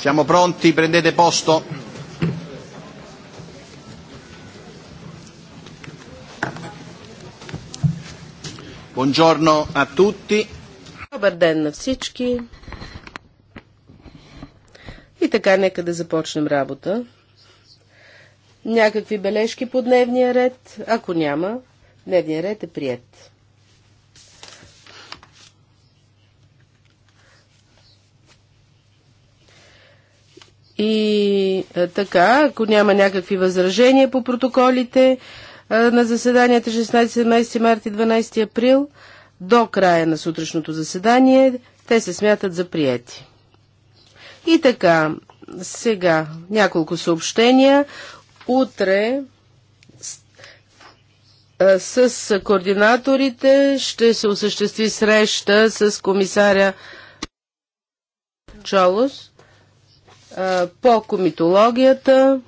Siamo pronti? Prendete posto. Buongiorno a tutti. Добър ден на всички. И така, нека да започнем работа. Някакви бележки по дневния ред? Ако няма, дневния ред е прият. И е, така, ако няма някакви възражения по протоколите е, на заседанията 16-17 марта и 12 април, до края на сутрешното заседание, те се смятат за приети. И така, сега няколко съобщения. Утре с е, координаторите ще се осъществи среща с комисаря Чолос по комитологията,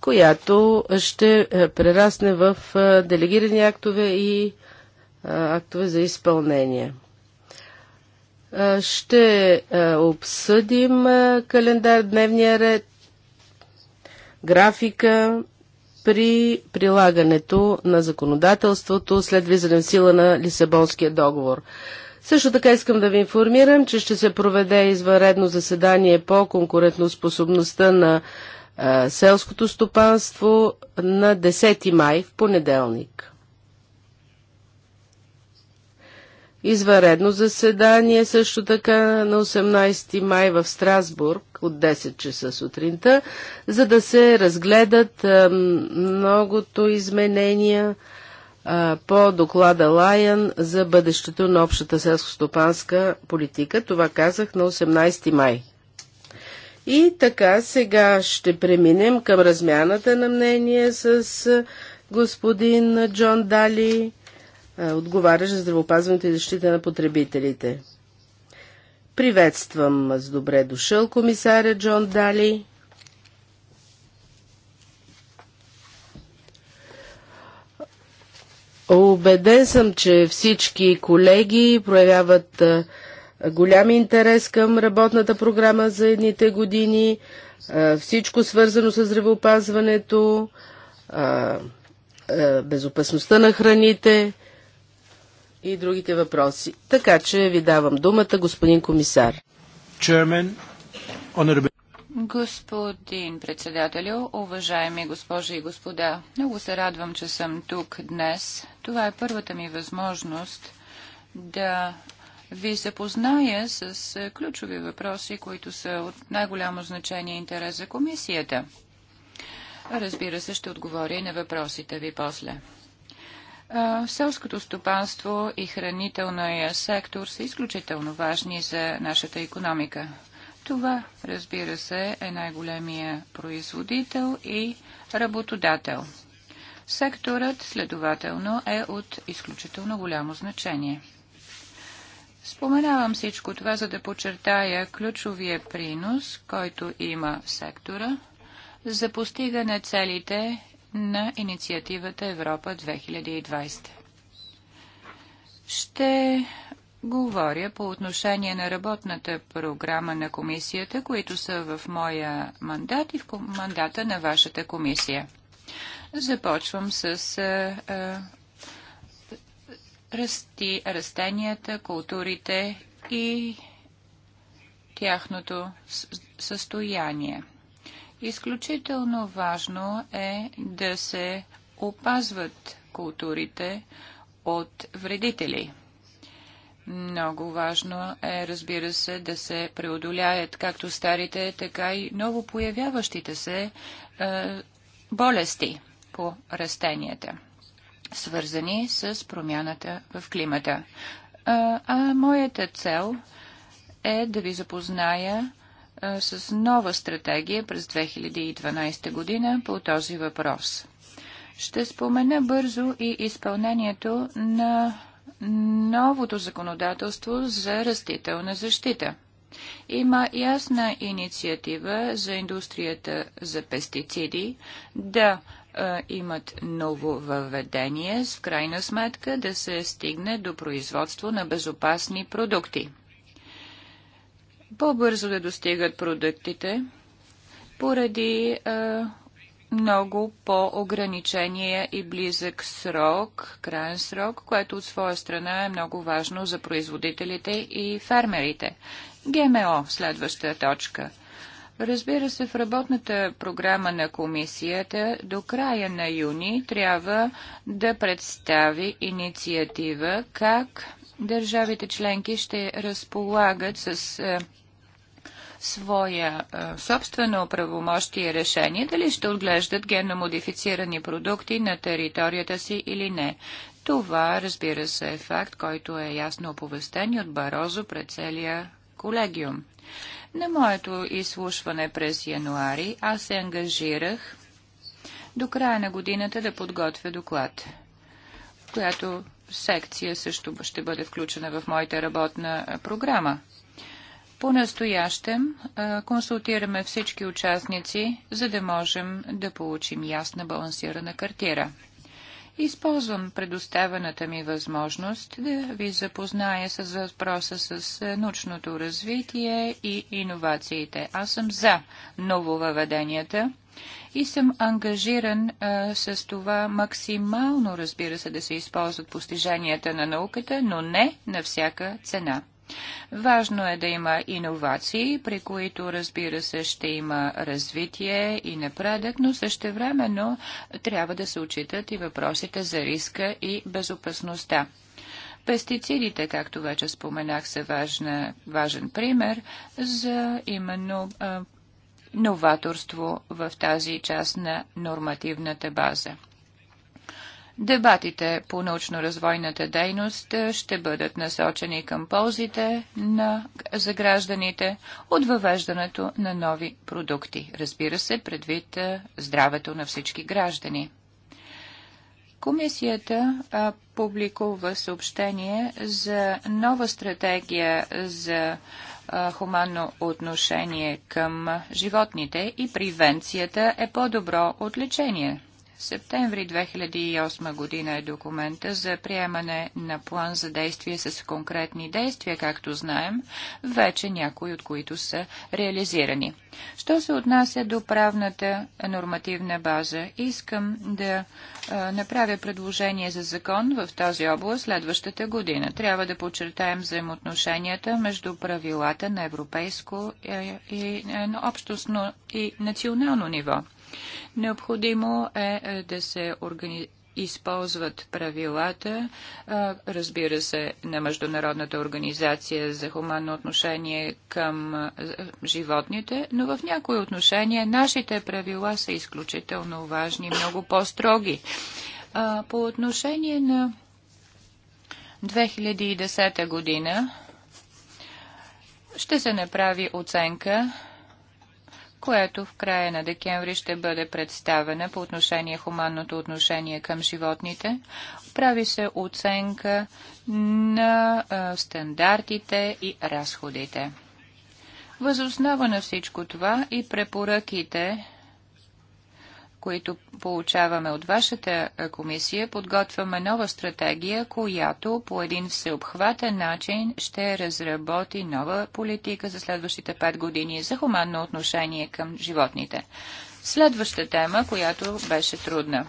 която ще е, прерасне в е, делегирани актове и е, актове за изпълнение. Ще обсъдим календар, дневния ред, графика при прилагането на законодателството след влизане в сила на Лисабонския договор. Също така искам да ви информирам, че ще се проведе извънредно заседание по конкурентоспособността на а, селското стопанство на 10 май в понеделник. Извънредно заседание също така на 18 май в Страсбург от 10 часа сутринта, за да се разгледат многото изменения по доклада Лайън за бъдещето на общата селско-стопанска политика. Това казах на 18 май. И така, сега ще преминем към размяната на мнение с господин Джон Дали, отговарящ за здравопазването и защита на потребителите. Приветствам с добре дошъл комисаря Джон Дали. Обеден съм, че всички колеги проявяват голям интерес към работната програма за едните години, всичко свързано с здравеопазването, безопасността на храните и другите въпроси. Така че ви давам думата, господин комисар. Господин председателю, уважаеми госпожи и господа, много се радвам, че съм тук днес. Това е първата ми възможност да ви запозная с ключови въпроси, които са от най-голямо значение и интерес за комисията. Разбира се, ще отговоря и на въпросите ви после. селското стопанство и хранителния сектор са изключително важни за нашата економика. Това, разбира се, е най-големия производител и работодател. Секторът, следователно, е от изключително голямо значение. Споменавам всичко това, за да подчертая ключовия принос, който има сектора за постигане целите на инициативата Европа 2020. Ще говоря по отношение на работната програма на комисията, които са в моя мандат и в мандата на вашата комисия. Започвам с расти, растенията, културите и тяхното състояние. Изключително важно е да се опазват културите от вредители – много важно е, разбира се, да се преодоляят както старите, така и ново появяващите се е, болести по растенията, свързани с промяната в климата. А, е, а моята цел е да ви запозная е, с нова стратегия през 2012 година по този въпрос. Ще спомена бързо и изпълнението на новото законодателство за растителна защита. Има ясна инициатива за индустрията за пестициди да е, имат ново въведение, с крайна сметка да се стигне до производство на безопасни продукти. По-бързо да достигат продуктите, поради е, много по-ограничения и близък срок, крайен срок, което от своя страна е много важно за производителите и фермерите. ГМО, следваща точка. Разбира се, в работната програма на комисията до края на юни трябва да представи инициатива как държавите членки ще разполагат с е, своя е, собствено правомощие решение дали ще отглеждат генно модифицирани продукти на територията си или не. Това, разбира се, е факт, който е ясно оповестен от Барозо пред целия колегиум. На моето изслушване през януари аз се ангажирах до края на годината да подготвя доклад, в която секция също ще бъде включена в моята работна програма. По-настоящем консултираме всички участници, за да можем да получим ясна балансирана картира. Използвам предоставената ми възможност да ви запозная с въпроса с научното развитие и иновациите. Аз съм за нововъведенията и съм ангажиран а, с това максимално, разбира се, да се използват постиженията на науката, но не на всяка цена. Важно е да има иновации, при които разбира се ще има развитие и напредък, но същевременно трябва да се очитат и въпросите за риска и безопасността. Пестицидите, както вече споменах, са важна, важен пример за именно а, новаторство в тази част на нормативната база. Дебатите по научно-развойната дейност е, ще бъдат насочени към ползите на, за гражданите от въвеждането на нови продукти. Разбира се, предвид е, здравето на всички граждани. Комисията а, публикува съобщение за нова стратегия за а, хуманно отношение към животните и превенцията е по-добро от лечение. Септември 2008 година е документа за приемане на план за действие с конкретни действия, както знаем, вече някои от които са реализирани. Що се отнася до правната нормативна база, искам да а, направя предложение за закон в тази област следващата година. Трябва да подчертаем взаимоотношенията между правилата на европейско е, и, и, е, и общностно и национално ниво. Необходимо е, е да се органи... използват правилата, разбира се, на Международната организация за хуманно отношение към животните, но в някои отношения нашите правила са изключително важни, много по-строги. По отношение на 2010 година ще се направи оценка която в края на декември ще бъде представена по отношение хуманното отношение към животните. Прави се оценка на стандартите и разходите. Възоснова на всичко това и препоръките които получаваме от вашата комисия, подготвяме нова стратегия, която по един всеобхватен начин ще разработи нова политика за следващите пет години за хуманно отношение към животните. Следваща тема, която беше трудна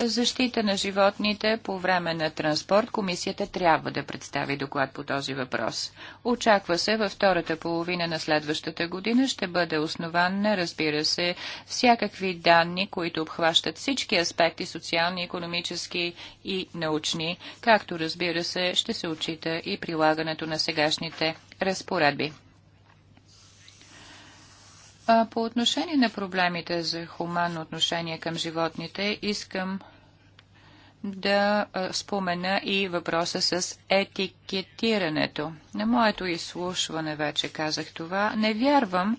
защита на животните по време на транспорт, комисията трябва да представи доклад по този въпрос. Очаква се във втората половина на следващата година ще бъде основан на, разбира се, всякакви данни, които обхващат всички аспекти социални, економически и научни, както, разбира се, ще се отчита и прилагането на сегашните разпоредби. По отношение на проблемите за хуманно отношение към животните, искам да спомена и въпроса с етикетирането. На моето изслушване вече казах това. Не вярвам,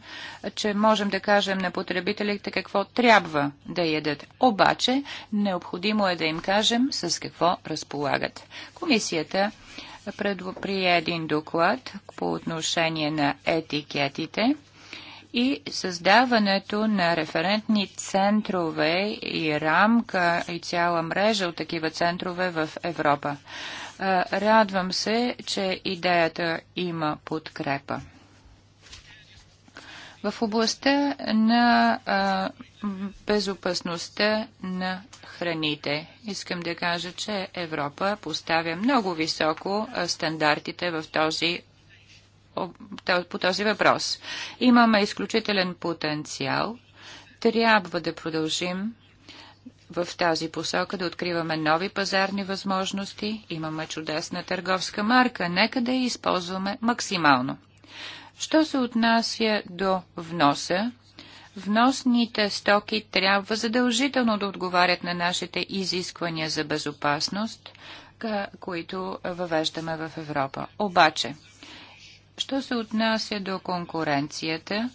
че можем да кажем на потребителите какво трябва да ядат. Обаче, необходимо е да им кажем с какво разполагат. Комисията прие един доклад по отношение на етикетите и създаването на референтни центрове и рамка и цяла мрежа от такива центрове в Европа. Е, радвам се, че идеята има подкрепа. В областта на безопасността на храните. Искам да кажа, че Европа поставя много високо стандартите в този по този въпрос. Имаме изключителен потенциал. Трябва да продължим в тази посока да откриваме нови пазарни възможности. Имаме чудесна търговска марка. Нека да я използваме максимално. Що се отнася до вноса, вносните стоки трябва задължително да отговарят на нашите изисквания за безопасност, които въвеждаме в Европа. Обаче, Що се отнася до конкуренцията,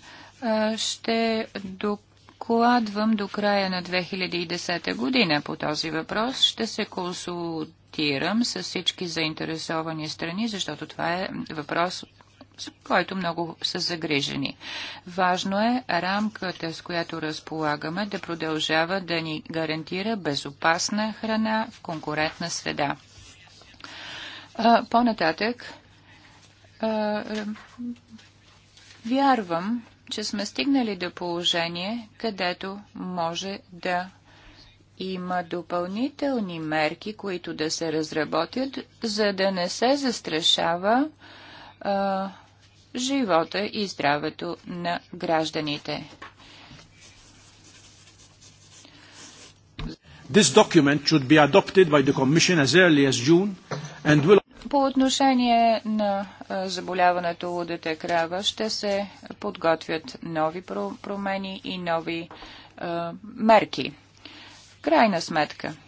ще докладвам до края на 2010 година по този въпрос. Ще се консултирам с всички заинтересовани страни, защото това е въпрос, с който много са загрижени. Важно е рамката, с която разполагаме, да продължава да ни гарантира безопасна храна в конкурентна среда. По-нататък е, вярвам, че сме стигнали до положение, където може да има допълнителни мерки, които да се разработят, за да не се застрашава а, живота и здравето на гражданите. This document should be adopted by the Commission as early as June and will по отношение на заболяването лудата крава ще се подготвят нови промени и нови мерки. В крайна сметка –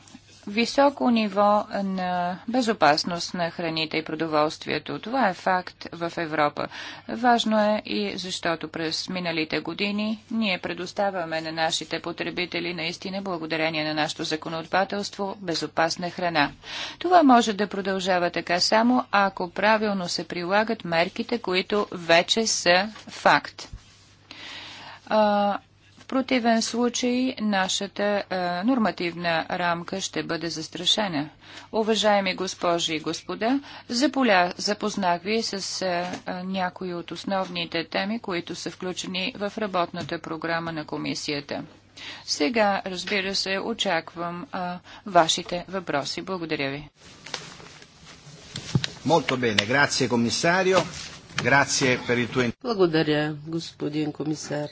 високо ниво на безопасност на храните и продоволствието. Това е факт в Европа. Важно е и защото през миналите години ние предоставяме на нашите потребители наистина благодарение на нашето законодателство безопасна храна. Това може да продължава така само ако правилно се прилагат мерките, които вече са факт противен случай нашата е, нормативна рамка ще бъде застрашена. Уважаеми госпожи и господа, заполя, запознах ви с е, е, някои от основните теми, които са включени в работната програма на комисията. Сега, разбира се, очаквам е, вашите въпроси. Благодаря ви. Молто бене, грация комисарио. Grazie per il tuo... Благодаря, господин комисар.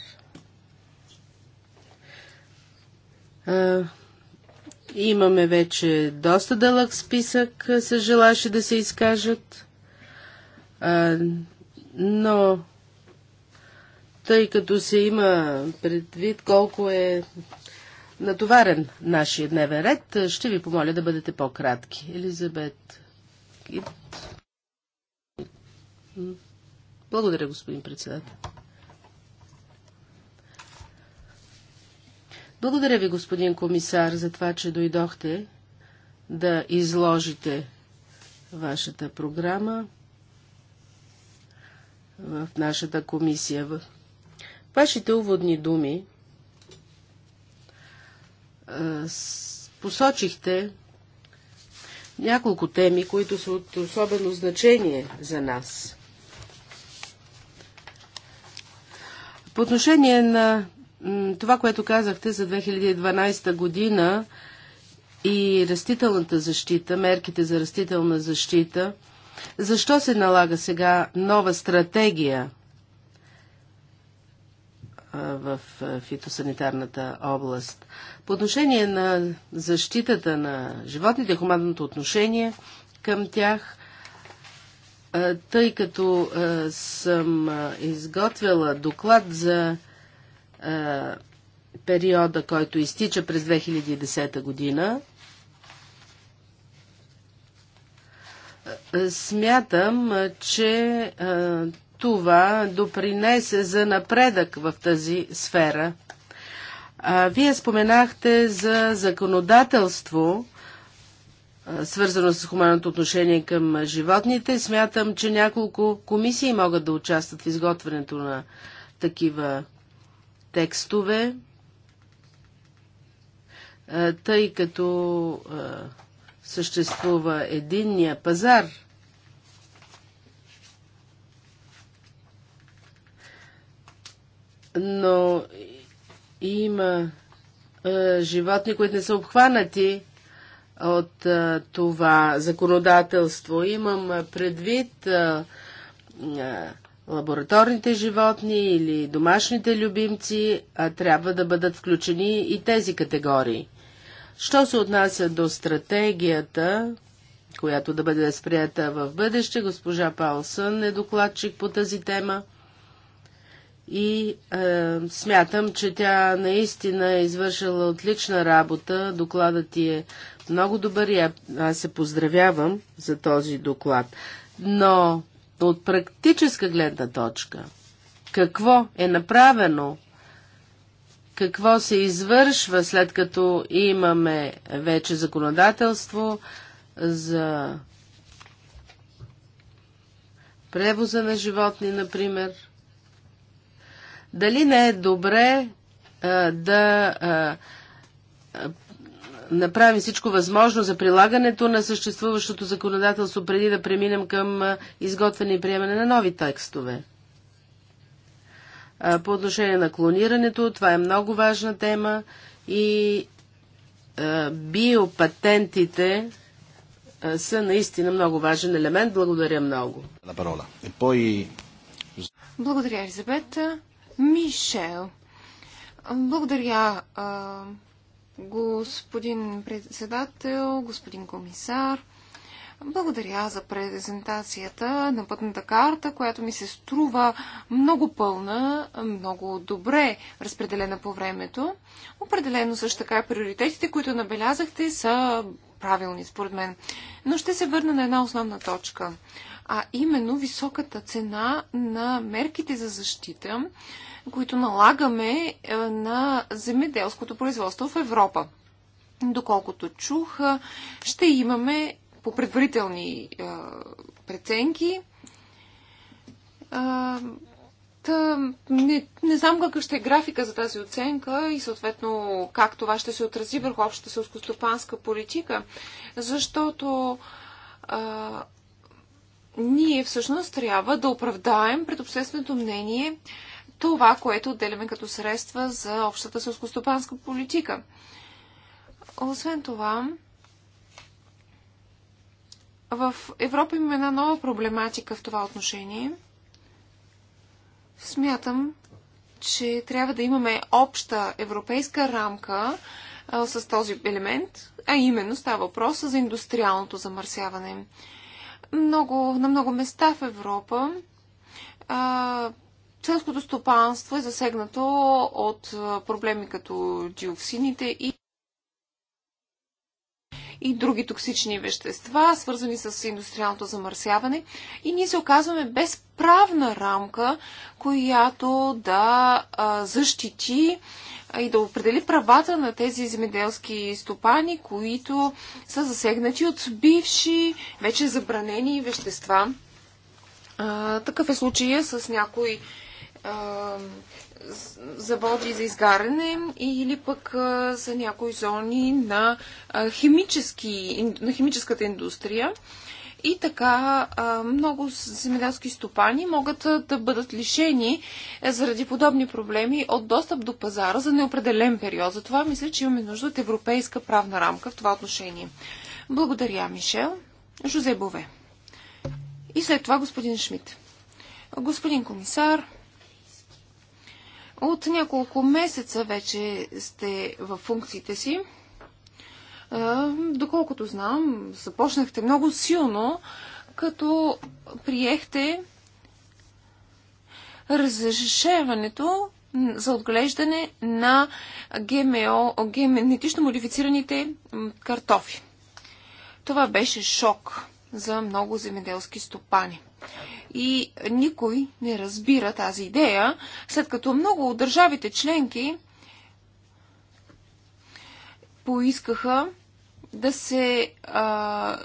Имаме вече доста дълъг списък с желаше да се изкажат, но тъй като се има предвид колко е натоварен нашия дневен ред, ще ви помоля да бъдете по-кратки. Елизабет. Благодаря, господин председател. Благодаря ви, господин комисар, за това, че дойдохте да изложите вашата програма в нашата комисия. Вашите уводни думи посочихте няколко теми, които са от особено значение за нас. По отношение на това, което казахте за 2012 година и растителната защита, мерките за растителна защита, защо се налага сега нова стратегия в фитосанитарната област? По отношение на защитата на животните, хуманното отношение към тях, тъй като съм изготвила доклад за е, периода, който изтича през 2010 година, е, смятам, е, че това допринесе за напредък в тази сфера. Вие споменахте за законодателство, свързано с хуманното отношение към животните. Смятам, че няколко комисии могат да участват в изготвянето на такива текстове, тъй като съществува единния пазар, но има животни, които не са обхванати от това законодателство. Имам предвид лабораторните животни или домашните любимци, а трябва да бъдат включени и тези категории. Що се отнася до стратегията, която да бъде сприята в бъдеще, госпожа Паулсън е докладчик по тази тема и е, смятам, че тя наистина е извършила отлична работа. Докладът ти е много добър и аз се поздравявам за този доклад. Но от практическа гледна точка, какво е направено, какво се извършва след като имаме вече законодателство за превоза на животни, например. Дали не е добре а, да а, направим всичко възможно за прилагането на съществуващото законодателство, преди да преминем към изготвяне и приемане на нови текстове. По отношение на клонирането, това е много важна тема и биопатентите са наистина много важен елемент. Благодаря много. E Благодаря, Елизабет. Мишел. Благодаря господин председател, господин комисар. Благодаря за презентацията на пътната карта, която ми се струва много пълна, много добре разпределена по времето. Определено също така приоритетите, които набелязахте, са правилни според мен. Но ще се върна на една основна точка а именно високата цена на мерките за защита, които налагаме е, на земеделското производство в Европа. Доколкото чух, е, ще имаме по предварителни е, преценки не, не знам какъв ще е графика за тази оценка и съответно как това ще се отрази върху общата селскостопанска политика, защото ние всъщност трябва да оправдаем пред общественото мнение това, което отделяме като средства за общата селскостопанска политика. Освен това, в Европа има една нова проблематика в това отношение. Смятам, че трябва да имаме обща европейска рамка а, с този елемент, а именно става въпрос за индустриалното замърсяване много, на много места в Европа а, селското стопанство е засегнато от проблеми като диоксините и и други токсични вещества, свързани с индустриалното замърсяване. И ние се оказваме без правна рамка, която да защити и да определи правата на тези земеделски стопани, които са засегнати от бивши, вече забранени вещества. такъв е случая с някои заводи за изгаряне или пък за някои зони на, химически, на химическата индустрия. И така много земеделски стопани могат да бъдат лишени е, заради подобни проблеми от достъп до пазара за неопределен период. Затова мисля, че имаме нужда от европейска правна рамка в това отношение. Благодаря, Мишел. Жозе Бове. И след това господин Шмидт. Господин комисар, от няколко месеца вече сте в функциите си. Доколкото знам, започнахте много силно, като приехте разрешаването за отглеждане на ГМО, генетично модифицираните картофи. Това беше шок за много земеделски стопани. И никой не разбира тази идея, след като много от държавите членки поискаха да се а,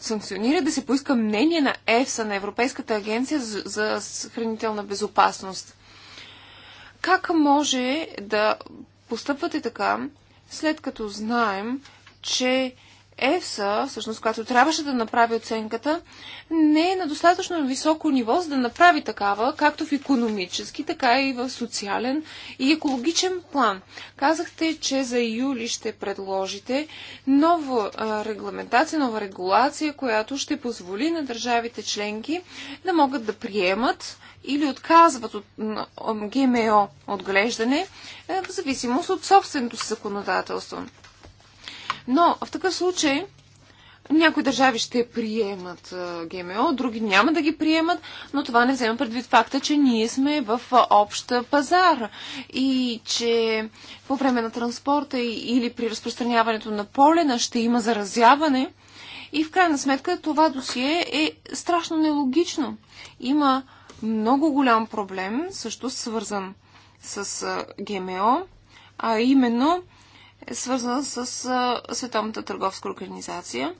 санкционира, да се поиска мнение на ЕФСА, на Европейската агенция за, за хранителна безопасност. Как може да постъпвате така, след като знаем, че ЕСА, всъщност, която трябваше да направи оценката, не е на достатъчно високо ниво, за да направи такава, както в економически, така и в социален и екологичен план. Казахте, че за юли ще предложите нова регламентация, нова регулация, която ще позволи на държавите членки да могат да приемат или отказват от ГМО отглеждане в зависимост от собственото си законодателство. Но в такъв случай някои държави ще приемат ГМО, други няма да ги приемат, но това не взема предвид факта, че ние сме в общ пазар и че по време на транспорта или при разпространяването на полена ще има заразяване. И в крайна сметка това досие е страшно нелогично. Има много голям проблем, също свързан с ГМО, а именно е свързан с Световната търговска организация,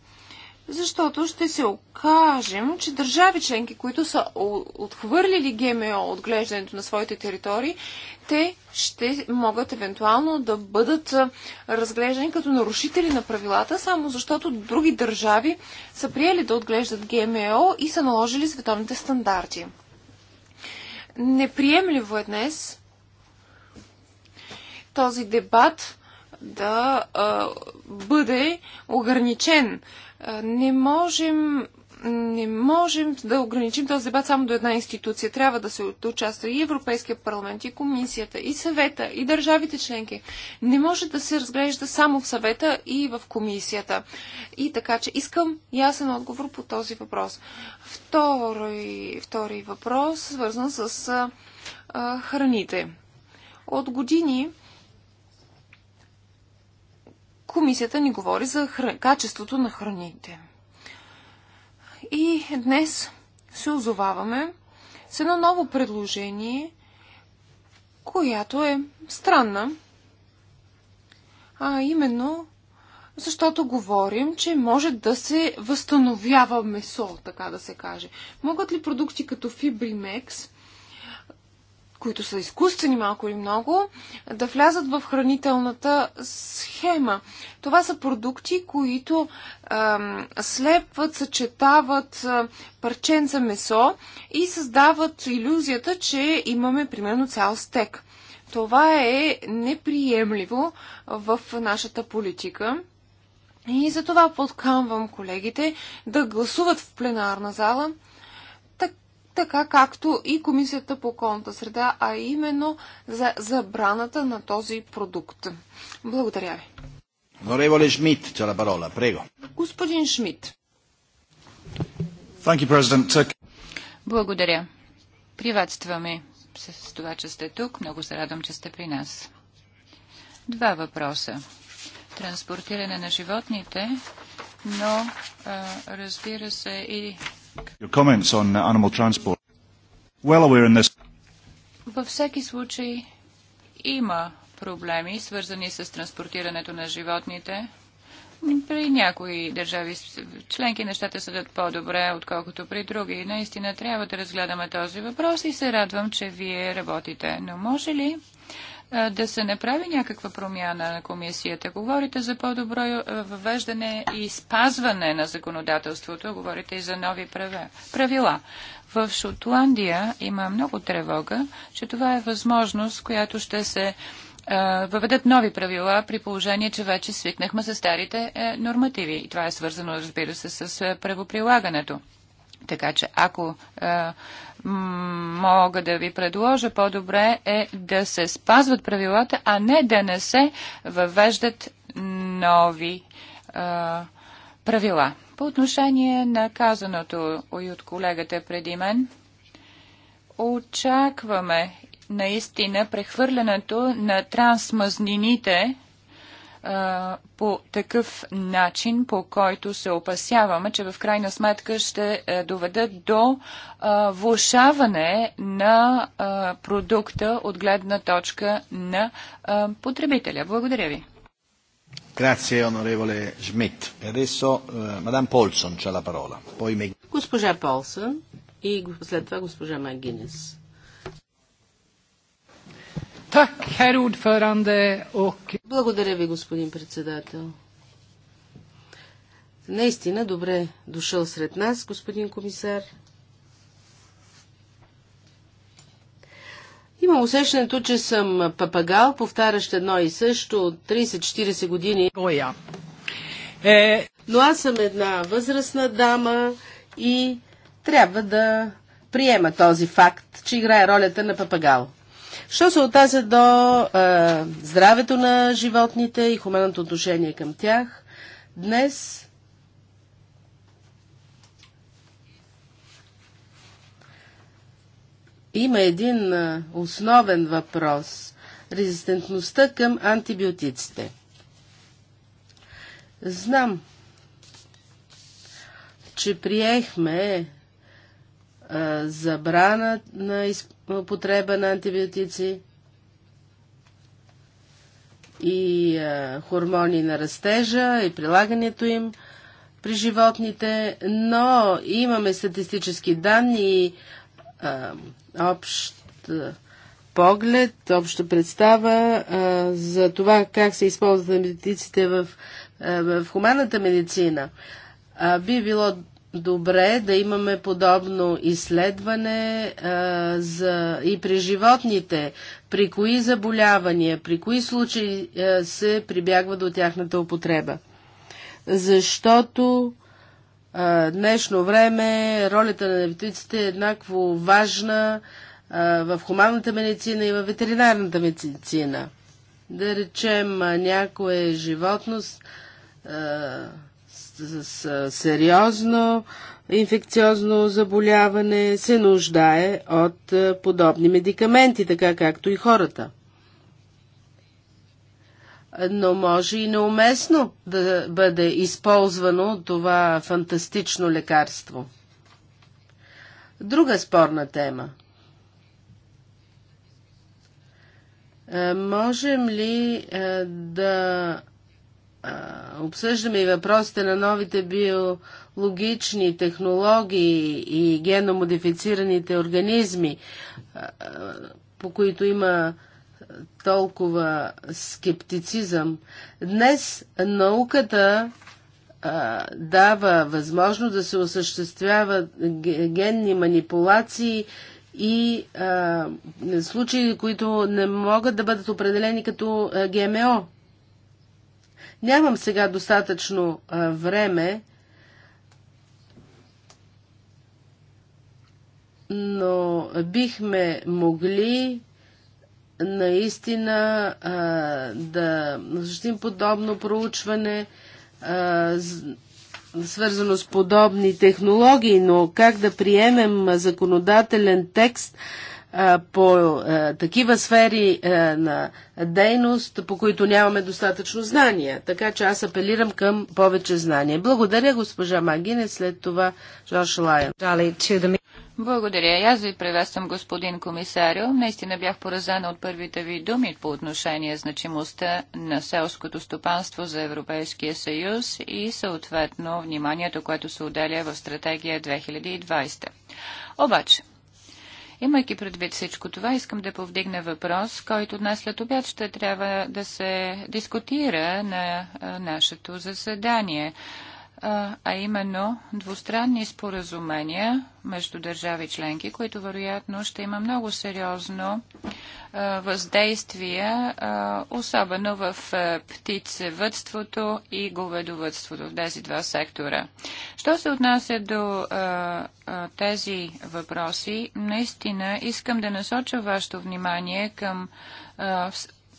защото ще се окажем, че държави членки, които са отхвърлили ГМО отглеждането на своите територии, те ще могат евентуално да бъдат разглеждани като нарушители на правилата, само защото други държави са приели да отглеждат ГМО и са наложили световните стандарти. Неприемливо е днес този дебат да а, бъде ограничен. А, не можем не можем да ограничим този дебат само до една институция. Трябва да се участва и Европейския парламент, и комисията, и съвета, и държавите членки. Не може да се разглежда само в съвета и в комисията. И така, че искам ясен отговор по този въпрос. Втори, втори въпрос, свързан с а, а, храните. От години комисията ни говори за качеството на храните. И днес се озоваваме с едно ново предложение, която е странна. А именно, защото говорим, че може да се възстановява месо, така да се каже. Могат ли продукти като Фибримекс които са изкуствени малко или много, да влязат в хранителната схема. Това са продукти, които а, слепват, съчетават а, парченца месо и създават иллюзията, че имаме примерно цял стек. Това е неприемливо в нашата политика. И за това подкамвам колегите да гласуват в пленарна зала така както и Комисията по околната среда, а именно за забраната на този продукт. Благодаря ви. Schmidt, c'è la parola, prego. Господин Шмидт. Thank you, President. Благодаря. Приветстваме с това, че сте тук. Много се радвам, че сте при нас. Два въпроса. Транспортиране на животните, но а, разбира се и Uh, well Във всеки случай има проблеми, свързани с транспортирането на животните. При някои държави членки нещата съдат по-добре, отколкото при други. Наистина трябва да разгледаме този въпрос и се радвам, че вие работите. Но може ли да се направи някаква промяна на комисията. Говорите за по-добро е, въвеждане и спазване на законодателството, говорите и за нови правила. В Шотландия има много тревога, че това е възможност, която ще се е, въведат нови правила при положение, че вече свикнахме с старите е, нормативи. И това е свързано, разбира се, с правоприлагането. Така че ако мога да ви предложа по-добре е да се спазват правилата, а не да не се въвеждат нови а, правила. По отношение на казаното и от колегата преди мен, очакваме наистина прехвърлянето на трансмазнините по такъв начин, по който се опасяваме, че в крайна сметка ще е, доведат до влушаване на продукта от гледна точка на потребителя. Благодаря ви. Grazie onorevole Schmidt. E adesso uh, Madame Paulson c'ha la parola. Poi... Госпожа Полсън и след това госпожа Магинес. Благодаря ви, господин председател. Наистина, добре дошъл сред нас, господин комисар. Имам усещането, че съм папагал, повтарящ едно и също от 30-40 години. Е... Но аз съм една възрастна дама и трябва да приема този факт, че играе ролята на папагал. Що се отнася до а, е, здравето на животните и хуманното отношение към тях, днес има един а, е, основен въпрос – резистентността към антибиотиците. Знам, че приехме забрана на употреба на антибиотици и хормони на растежа и прилагането им при животните, но имаме статистически данни и общ поглед, обща представа за това как се използват антибиотиците в, в хуманната медицина. би било добре да имаме подобно изследване а, за, и при животните, при кои заболявания, при кои случаи а, се прибягва до тяхната употреба. Защото а, днешно време ролята на невтиците е еднакво важна а, в хуманната медицина и в ветеринарната медицина. Да речем, някое животност а, с сериозно инфекциозно заболяване се нуждае от е, подобни медикаменти, така както и хората. Но може и неуместно да бъде използвано това фантастично лекарство. Друга спорна тема. Е, можем ли е, да обсъждаме и въпросите на новите биологични технологии и геномодифицираните организми, по които има толкова скептицизъм. Днес науката дава възможност да се осъществяват генни манипулации и а, случаи, които не могат да бъдат определени като ГМО. Нямам сега достатъчно а, време, но бихме могли наистина а, да защитим подобно проучване, а, свързано с подобни технологии, но как да приемем законодателен текст, по такива сфери на дейност, по които нямаме достатъчно знания. Така че аз апелирам към повече знания. Благодаря, госпожа Магине, след това Жорж Лайон. Благодаря. Аз ви приветствам, господин комисарио. Наистина бях поразена от първите ви думи по отношение значимостта на селското стопанство за Европейския съюз и съответно вниманието, което се отделя в стратегия 2020. Обаче, Имайки предвид всичко това, искам да повдигна въпрос, който днес след обяд ще трябва да се дискутира на нашето заседание а именно двустранни споразумения между държави членки, които вероятно ще има много сериозно въздействие, особено в птицевътството и говедовътството в тези два сектора. Що се отнася до тези въпроси, наистина искам да насоча вашето внимание към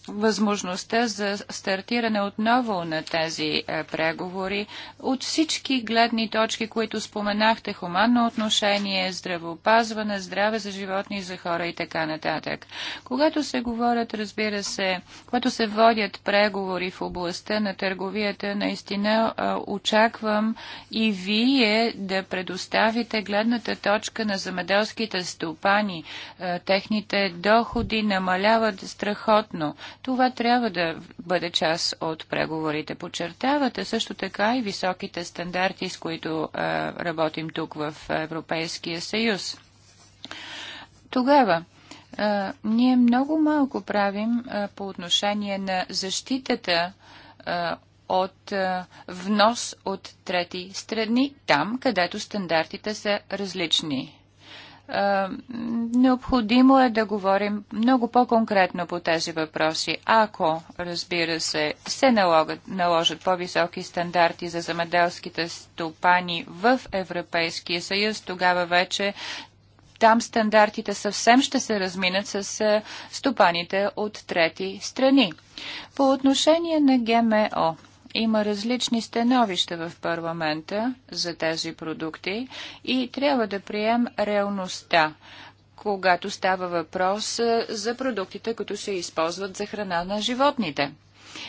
възможността за стартиране отново на тези е, преговори от всички гледни точки, които споменахте, хуманно отношение, здравеопазване, здраве за животни, за хора и така нататък. Когато се говорят, разбира се, когато се водят преговори в областта на търговията, наистина е, очаквам и вие да предоставите гледната точка на замеделските стопани. Е, техните доходи намаляват страхотно. Това трябва да бъде част от преговорите. Подчертавате също така и високите стандарти, с които работим тук в Европейския съюз. Тогава, ние много малко правим по отношение на защитата от внос от трети страни, там където стандартите са различни. Е, необходимо е да говорим много по-конкретно по тези въпроси. Ако, разбира се, се налогат, наложат по-високи стандарти за замеделските стопани в Европейския съюз, тогава вече там стандартите съвсем ще се разминат с е, стопаните от трети страни. По отношение на ГМО, има различни становища в парламента за тези продукти и трябва да прием реалността когато става въпрос за продуктите, които се използват за храна на животните.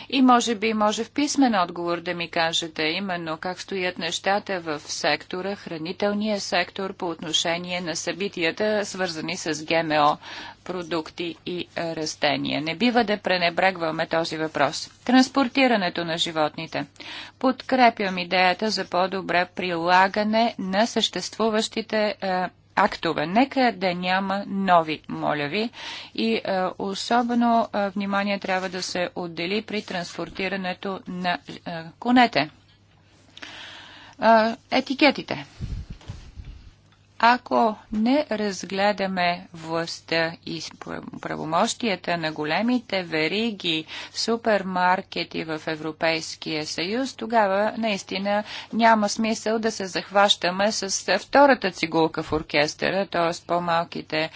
И може би може в писмен отговор да ми кажете именно как стоят нещата в сектора, хранителния сектор по отношение на събитията, свързани с ГМО продукти и е, растения. Не бива да пренебрегваме този въпрос. Транспортирането на животните. Подкрепям идеята за по-добре прилагане на съществуващите е, актове. Нека да няма нови, моля ви. И е, особено е, внимание трябва да се отдели при транспортирането на е, конете. Е, етикетите. Ако не разгледаме властта и правомощията на големите вериги супермаркети в Европейския съюз, тогава наистина няма смисъл да се захващаме с втората цигулка в оркестъра, т.е. по-малките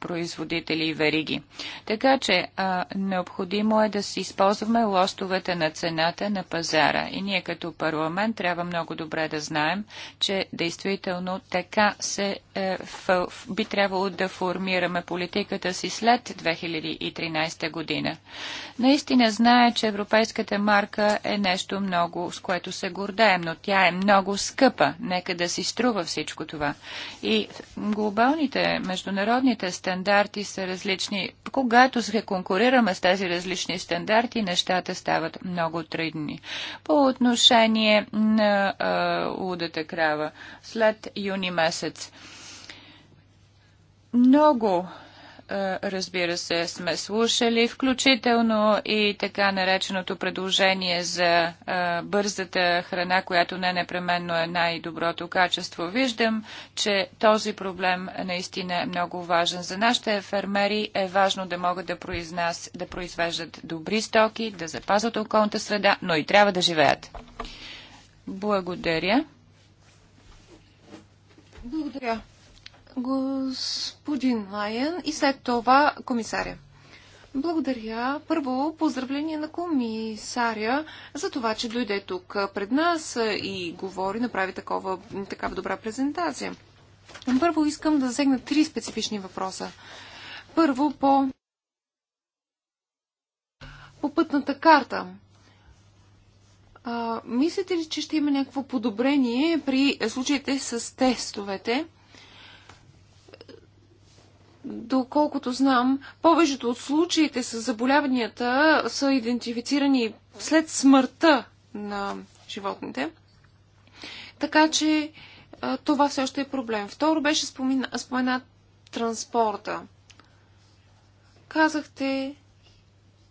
производители и вериги. Така че а, необходимо е да си използваме лостовете на цената на пазара. И ние като парламент трябва много добре да знаем, че действително така се, е, в, би трябвало да формираме политиката си след 2013 година. Наистина знае, че европейската марка е нещо много, с което се гордаем, но тя е много скъпа. Нека да си струва всичко това. И глобалните, международните стандарти са различни. Когато се конкурираме с тези различни стандарти, нещата стават много трудни. По отношение на е, удата крава, след юни месец месец. Много е, разбира се, сме слушали, включително и така нареченото предложение за е, бързата храна, която не непременно е най-доброто качество. Виждам, че този проблем наистина е много важен. За нашите фермери е важно да могат да, произнас, да произвеждат добри стоки, да запазват околната среда, но и трябва да живеят. Благодаря. Благодаря. Господин Лайен и след това комисаря. Благодаря. Първо, поздравление на комисаря за това, че дойде тук пред нас и говори, направи такова, такава добра презентация. Първо искам да засегна три специфични въпроса. Първо по, по пътната карта. А, мислите ли, че ще има някакво подобрение при случаите с тестовете? Доколкото знам, повечето от случаите с заболяванията са идентифицирани след смъртта на животните. Така че това все още е проблем. Второ беше спомена, споменат транспорта. Казахте,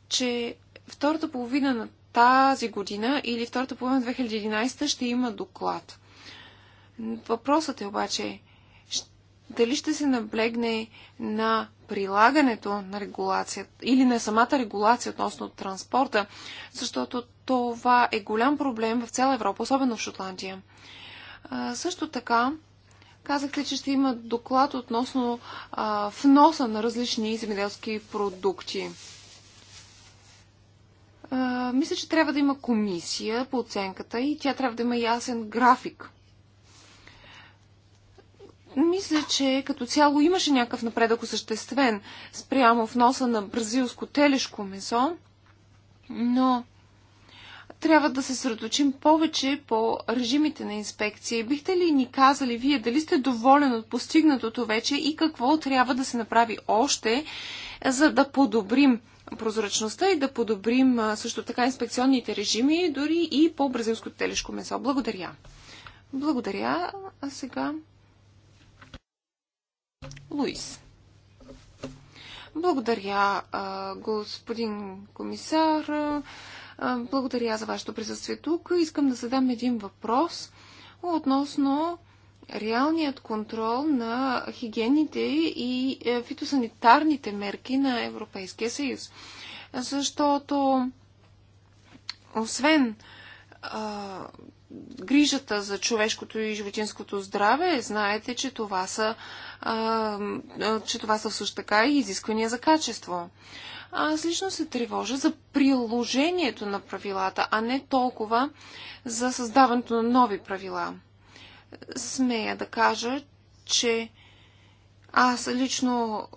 че втората половина на тази година или втората половина 2011 ще има доклад. Въпросът е обаче дали ще се наблегне на прилагането на регулацията или на самата регулация относно транспорта, защото това е голям проблем в цяла Европа, особено в Шотландия. А, също така, казахте, че ще има доклад относно а, вноса на различни земеделски продукти мисля, че трябва да има комисия по оценката и тя трябва да има ясен график. Мисля, че като цяло имаше някакъв напредък осъществен спрямо в носа на бразилско телешко месо, но трябва да се средоточим повече по режимите на инспекция. Бихте ли ни казали вие дали сте доволен от постигнатото вече и какво трябва да се направи още, за да подобрим прозрачността и да подобрим също така инспекционните режими, дори и по бразилското телешко месо. Благодаря. Благодаря. А сега. Луис. Благодаря, господин комисар. Благодаря за вашето присъствие тук. Искам да задам един въпрос относно реалният контрол на хигиените и е, фитосанитарните мерки на Европейския съюз. Защото освен а, грижата за човешкото и животинското здраве, знаете, че това са, а, че това са също така и изисквания за качество. Аз лично се тревожа за приложението на правилата, а не толкова за създаването на нови правила смея да кажа, че аз лично,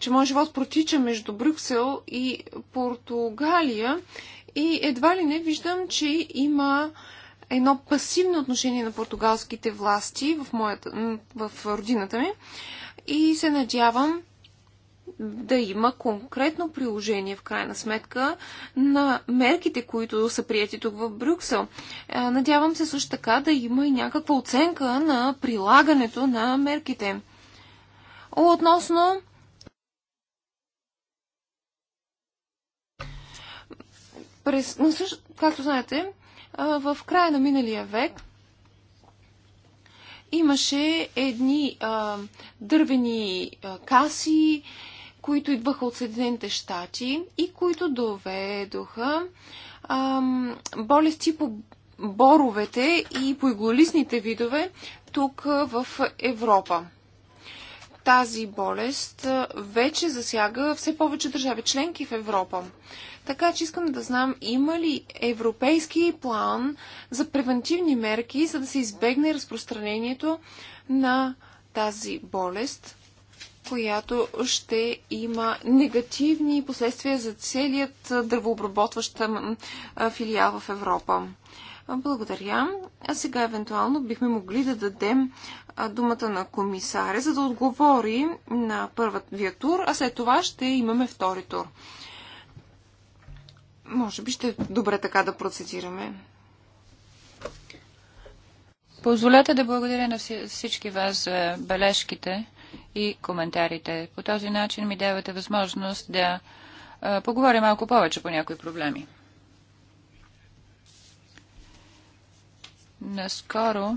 че моят живот протича между Брюксел и Португалия и едва ли не виждам, че има едно пасивно отношение на португалските власти в, моята, в родината ми и се надявам да има конкретно приложение в крайна сметка на мерките, които са прияти тук в Брюксел. Е, надявам се също така да има и някаква оценка на прилагането на мерките. Относно през, както знаете, е, в края на миналия век имаше едни а, е, дървени а, каси които идваха от Съединените щати и които доведоха ам, болести по боровете и по иглолисните видове тук в Европа. Тази болест вече засяга все повече държави членки в Европа. Така че искам да знам, има ли европейски план за превентивни мерки, за да се избегне разпространението на тази болест която ще има негативни последствия за целият дървообработващ филиал в Европа. Благодаря. А сега евентуално бихме могли да дадем думата на комисаря, за да отговори на първия тур, а след това ще имаме втори тур. Може би ще е добре така да процедираме. Позволете да благодаря на всички вас за бележките и коментарите. По този начин ми давате възможност да поговоря малко повече по някои проблеми. Наскоро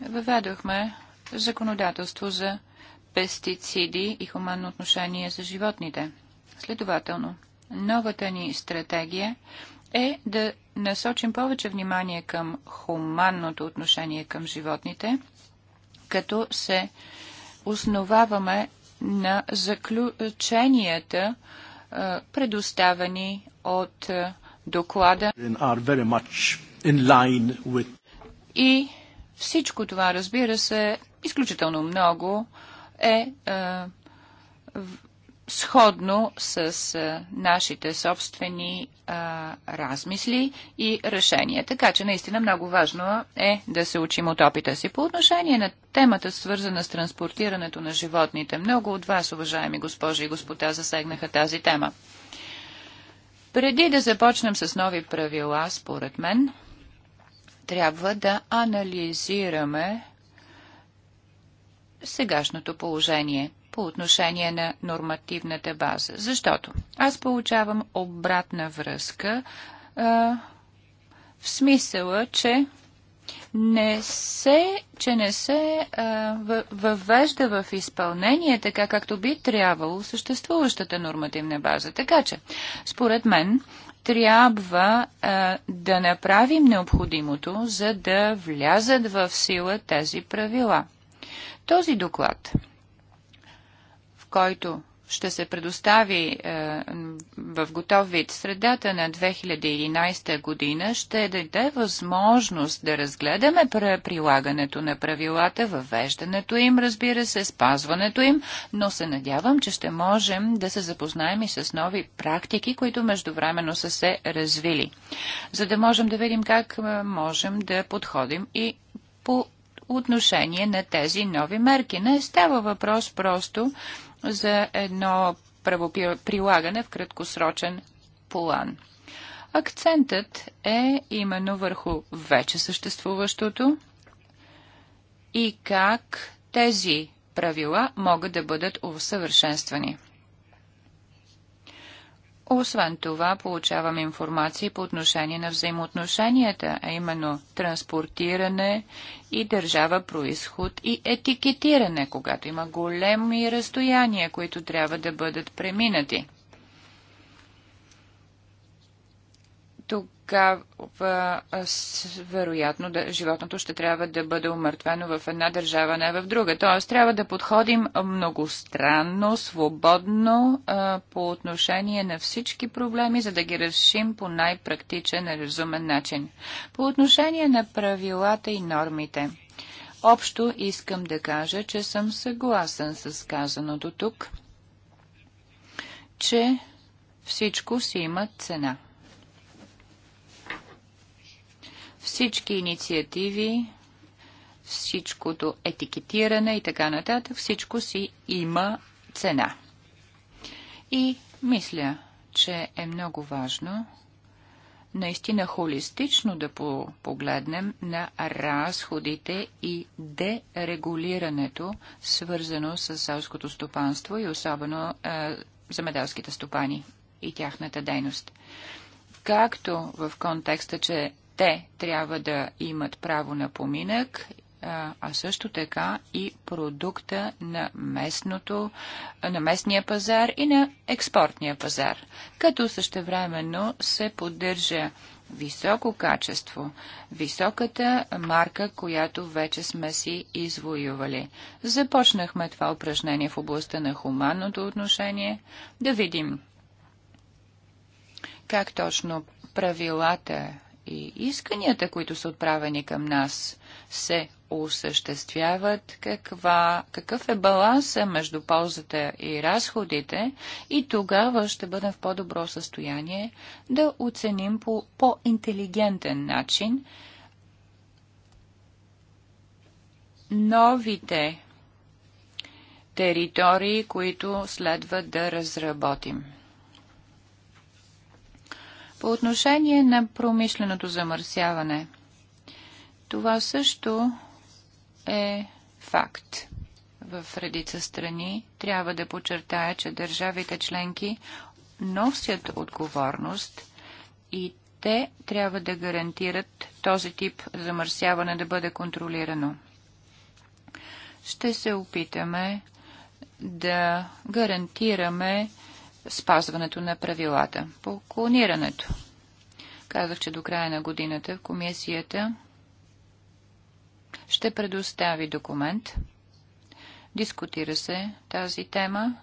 въведохме законодателство за пестициди и хуманно отношение за животните. Следователно, новата ни стратегия е да насочим повече внимание към хуманното отношение към животните, като се основаваме на заключенията, е, предоставени от е, доклада. И всичко това, разбира се, изключително много е, е сходно с нашите собствени а, размисли и решения. Така че наистина много важно е да се учим от опита си. По отношение на темата, свързана с транспортирането на животните, много от вас, уважаеми госпожи и господа, засегнаха тази тема. Преди да започнем с нови правила, според мен, трябва да анализираме сегашното положение – по отношение на нормативната база. Защото аз получавам обратна връзка а, в смисъла, че не се, че не се а, въвежда в изпълнение така, както би трябвало съществуващата нормативна база. Така че, според мен, трябва а, да направим необходимото, за да влязат в сила тези правила. Този доклад – който ще се предостави е, в готов вид средата на 2011 година, ще даде възможност да разгледаме прилагането на правилата, въвеждането им, разбира се, спазването им, но се надявам, че ще можем да се запознаем и с нови практики, които междувременно са се развили, за да можем да видим как е, можем да подходим и по отношение на тези нови мерки. Не става въпрос просто за едно правоприлагане в краткосрочен план. Акцентът е именно върху вече съществуващото и как тези правила могат да бъдат усъвършенствани. Освен това, получавам информации по отношение на взаимоотношенията, а именно транспортиране и държава происход и етикетиране, когато има големи разстояния, които трябва да бъдат преминати. тогава вероятно да, животното ще трябва да бъде умъртвено в една държава, не в друга. Тоест трябва да подходим многостранно, свободно а, по отношение на всички проблеми, за да ги решим по най-практичен и разумен начин. По отношение на правилата и нормите. Общо искам да кажа, че съм съгласен с казаното тук, че всичко си има цена. Всички инициативи, всичкото етикетиране и така нататък, всичко си има цена. И мисля, че е много важно наистина холистично да погледнем на разходите и дерегулирането, свързано с селското стопанство и особено е, земеделските стопани и тяхната дейност. Както в контекста, че те трябва да имат право на поминък а също така и продукта на, местното, на местния пазар и на експортния пазар, като същевременно се поддържа високо качество, високата марка, която вече сме си извоювали. Започнахме това упражнение в областта на хуманното отношение. Да видим как точно правилата и исканията, които са отправени към нас, се осъществяват, каква, какъв е баланса между ползата и разходите и тогава ще бъдем в по-добро състояние да оценим по по-интелигентен начин новите територии, които следва да разработим. По отношение на промишленото замърсяване, това също е факт в редица страни. Трябва да подчертая, че държавите членки носят отговорност и те трябва да гарантират този тип замърсяване да бъде контролирано. Ще се опитаме да гарантираме спазването на правилата. По клонирането. Казах, че до края на годината комисията ще предостави документ. Дискутира се тази тема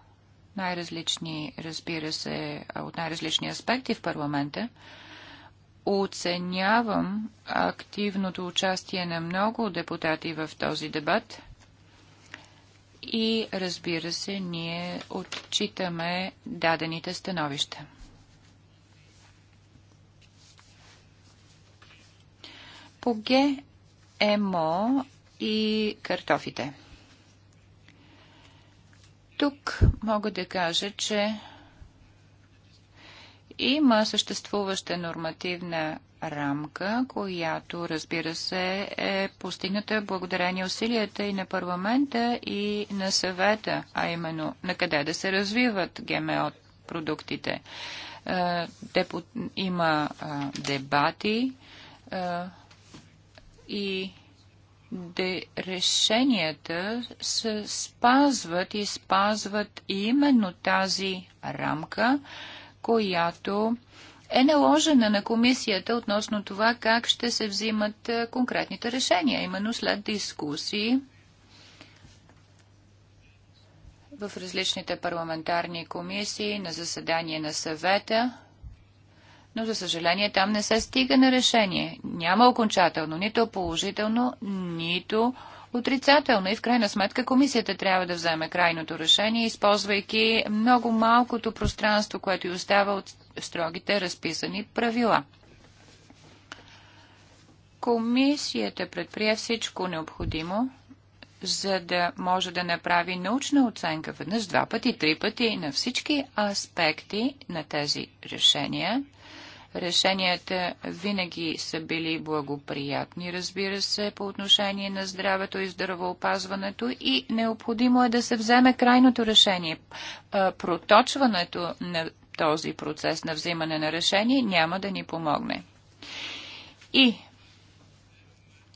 най-различни, разбира се, от най-различни аспекти в парламента. Оценявам активното участие на много депутати в този дебат и разбира се, ние отчитаме дадените становища. По ГМО и картофите. Тук мога да кажа, че има съществуваща нормативна рамка, която, разбира се, е постигната благодарение усилията и на парламента и на съвета, а именно на къде да се развиват ГМО продуктите. Е, има е, дебати е, и де решенията се спазват и спазват именно тази рамка, която е наложена на комисията относно това как ще се взимат е, конкретните решения, именно след дискусии в различните парламентарни комисии, на заседание на съвета, но за съжаление там не се стига на решение. Няма окончателно, нито положително, нито отрицателно. И в крайна сметка комисията трябва да вземе крайното решение, използвайки много малкото пространство, което и остава от строгите разписани правила. Комисията предприе всичко необходимо, за да може да направи научна оценка веднъж, два пъти, три пъти на всички аспекти на тези решения. Решенията винаги са били благоприятни, разбира се, по отношение на здравето и здравоопазването и необходимо е да се вземе крайното решение. Проточването на този процес на взимане на решение, няма да ни помогне. И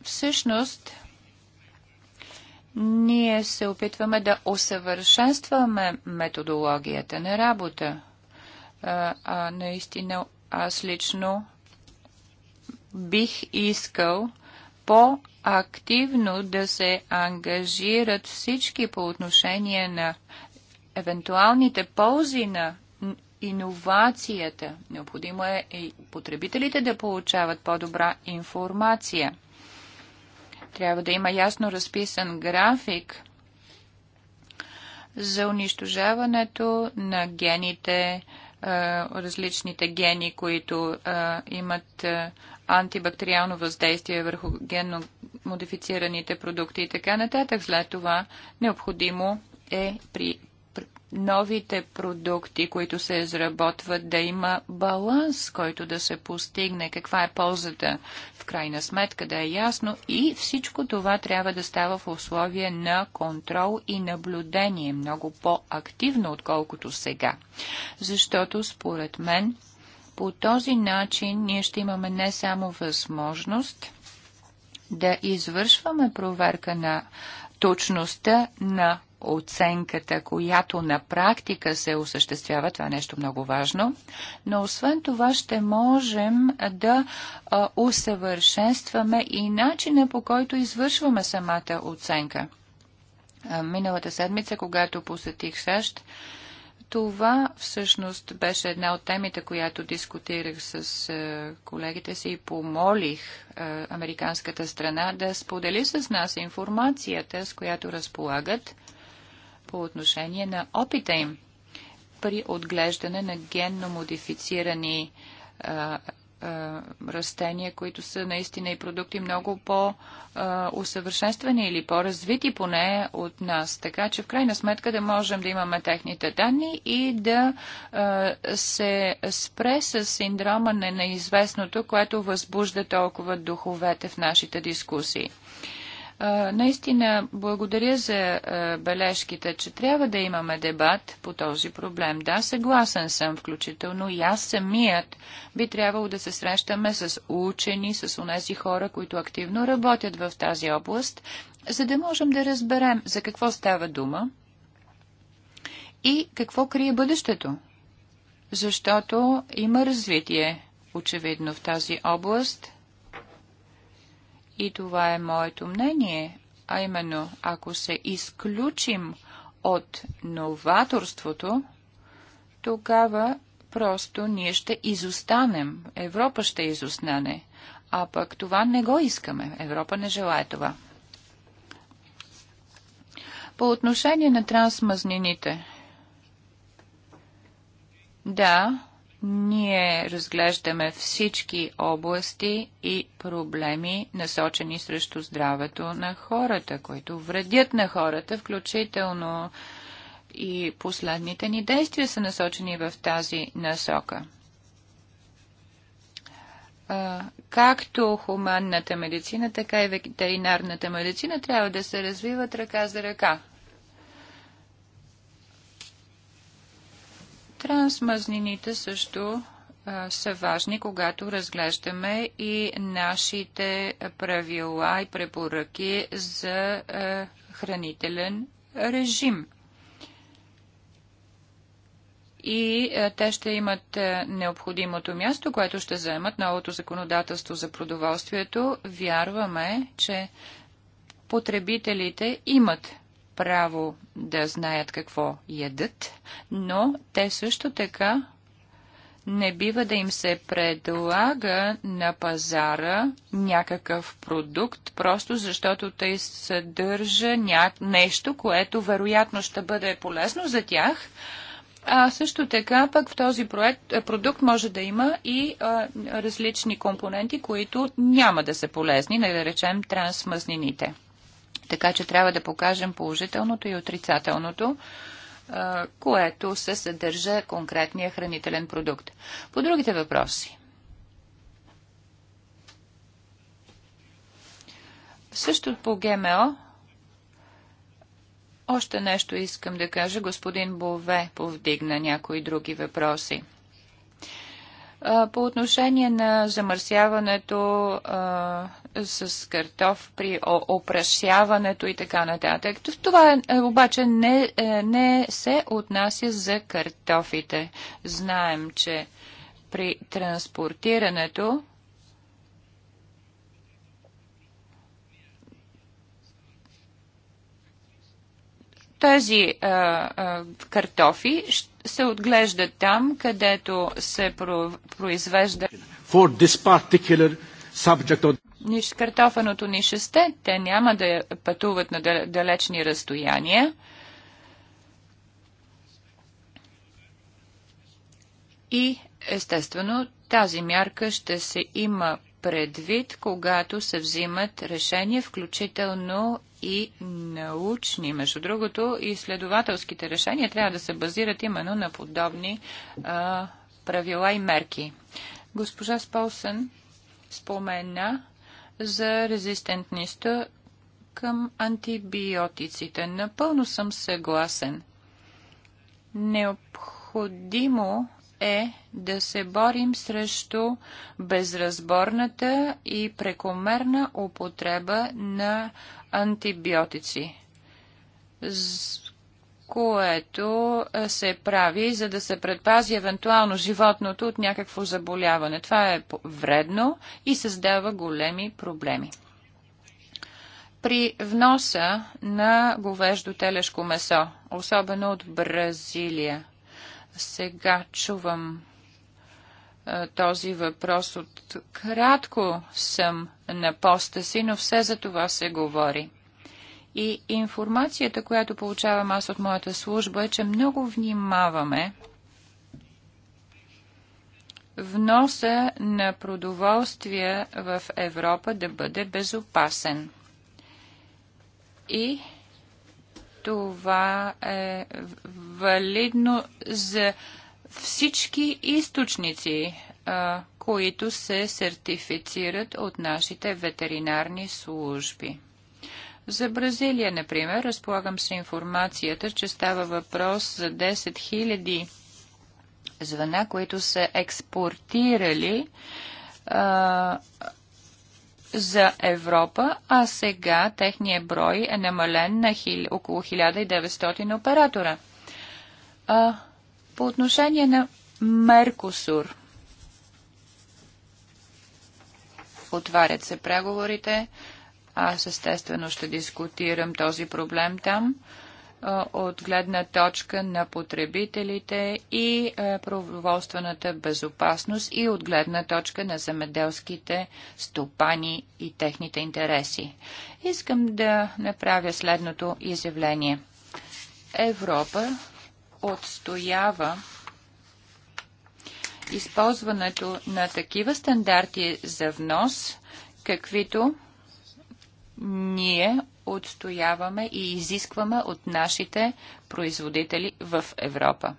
всъщност ние се опитваме да усъвършенстваме методологията на работа. А, а наистина аз лично бих искал по-активно да се ангажират всички по отношение на евентуалните ползи на иновацията. Необходимо е и потребителите да получават по-добра информация. Трябва да има ясно разписан график за унищожаването на гените, е, различните гени, които е, имат е, антибактериално въздействие върху генно модифицираните продукти и така нататък. След това необходимо е при новите продукти, които се изработват, да има баланс, който да се постигне, каква е ползата в крайна сметка, да е ясно и всичко това трябва да става в условие на контрол и наблюдение, много по-активно, отколкото сега. Защото, според мен, по този начин ние ще имаме не само възможност да извършваме проверка на точността на оценката, която на практика се осъществява. Това е нещо много важно. Но освен това ще можем да усъвършенстваме и начина по който извършваме самата оценка. Миналата седмица, когато посетих САЩ, това всъщност беше една от темите, която дискутирах с колегите си и помолих американската страна да сподели с нас информацията, с която разполагат по отношение на опита им при отглеждане на генно модифицирани а, а, растения, които са наистина и продукти много по-усъвършенствани или по-развити поне от нас. Така че в крайна сметка да можем да имаме техните данни и да а, се спре с синдрома на неизвестното, което възбужда толкова духовете в нашите дискусии. Наистина, благодаря за бележките, че трябва да имаме дебат по този проблем. Да, съгласен съм, включително и аз самият би трябвало да се срещаме с учени, с унези хора, които активно работят в тази област, за да можем да разберем за какво става дума и какво крие бъдещето. Защото има развитие, очевидно, в тази област – и това е моето мнение, а именно, ако се изключим от новаторството, тогава просто ние ще изостанем. Европа ще изостане. А пък това не го искаме. Европа не желая това. По отношение на трансмазнините. Да, ние разглеждаме всички области и проблеми, насочени срещу здравето на хората, които вредят на хората, включително и последните ни действия са насочени в тази насока както хуманната медицина, така и ветеринарната медицина трябва да се развиват ръка за ръка. Трансмазнините също са важни, когато разглеждаме и нашите правила и препоръки за хранителен режим. И те ще имат необходимото място, което ще заемат новото законодателство за продоволствието. Вярваме, че потребителите имат право да знаят какво ядат, но те също така не бива да им се предлага на пазара някакъв продукт, просто защото той съдържа ня... нещо, което вероятно ще бъде полезно за тях. А също така пък в този проект, е, продукт може да има и а, различни компоненти, които няма да са полезни, нали да речем трансмъзнините. Така че трябва да покажем положителното и отрицателното, което се съдържа конкретния хранителен продукт. По другите въпроси. Също по ГМО още нещо искам да кажа. Господин Бове повдигна някои други въпроси. По отношение на замърсяването с картоф при опрашяването и така нататък. Това е, обаче не, е, не се отнася за картофите. Знаем, че при транспортирането Тези а, е, а, е, картофи се отглеждат там, където се про произвежда ниш, картофеното ни шесте. Те няма да пътуват на далечни разстояния. И естествено тази мярка ще се има предвид, когато се взимат решения, включително и научни. Между другото, изследователските решения трябва да се базират именно на подобни а, правила и мерки. Госпожа Сполсен, спомена за резистентността към антибиотиците. Напълно съм съгласен. Необходимо е да се борим срещу безразборната и прекомерна употреба на антибиотици, което се прави, за да се предпази евентуално животното от някакво заболяване. Това е вредно и създава големи проблеми. При вноса на говеждо телешко месо, особено от Бразилия, сега чувам е, този въпрос от кратко съм на поста си, но все за това се говори. И информацията, която получавам аз от моята служба е, че много внимаваме вноса на продоволствия в Европа да бъде безопасен. И това е валидно за всички източници, които се сертифицират от нашите ветеринарни служби. За Бразилия, например, разполагам с информацията, че става въпрос за 10 000 звена, които са експортирали а, за Европа, а сега техният брой е намален на хили, около 1900 оператора. А, по отношение на Меркосур, отварят се преговорите. Аз естествено ще дискутирам този проблем там от гледна точка на потребителите и продоволствената безопасност и от гледна точка на земеделските стопани и техните интереси. Искам да направя следното изявление. Европа отстоява използването на такива стандарти за внос, каквито ние отстояваме и изискваме от нашите производители в Европа.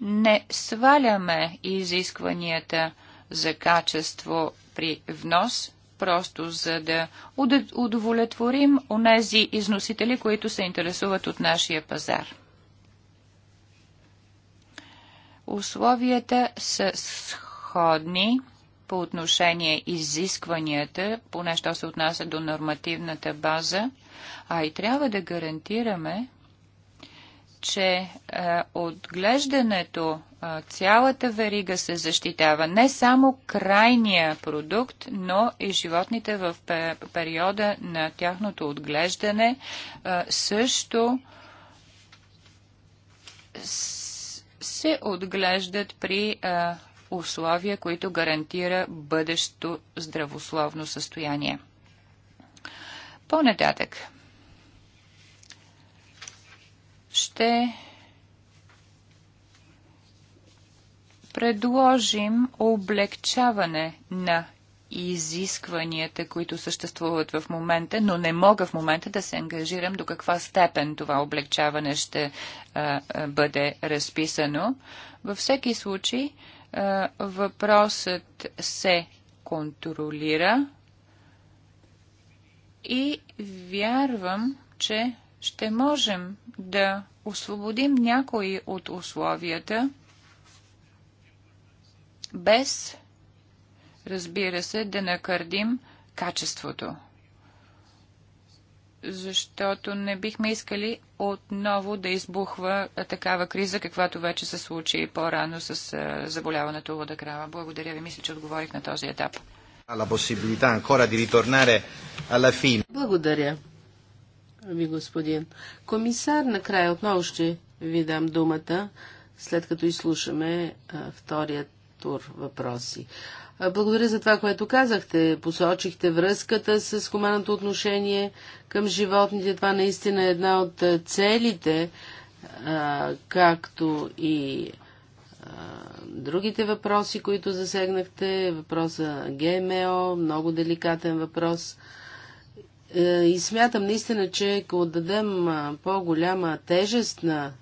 Не сваляме изискванията за качество при внос, просто за да удовлетворим онези износители, които се интересуват от нашия пазар. Условията са сходни по отношение изискванията, поне що се отнася до нормативната база, а и трябва да гарантираме, че е, отглеждането, е, цялата верига се защитава. Не само крайния продукт, но и животните в периода на тяхното отглеждане е, също се отглеждат при Е, условия, които гарантира бъдещо здравословно състояние. По-нататък ще предложим облегчаване на изискванията, които съществуват в момента, но не мога в момента да се ангажирам до каква степен това облегчаване ще а, а, бъде разписано. Във всеки случай, а, въпросът се контролира и вярвам, че ще можем да освободим някои от условията, без, разбира се, да накърдим качеството защото не бихме искали отново да избухва такава криза, каквато вече се случи по-рано с заболяването луда крава. Благодаря ви. Мисля, че отговорих на този етап. Благодаря ви, господин. Комисар, накрая отново ще ви дам думата, след като изслушаме втория вторият тур въпроси. Благодаря за това, което казахте. Посочихте връзката с хуманното отношение към животните. Това наистина е една от целите, както и другите въпроси, които засегнахте. Въпроса ГМО, много деликатен въпрос. Е, и смятам наистина, че ако дадем по-голяма тежест на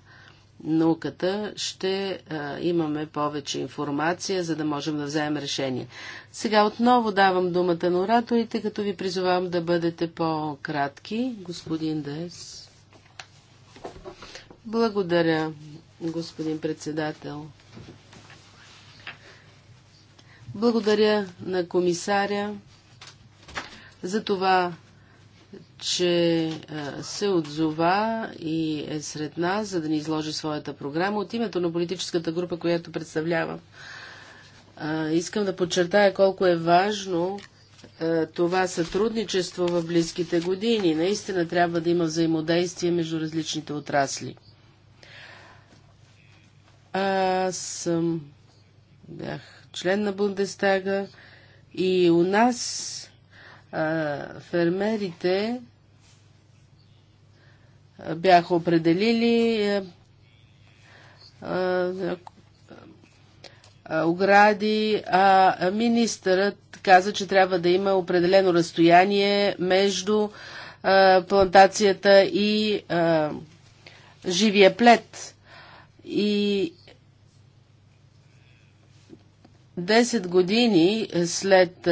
науката ще а, имаме повече информация, за да можем да вземем решение. Сега отново давам думата на ораторите, като ви призовавам да бъдете по-кратки. Господин Дес. Благодаря, господин председател. Благодаря на комисаря за това че се отзова и е сред нас, за да ни изложи своята програма от името на политическата група, която представлявам. Искам да подчертая колко е важно това сътрудничество в близките години. Наистина трябва да има взаимодействие между различните отрасли. Аз съм, бях член на Бундестага и у нас фермерите бяха определили е, огради, а министърът каза, че трябва да има определено разстояние между плантацията и живия плет. И 10 години след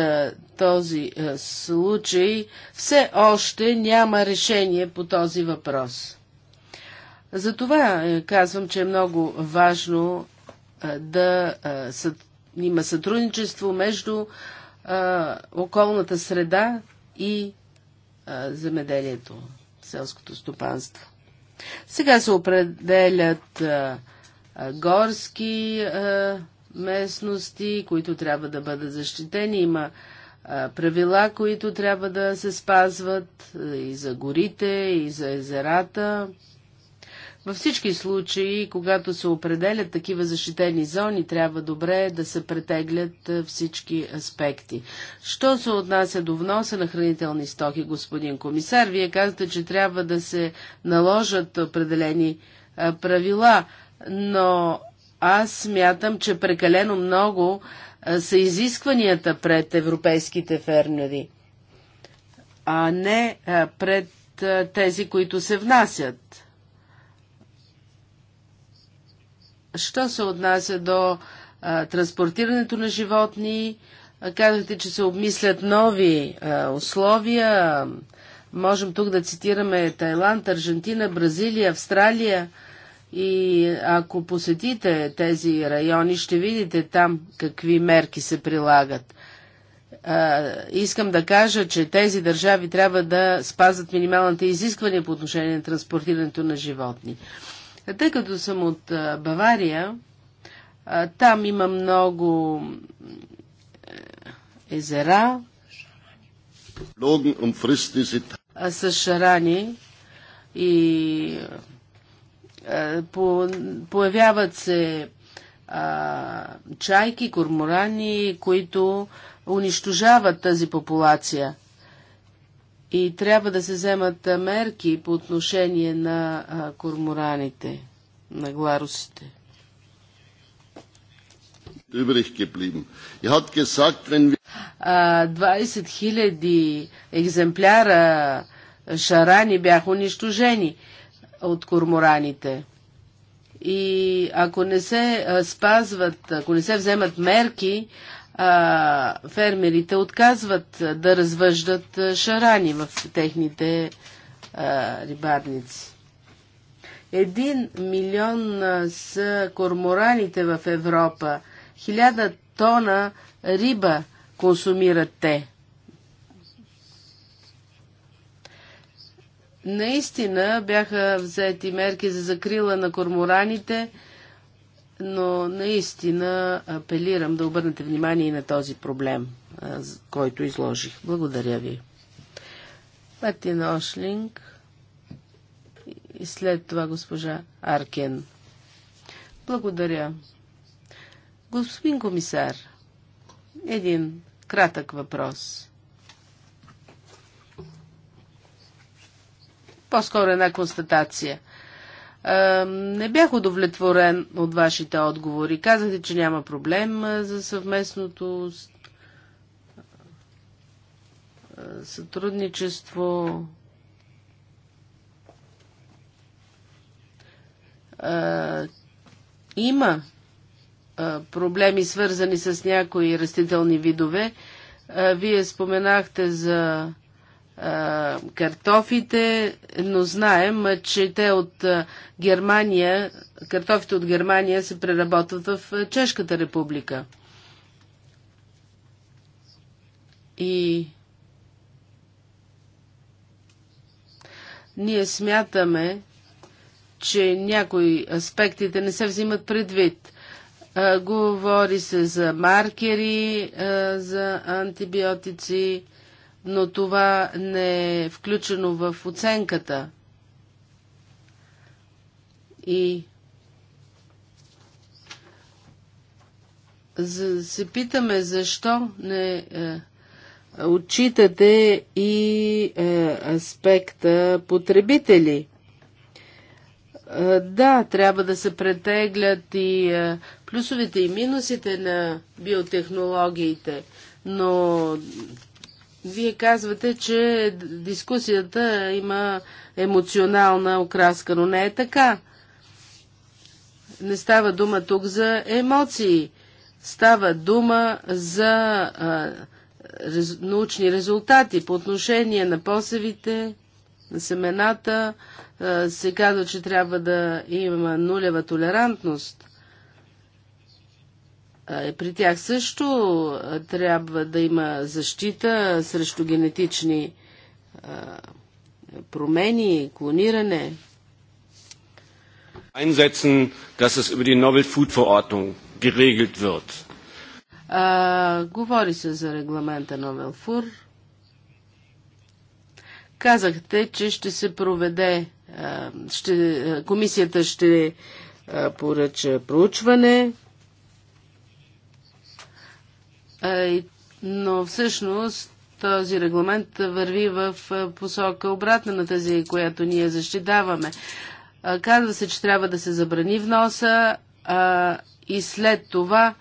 този е, случай все още няма решение по този въпрос. Затова е, казвам, че е много важно е, да има сътрудничество между околната среда и земеделието, селското стопанство. Сега се определят горски местности, които трябва да бъдат защитени. Има правила, които трябва да се спазват и за горите, и за езерата. Във всички случаи, когато се определят такива защитени зони, трябва добре да се претеглят всички аспекти. Що се отнася до вноса на хранителни стоки, господин комисар, вие казвате, че трябва да се наложат определени правила, но аз смятам, че прекалено много са изискванията пред европейските фермери, а не пред тези, които се внасят. Що се отнася до транспортирането на животни, казахте, че се обмислят нови условия. Можем тук да цитираме Тайланд, Аржентина, Бразилия, Австралия – и ако посетите тези райони, ще видите там какви мерки се прилагат. А, искам да кажа, че тези държави трябва да спазват минималните изисквания по отношение на транспортирането на животни. Тъй като съм от а, Бавария, а, там има много езера с шарани и е, по, появяват се а, чайки, корморани, които унищожават тази популация. И трябва да се вземат мерки по отношение на а, кормораните, на гларусите. Übrig geblieben. gesagt, wenn wir 20 000 екземпляра шарани бяха унищожени от кормораните. И ако не се спазват, ако не се вземат мерки, фермерите отказват да развъждат шарани в техните рибарници. Един милион са кормораните в Европа. Хиляда тона риба консумират те. Наистина бяха взети мерки за закрила на кормораните, но наистина апелирам да обърнете внимание и на този проблем, който изложих. Благодаря ви. Мартин Ошлинг и след това госпожа Аркен. Благодаря. Господин комисар, един кратък въпрос. по-скоро една констатация. Не бях удовлетворен от вашите отговори. Казахте, че няма проблем за съвместното сътрудничество. Има проблеми, свързани с някои растителни видове. Вие споменахте за картофите, но знаем, че те от Германия, картофите от Германия се преработват в Чешката република. И ние смятаме, че някои аспектите не се взимат предвид. Говори се за маркери, за антибиотици, но това не е включено в оценката. И за, се питаме защо не е, отчитате и е, аспекта потребители. Е, да, трябва да се претеглят и е, плюсовете и минусите на биотехнологиите, но вие казвате, че дискусията има емоционална окраска, но не е така. Не става дума тук за емоции. Става дума за а, рез, научни резултати по отношение на посевите, на семената. А, се казва, че трябва да има нулева толерантност. При тях също трябва да има защита срещу генетични промени, клониране. Einsetzen, dass es über die Novel Food Verordnung geregelt wird. А, говори се за регламента Новел Фур. Казахте, че ще се проведе, ще, комисията ще поръча проучване но всъщност този регламент върви в посока обратна на тази, която ние защитаваме. Казва се, че трябва да се забрани вноса носа и след това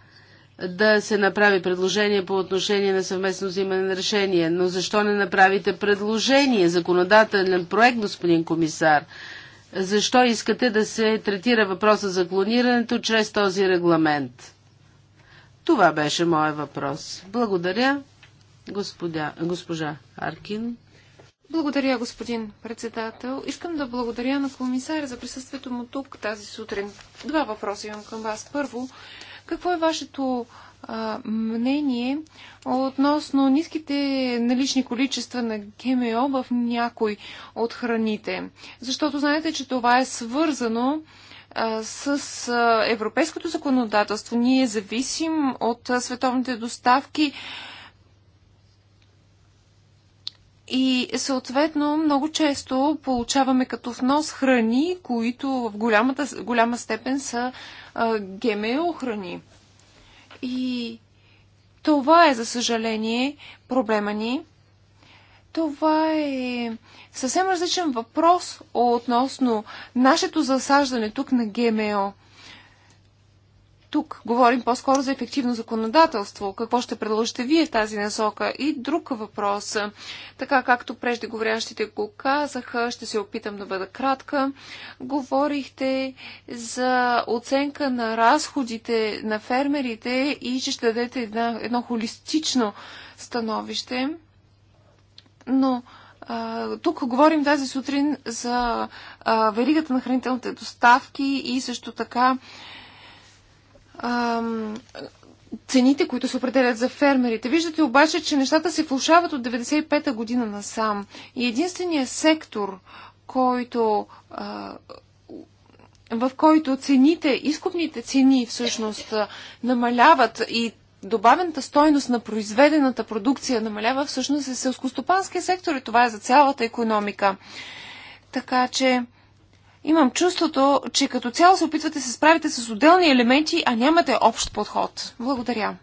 да се направи предложение по отношение на съвместно взимане на решение. Но защо не направите предложение, законодателен проект, господин комисар? Защо искате да се третира въпроса за клонирането чрез този регламент? Това беше моят въпрос. Благодаря, господя, госпожа Аркин. Благодаря, господин председател. Искам да благодаря на комисаря за присъствието му тук тази сутрин. Два въпроса имам към вас. Първо, какво е вашето а, мнение относно ниските налични количества на ГМО в някой от храните? Защото знаете, че това е свързано с европейското законодателство ние зависим от световните доставки и съответно много често получаваме като внос храни, които в голямата, голяма степен са ГМО храни. И това е, за съжаление, проблема ни. Това е съвсем различен въпрос относно нашето засаждане тук на ГМО. Тук говорим по-скоро за ефективно законодателство. Какво ще предложите вие в тази насока? И друг въпрос. Така както преждеговорящите го казаха, ще се опитам да бъда кратка. Говорихте за оценка на разходите на фермерите и че ще дадете една, едно холистично становище. Но а, тук говорим тази сутрин за а, веригата на хранителните доставки и също така а, цените, които се определят за фермерите. Виждате обаче, че нещата се влушават от 95-та година насам. И единственият сектор, който, а, в който цените, изкупните цени всъщност намаляват и добавената стойност на произведената продукция намалява всъщност е селскостопанския сектор и това е за цялата економика. Така че имам чувството, че като цяло се опитвате да се справите с отделни елементи, а нямате общ подход. Благодаря.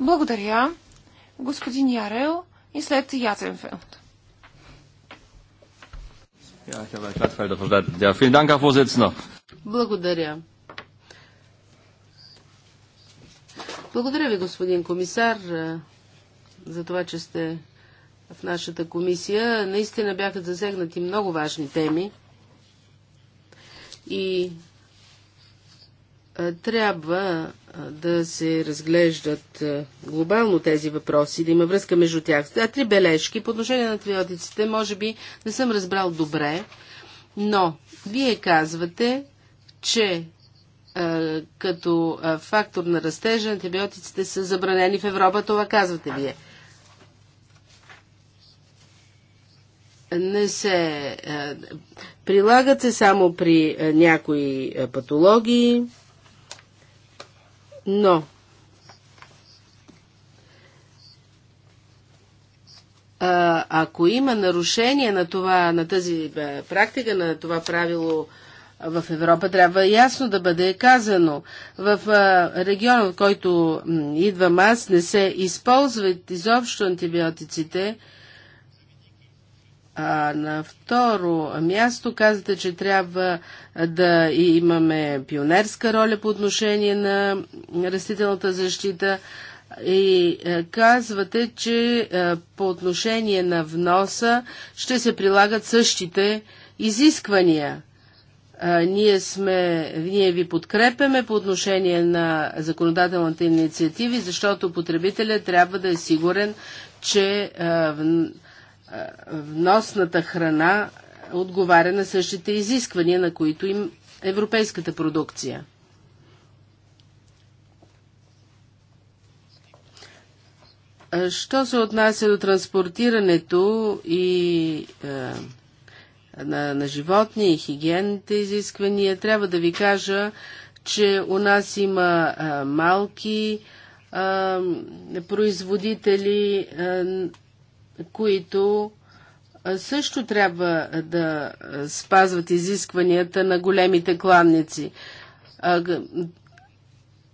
Благодаря, господин Ярел и след Ятенфелд. Благодаря. Благодаря ви, господин комисар, за това, че сте в нашата комисия. Наистина бяха засегнати много важни теми и трябва да се разглеждат глобално тези въпроси, да има връзка между тях. А три бележки по отношение на триотиците, може би не съм разбрал добре, но вие казвате, че като фактор на растежа антибиотиците са забранени в Европа, това казвате вие. Не се. Прилагат се само при някои патологии, но ако има нарушение на, това, на тази практика, на това правило в Европа трябва ясно да бъде казано. В региона, от който идвам аз, не се използват изобщо антибиотиците. А на второ място казвате, че трябва да имаме пионерска роля по отношение на растителната защита и е, казвате, че е, по отношение на вноса ще се прилагат същите изисквания – ние, сме, ние ви подкрепяме по отношение на законодателните инициативи, защото потребителят трябва да е сигурен, че вносната храна отговаря на същите изисквания, на които им европейската продукция. Що се отнася до транспортирането и е, на, на животни и хигиенните изисквания. Трябва да ви кажа, че у нас има а, малки а, производители, а, които също трябва да спазват изискванията на големите кланници. А,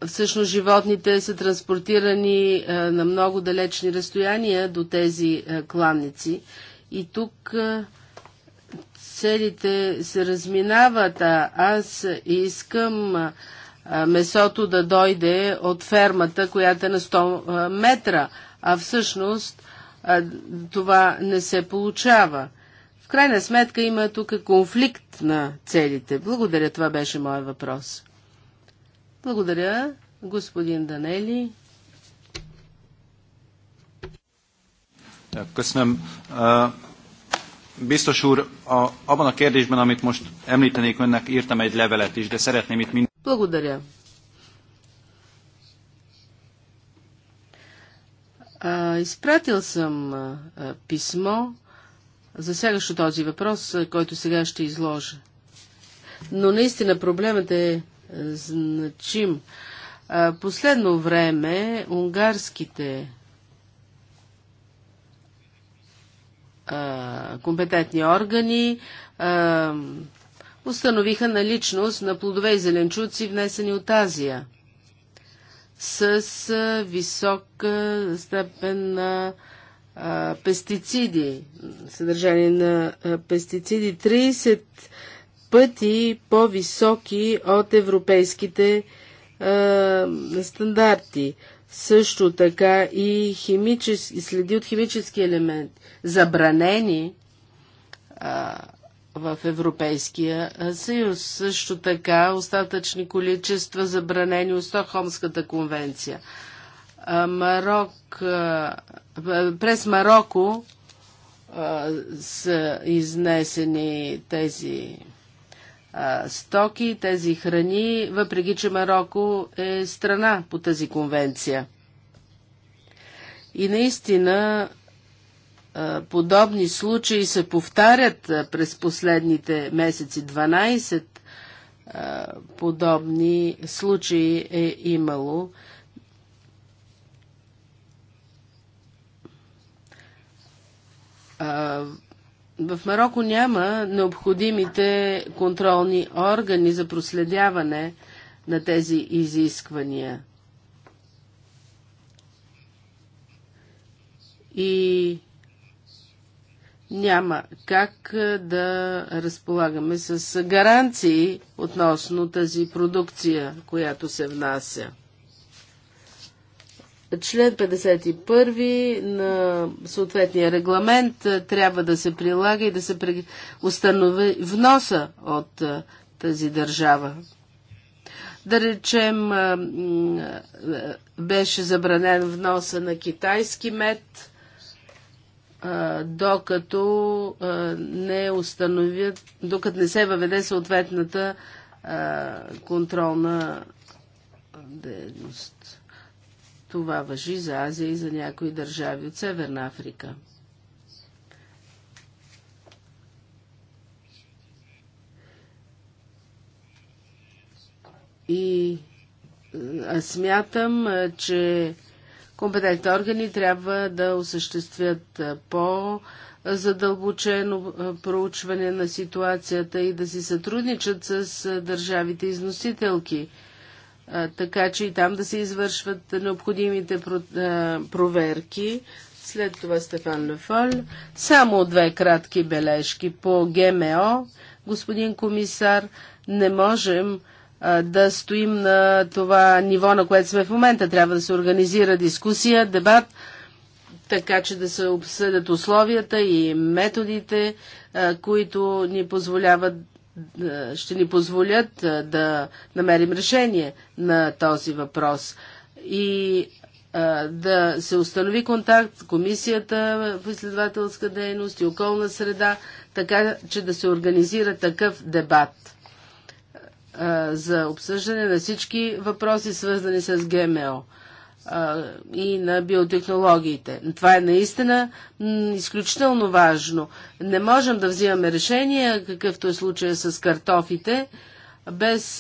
всъщност животните са транспортирани на много далечни разстояния до тези кланници. И тук целите се разминават. А аз искам месото да дойде от фермата, която е на 100 метра, а всъщност това не се получава. В крайна сметка има тук конфликт на целите. Благодаря, това беше моят въпрос. Благодаря, господин Данели. Köszönöm. Biztos úr, a, abban a kérdésben, amit most említenék önnek, írtam egy levelet is, de szeretném itt mind... Благодаря. изпратил съм писмо, засягащо този въпрос, който сега ще изложа. Но наистина проблемът е, е значим. Последно време унгарските компетентни органи а, установиха наличност на плодове и зеленчуци, внесени от Азия, с а, висока степен на а, пестициди, съдържание на а, пестициди 30 пъти по-високи от европейските а, стандарти също така и химически, следи от химически елемент, забранени а, в Европейския съюз. Също така остатъчни количества забранени от Стокхолмската конвенция. А, Марок, а, през Марокко а, са изнесени тези стоки, тези храни, въпреки че Марокко е страна по тази конвенция. И наистина подобни случаи се повтарят през последните месеци. 12 подобни случаи е имало. В Марокко няма необходимите контролни органи за проследяване на тези изисквания. И няма как е, да разполагаме с гаранции относно тази продукция, която се внася. Член 51 на съответния регламент трябва да се прилага и да се установи вноса от тази държава. Да речем, беше забранен вноса на китайски мед, докато не установят, докато не се въведе съответната контролна дейност. Това въжи за Азия и за някои държави от Северна Африка. И аз смятам, че компетентните органи трябва да осъществят по-задълбочено проучване на ситуацията и да си сътрудничат с държавите износителки така че и там да се извършват необходимите проверки. След това Стефан Лефол. Само две кратки бележки по ГМО. Господин комисар, не можем да стоим на това ниво, на което сме в момента. Трябва да се организира дискусия, дебат, така че да се обсъдят условията и методите, които ни позволяват е, ще ни позволят е, да намерим решение на този въпрос и е, да се установи контакт с Комисията по изследователска дейност и околна среда, така че да се организира такъв дебат за обсъждане на всички въпроси, свързани с ГМО и на биотехнологиите. Това е наистина изключително важно. Не можем да взимаме решения, какъвто е случая с картофите, без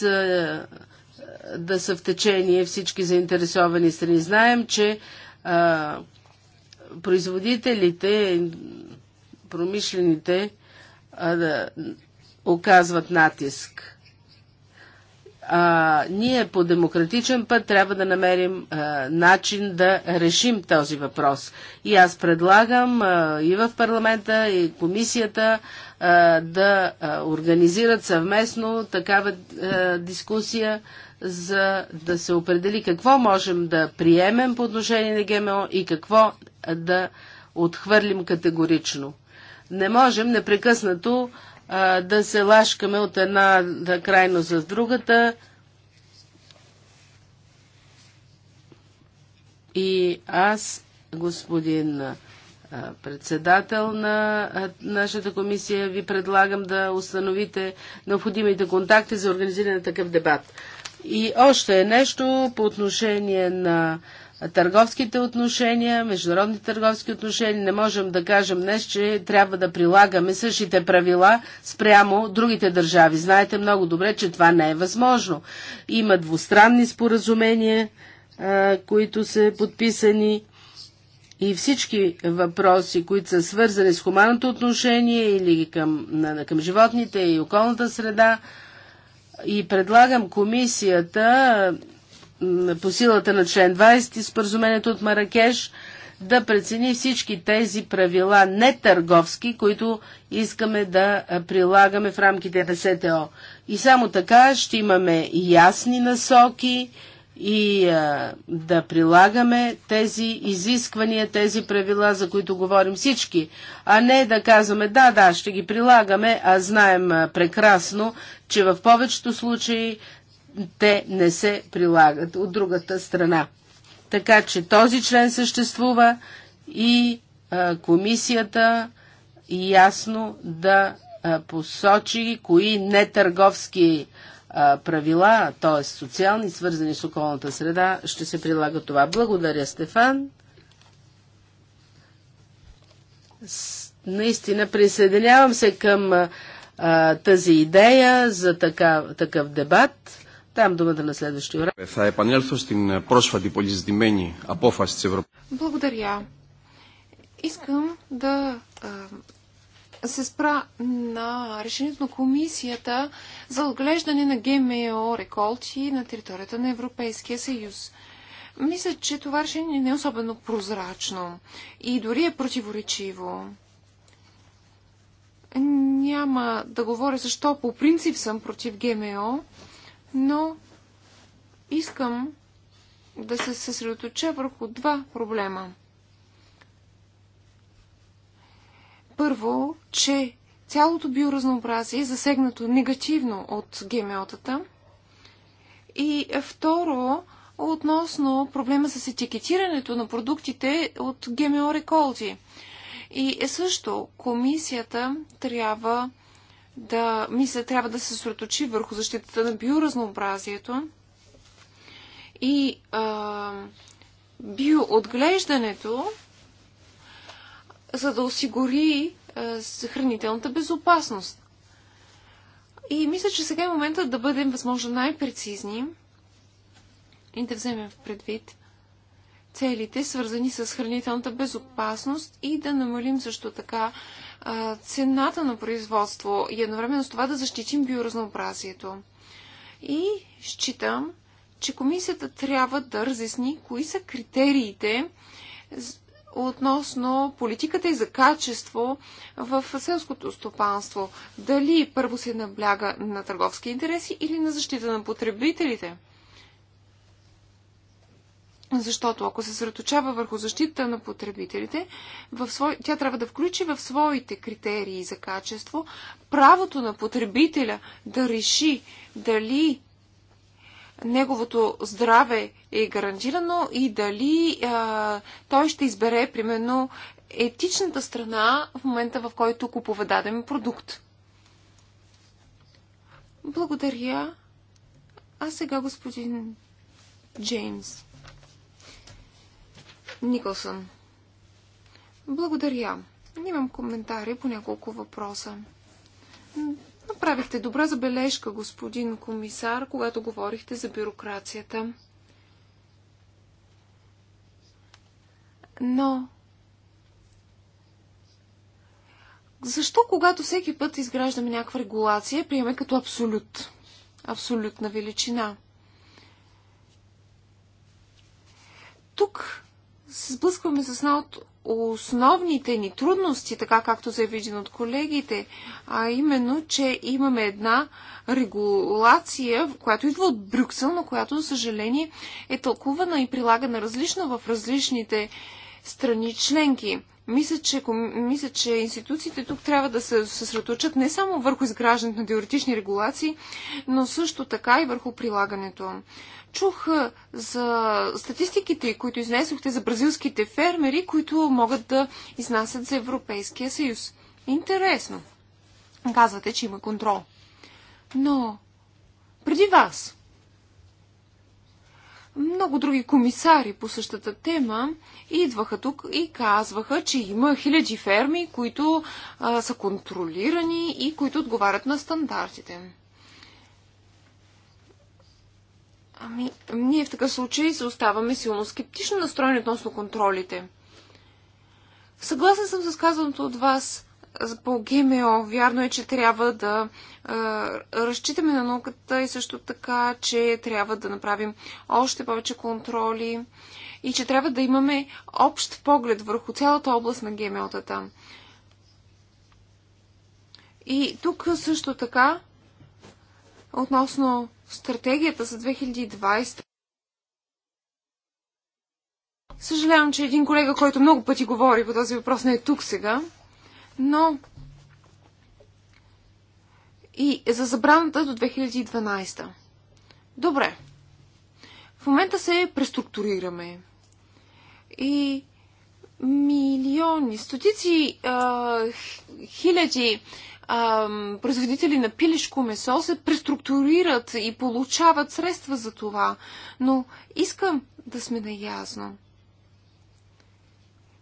да са в течение всички заинтересовани страни. Знаем, че производителите, промишлените оказват натиск а, ние по демократичен път трябва да намерим а, начин да решим този въпрос. И аз предлагам а, и в парламента, и комисията а, да а, организират съвместно такава а, дискусия, за да се определи какво можем да приемем по отношение на ГМО и какво да отхвърлим категорично. Не можем непрекъснато а, да се лашкаме от една да крайно за другата. И аз, господин председател на нашата комисия, ви предлагам да установите необходимите контакти за организиране на такъв дебат. И още е нещо по отношение на търговските отношения, международни търговски отношения, не можем да кажем днес, че трябва да прилагаме същите правила спрямо другите държави. Знаете много добре, че това не е възможно. Има двустранни споразумения, които са подписани и всички въпроси, които са свързани с хуманното отношение или към, към животните и околната среда, и предлагам комисията по силата на член 20 споразумението от Маракеш да прецени всички тези правила не търговски, които искаме да прилагаме в рамките на СТО. И само така ще имаме ясни насоки и а, да прилагаме тези изисквания, тези правила, за които говорим всички, а не да казваме да, да, ще ги прилагаме, а знаем прекрасно, че в повечето случаи те не се прилагат от другата страна. Така че този член съществува и а, комисията ясно да а, посочи кои нетърговски а, правила, т.е. социални, свързани с околната среда, ще се прилага това. Благодаря, Стефан. С, наистина присъединявам се към а, тази идея за така, такъв дебат. Дам думата на следващия урок. Е, θα επανέλθω στην е, πρόσφατη πολυζητημένη απόφαση της Ευρωπαϊκής. Благодаря. Искам да е, се спра на решението на комисията за отглеждане на ГМО реколти на територията на Европейския съюз. Мисля, че това решение не е особено прозрачно и дори е противоречиво. Няма да говоря защо по принцип съм против ГМО, но искам да се съсредоточа върху два проблема. Първо, че цялото биоразнообразие е засегнато негативно от гемеотата. И второ, относно проблема с етикетирането на продуктите от ГМО реколти. И е също комисията трябва да мисля, трябва да се сроточи върху защитата на биоразнообразието и а, биоотглеждането, за да осигури а, хранителната безопасност. И мисля, че сега е моментът да бъдем възможно най-прецизни и да вземем в предвид целите, свързани с хранителната безопасност и да намалим също така цената на производство и едновременно с това да защитим биоразнообразието. И считам, че комисията трябва да разясни кои са критериите относно политиката и за качество в селското стопанство. Дали първо се набляга на търговски интереси или на защита на потребителите – защото ако се съсредоточава върху защита на потребителите, в свой... тя трябва да включи в своите критерии за качество правото на потребителя да реши дали неговото здраве е гарантирано и дали а, той ще избере, примерно, етичната страна в момента, в който купува даден продукт. Благодаря. А сега господин Джеймс. Николсън. Благодаря. Имам коментари по няколко въпроса. Направихте добра забележка, господин комисар, когато говорихте за бюрокрацията. Но защо когато всеки път изграждаме някаква регулация, приеме като абсолют? Абсолютна величина. Тук се сблъскваме с една от основните ни трудности, така както заяви е от колегите, а именно, че имаме една регулация, която идва от Брюксел, но която, за съжаление, е тълкувана и прилагана различно в различните страни членки. Мисля че, мисля, че институциите тук трябва да се съсредоточат не само върху изграждането на теоретични регулации, но също така и върху прилагането. Чух за статистиките, които изнесохте за бразилските фермери, които могат да изнасят за Европейския съюз. Интересно. Казвате, че има контрол. Но преди вас много други комисари по същата тема идваха тук и казваха, че има хиляди ферми, които а, са контролирани и които отговарят на стандартите. Ами, ние в такъв случай се оставаме силно скептично настроени относно контролите. Съгласен съм с казаното от вас по ГМО. Вярно е, че трябва да е, разчитаме на науката и също така, че трябва да направим още повече контроли и че трябва да имаме общ поглед върху цялата област на ГМО-тата. И тук също така, относно стратегията за 2020. Съжалявам, че един колега, който много пъти говори по този въпрос, не е тук сега, но и за забраната до 2012. Добре. В момента се преструктурираме. И милиони, стотици, а, хиляди а, производители на пилешко месо се преструктурират и получават средства за това. Но искам да сме наясно.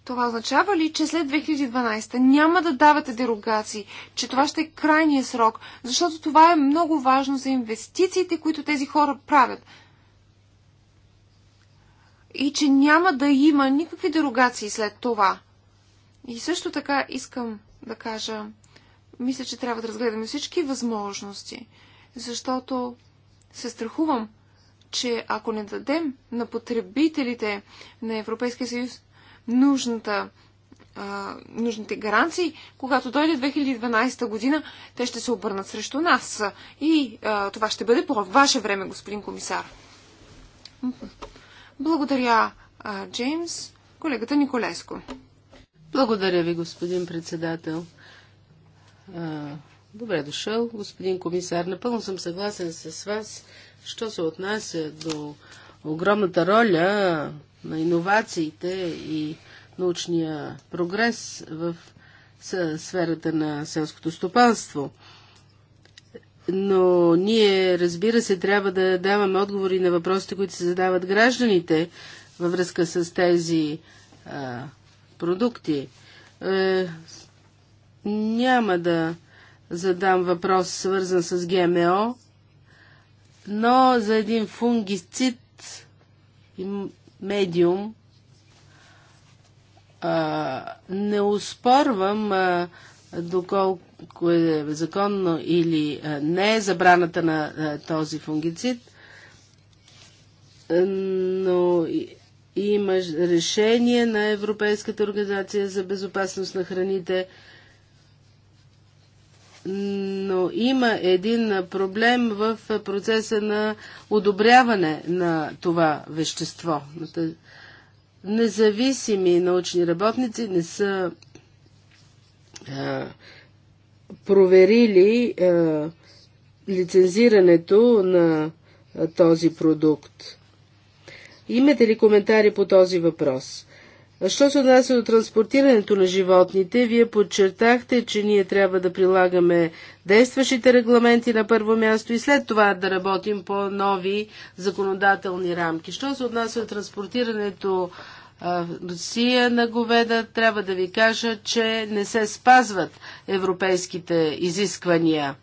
Това означава ли, че след 2012 няма да давате дерогации, че това ще е крайният срок, защото това е много важно за инвестициите, които тези хора правят. И че няма да има никакви дерогации след това. И също така искам да кажа, мисля, че трябва да разгледаме всички възможности, защото се страхувам, че ако не дадем на потребителите на Европейския съюз нужната, а, нужните гаранции, когато дойде 2012 година, те ще се обърнат срещу нас. И а, това ще бъде по ваше време, господин комисар. Благодаря, а, Джеймс. Колегата Николеско. Благодаря ви, господин председател. Добре дошъл, господин комисар. Напълно съм съгласен с вас, що се отнася до огромната роля на иновациите и научния прогрес в сферата на селското стопанство. Но ние, разбира се, трябва да даваме отговори на въпросите, които се задават гражданите във връзка с тези а, продукти. Е, няма да задам въпрос свързан с ГМО, но за един фунгицид и медиум а, не успорвам а, доколко е законно или а, не е забраната на а, този фунгицид, но има решение на Европейската организация за безопасност на храните, но има един проблем в процеса на одобряване на това вещество. Независими научни работници не са а, е, проверили а, е, лицензирането на а, е, този продукт. Имате ли коментари по този въпрос? Що се отнася до транспортирането на животните, вие подчертахте, че ние трябва да прилагаме действащите регламенти на първо място и след това да работим по нови законодателни рамки. Що се отнася до транспортирането сия Русия на говеда, трябва да ви кажа, че не се спазват европейските изисквания.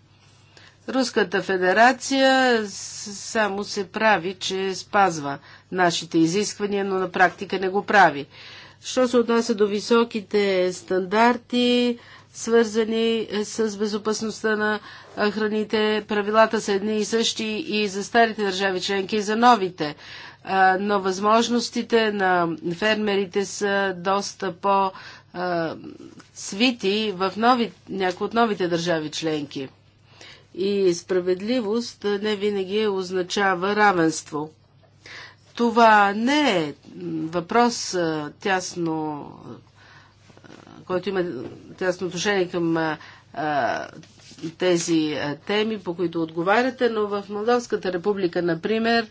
Руската федерация само се прави, че спазва нашите изисквания, но на практика не го прави. Що се отнася до високите стандарти, свързани е, с безопасността на е, храните, правилата са едни и същи и за старите държави членки, и за новите. Е, но възможностите на фермерите са доста по-свити в нови, някои от новите държави членки. И справедливост не винаги означава равенство. Това не е въпрос тясно, който има тясно отношение към тези теми, по които отговаряте, но в Молдовската република, например,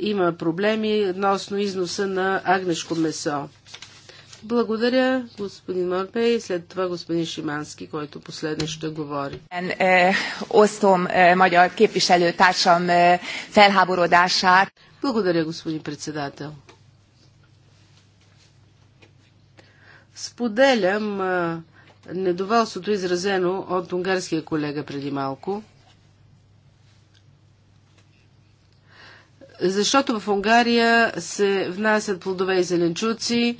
има проблеми относно износа на агнешко месо. Благодаря, господин Морпе и след това господин Шимански, който последно ще говори. Е, е, е, Благодаря, господин председател. Споделям недоволството изразено от унгарския колега преди малко. Защото в Унгария се внасят плодове и зеленчуци,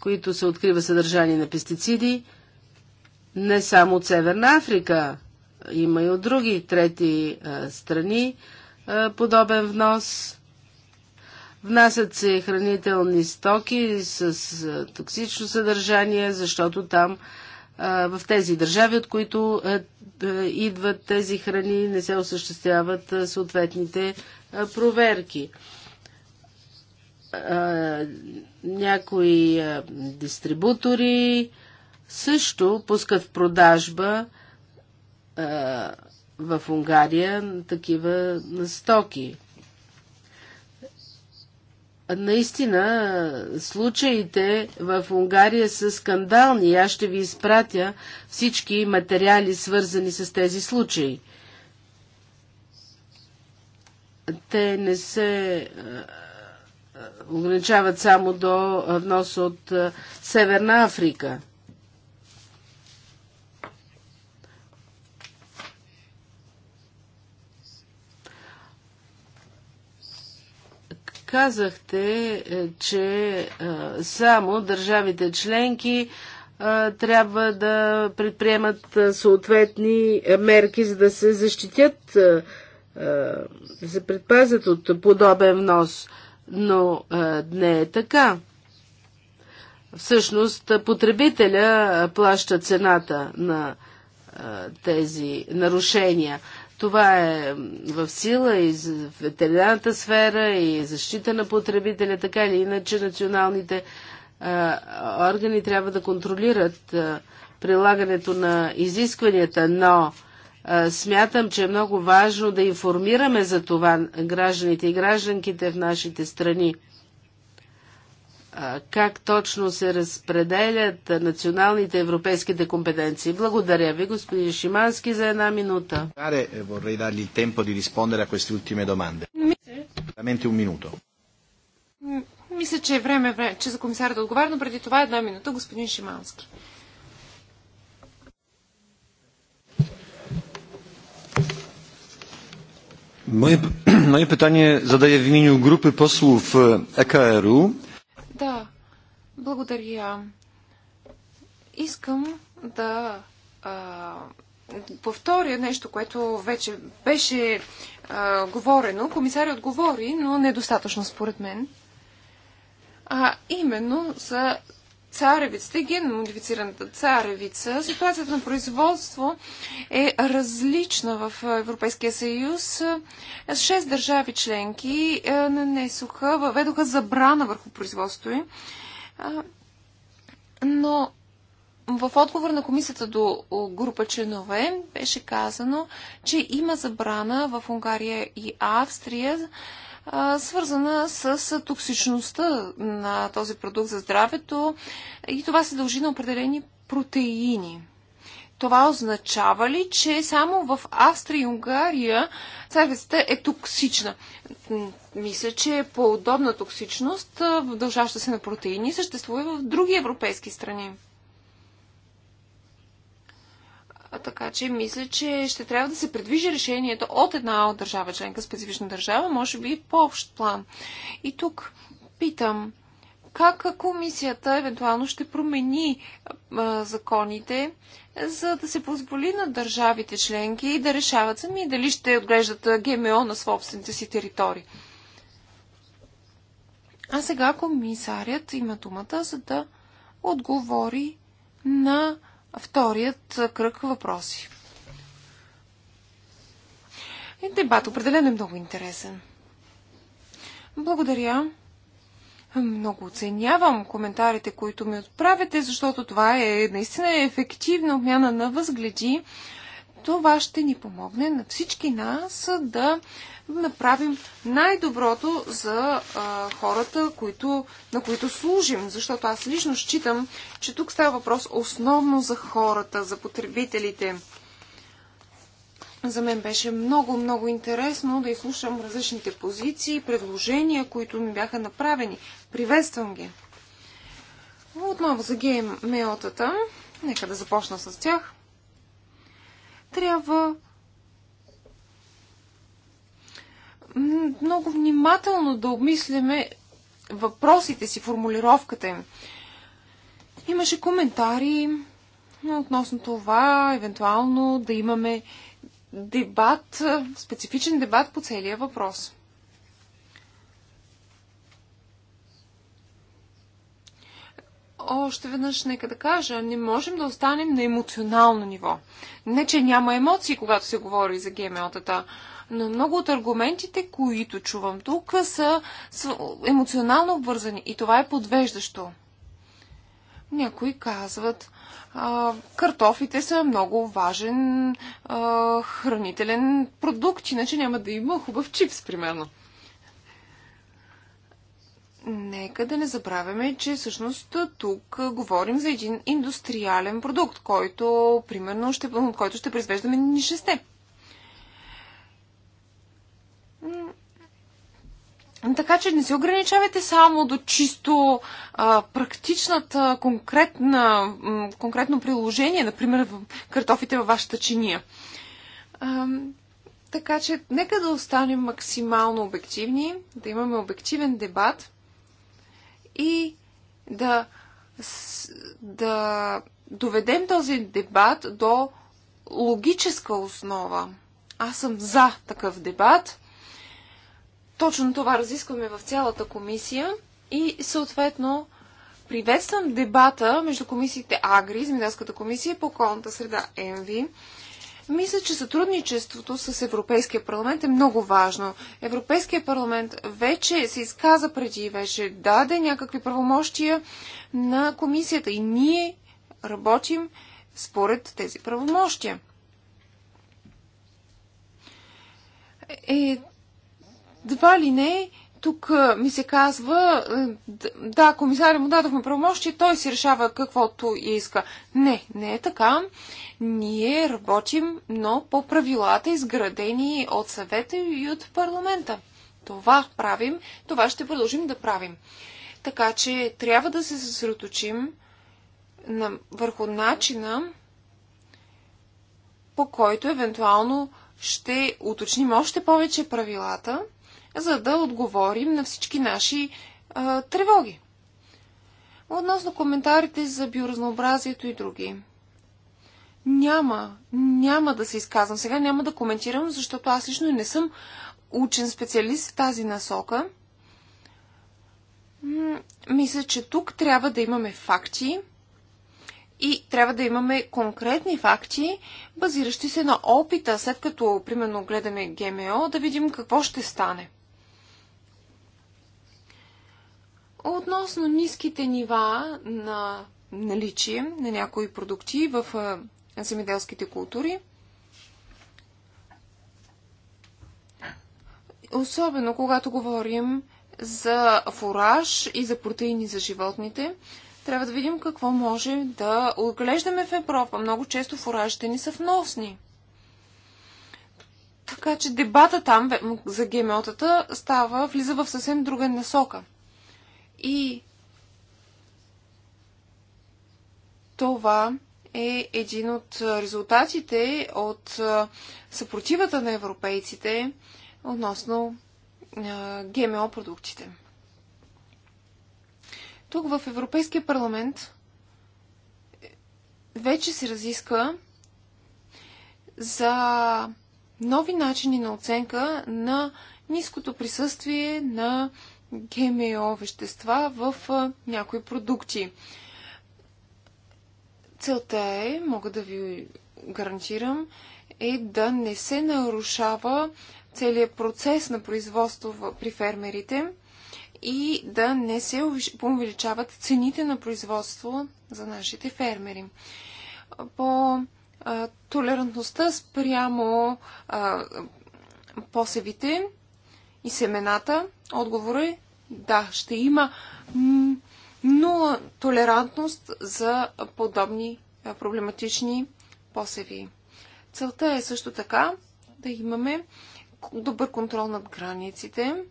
които се открива съдържание на пестициди, не само от Северна Африка, има и от други трети страни подобен внос. Внасят се хранителни стоки с токсично съдържание, защото там в тези държави, от които идват тези храни, не се осъществяват съответните проверки някои дистрибутори също пускат в продажба в Унгария такива стоки. Наистина, случаите в Унгария са скандални. Аз ще ви изпратя всички материали, свързани с тези случаи. Те не се ограничават само до внос от е, Северна Африка. Казахте, е, че е, само държавите членки трябва да предприемат съответни мерки, за да се защитят, да се предпазят от подобен внос но е, не е така. Всъщност потребителя е, плаща цената на е, тези нарушения. Това е в сила и в ветеринарната сфера и защита на потребителя, така или иначе националните а, органи трябва да контролират а, прилагането на изискванията, но Смятам, че е много важно да информираме за това гражданите и гражданките в нашите страни. Как точно се разпределят националните европейските компетенции. Благодаря ви, господин Шимански, за една минута. Е, мисля, че е време, че за комисаря да отговаря, но преди това една минута, господин Шимански. Moje, moje pytanie zadaję w imieniu grupy posłów EKR-u. Да, благодаря. Искам да а, повторя нещо, което вече беше а, говорено. Комисарят говори, но недостатъчно според мен. А именно за царевицата и генно модифицираната царевица, ситуацията на производство е различна в Европейския съюз. Шест държави членки нанесоха, въведоха забрана върху производството им. Но в отговор на комисията до група членове беше казано, че има забрана в Унгария и Австрия свързана с токсичността на този продукт за здравето и това се дължи на определени протеини. Това означава ли, че само в Австрия и Унгария царевицата е токсична? Мисля, че е подобна токсичност, дължаща се на протеини, съществува и в други европейски страни така че мисля, че ще трябва да се предвижи решението от една от държава членка, специфична държава, може би по-общ план. И тук питам, как комисията евентуално ще промени а, законите, за да се позволи на държавите членки да решават сами дали ще отглеждат ГМО на собствените си територии. А сега комисарят има думата, за да отговори на вторият кръг въпроси. И дебат определено е много интересен. Благодаря. Много оценявам коментарите, които ми отправяте, защото това е наистина ефективна обмяна на възгледи това ще ни помогне на всички нас да направим най-доброто за а, хората, които, на които служим. Защото аз лично считам, че тук става въпрос основно за хората, за потребителите. За мен беше много, много интересно да изслушам различните позиции, предложения, които ми бяха направени. Приветствам ги! Отново за меотата. Нека да започна с тях трябва много внимателно да обмисляме въпросите си, формулировката им. Имаше коментари относно това, евентуално да имаме дебат, специфичен дебат по целия въпрос. още веднъж нека да кажа, не можем да останем на емоционално ниво. Не, че няма емоции, когато се говори за ГМО-тата, но много от аргументите, които чувам тук, са, емоционално обвързани и това е подвеждащо. Някои казват, а, картофите са много важен а, хранителен продукт, иначе няма да има хубав чипс, примерно нека да не забравяме, че всъщност тук говорим за един индустриален продукт, който, примерно, ще, който ще произвеждаме ни шесте. Така че не се ограничавайте само до чисто а, практичната, конкретна, конкретно приложение, например, картофите във вашата чиния. А, така че нека да останем максимално обективни, да имаме обективен дебат – и да, да доведем този дебат до логическа основа. Аз съм за такъв дебат. Точно това разискваме в цялата комисия и съответно приветствам дебата между комисиите Агри, Земеделската комисия по околната среда ЕНВИ, мисля, че сътрудничеството с Европейския парламент е много важно. Европейския парламент вече се изказа преди, вече даде някакви правомощия на комисията и ние работим според тези правомощия. Е, два ли не тук ми се казва, да, комисаря му дадохме правомощи, той си решава каквото иска. Не, не е така. Ние работим, но по правилата, изградени от съвета и от парламента. Това правим, това ще продължим да правим. Така че трябва да се съсредоточим на, върху начина, по който евентуално ще уточним още повече правилата – за да отговорим на всички наши а, тревоги. Относно коментарите за биоразнообразието и други. Няма, няма да се изказвам. Сега няма да коментирам, защото аз лично не съм учен специалист в тази насока. Мисля, че тук трябва да имаме факти и трябва да имаме конкретни факти, базиращи се на опита, след като, примерно, гледаме ГМО, да видим какво ще стане. Относно ниските нива на наличие на някои продукти в земеделските култури, особено когато говорим за фураж и за протеини за животните, трябва да видим какво може да отглеждаме в Европа. Много често фуражите ни са вносни. Така че дебата там за гемеотата става, влиза в съвсем друга насока – и това е един от резултатите от съпротивата на европейците относно ГМО продуктите. Тук в Европейския парламент вече се разиска за нови начини на оценка на ниското присъствие на ГМО вещества в някои продукти. Целта е, мога да ви гарантирам, е да не се нарушава целият процес на производство при фермерите и да не се увеличават цените на производство за нашите фермери. По а, толерантността спрямо а, посевите и семената, отговорът е да, ще има нула толерантност за подобни проблематични посеви. Целта е също така да имаме добър контрол над границите,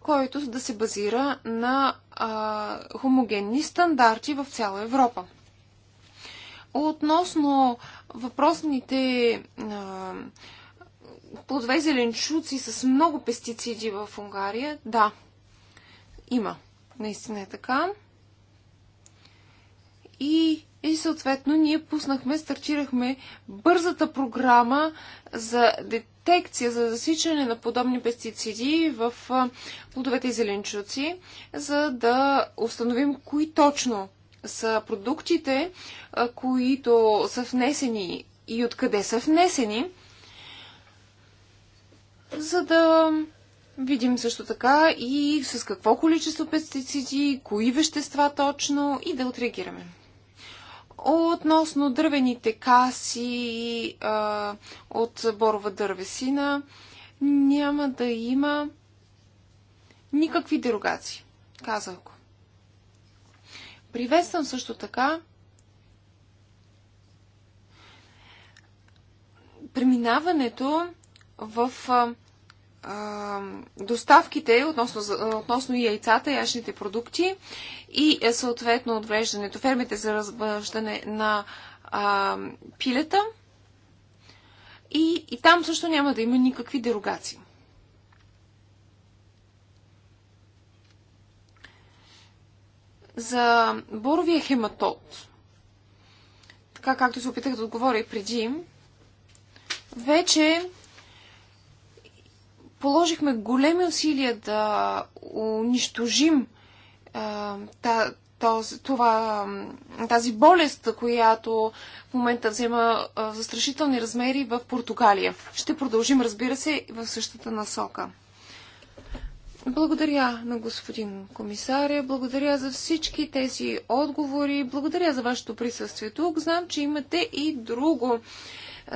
който да се базира на а, хомогенни стандарти в цяла Европа. Относно въпросните а, плодове зеленчуци с много пестициди в Унгария, да, има. Наистина е така. И, и съответно ние пуснахме, стартирахме бързата програма за детекция, за засичане на подобни пестициди в плодовете и зеленчуци, за да установим кои точно са продуктите, които са внесени и откъде са внесени, за да видим също така и с какво количество пестициди, кои вещества точно и да отреагираме. Относно дървените каси а, от борова дървесина, няма да има никакви дерогации, казах го. Приветствам също така преминаването в а, доставките относно, относно яйцата, яшните продукти и е, съответно отвреждането, фермите за развъждане на а, пилета. И, и там също няма да има никакви дерогации. За боровия хематод, така както се опитах да отговоря и преди, вече Положихме големи усилия да унищожим а, този, това, тази болест, която в момента взема застрашителни размери в Португалия. Ще продължим, разбира се, в същата насока. Благодаря на господин комисаря, благодаря за всички тези отговори, благодаря за вашето присъствие тук. Знам, че имате и друго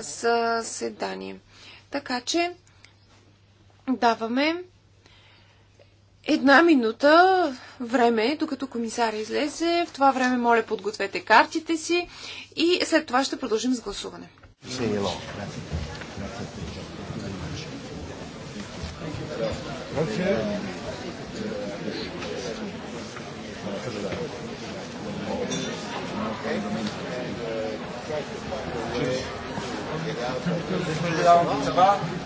съседание. Така че даваме една минута време, докато комисаря излезе. В това време, моля, подгответе картите си и след това ще продължим с гласуване. Ça va е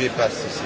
sujet passe ici.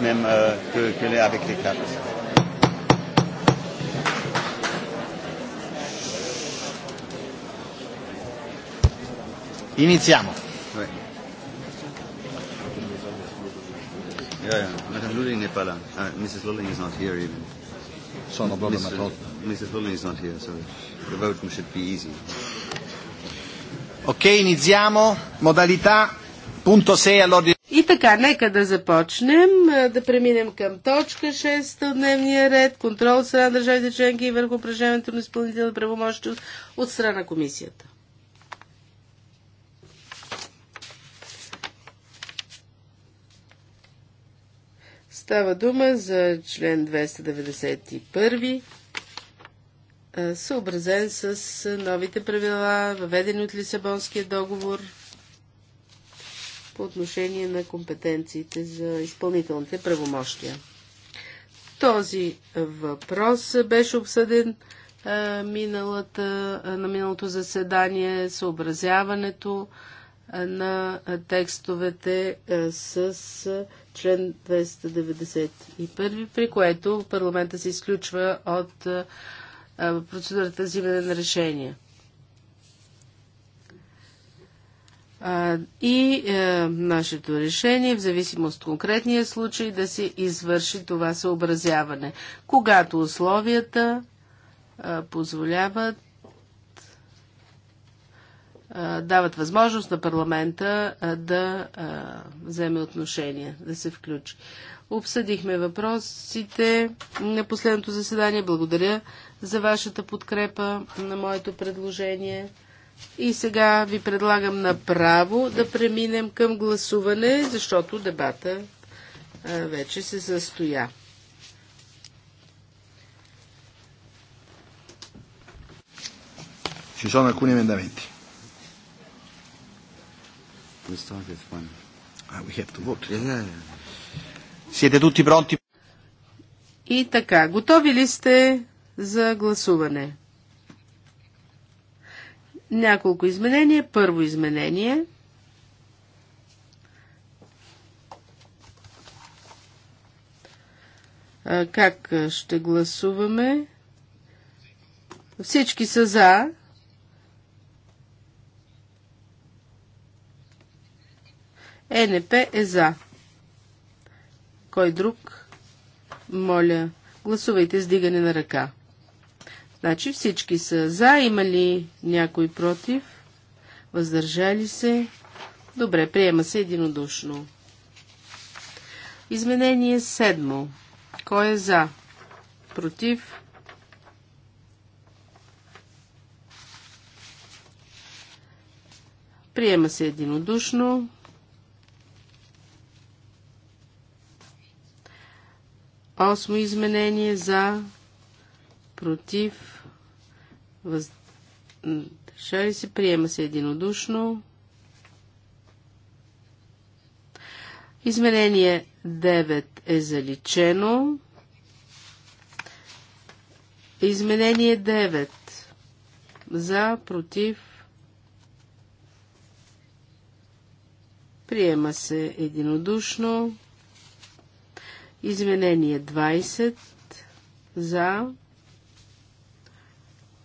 même euh, que, que les, avec les cartes. Iniziamo. Yeah, yeah. Madame Lulling n'est pas là. Uh, Mrs. Lulling is not here even. So no problem at all. Mrs. Lulling is not here, so the vote should be easy. Ok, iniziamo. Modalità. Punto 6 all'ordine. И така, нека да започнем да преминем към точка 6 от дневния ред. Контрол от страна на държавите членки и върху упражняването на изпълнителна правомощи от страна на комисията. Става дума за член 291, съобразен с новите правила, въведени от Лисабонския договор – по отношение на компетенциите за изпълнителните правомощия. Този въпрос беше обсъден миналата, на миналото заседание, съобразяването на текстовете с член 291, при което парламента се изключва от процедурата за взимане на решения. и е, нашето решение, в зависимост от конкретния случай, да се извърши това съобразяване. Когато условията е, позволяват, е, дават възможност на парламента е, да е, вземе отношение, да се включи. Обсъдихме въпросите на последното заседание. Благодаря за вашата подкрепа на моето предложение. И сега ви предлагам направо да преминем към гласуване, защото дебата вече се състоя. Ci sono alcuni emendamenti. Ah, we have to vote. Yeah. Eh, eh. Siete tutti pronti? И така, готови ли сте за гласуване? Няколко изменения. Първо изменение. Как ще гласуваме? Всички са за. ЕНП е за. Кой друг? Моля, гласувайте с дигане на ръка. Значи всички са за, има ли някой против? Въздържали се? Добре, приема се единодушно. Изменение седмо. Кой е за? Против? Приема се единодушно. Осмо изменение за, против, въздържали се, приема се единодушно. Изменение 9 е заличено. Изменение 9. За, против. Приема се единодушно. Изменение 20. За,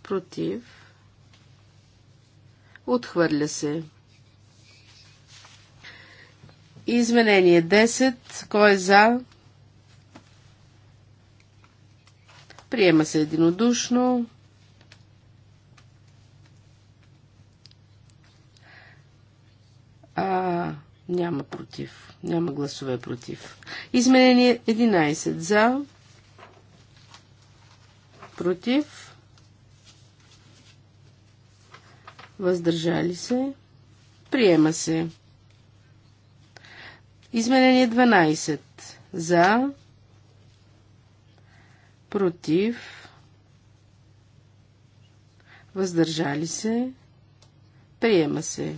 против, отхвърля се. Изменение 10. Кой е за? Приема се единодушно. А, няма против. Няма гласове против. Изменение 11. За. Против. въздържали се, приема се. Изменение 12. За, против, въздържали се, приема се.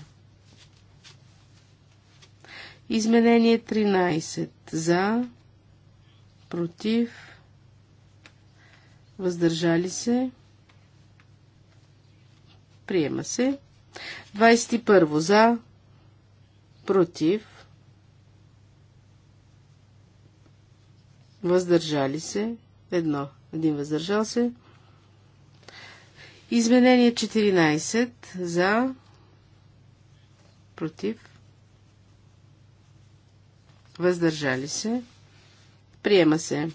Изменение 13. За, против, въздържали се, Приема се. 21 за. Против. Въздържали се. Едно. Един въздържал се. Изменение 14 за. Против. Въздържали се. Приема се.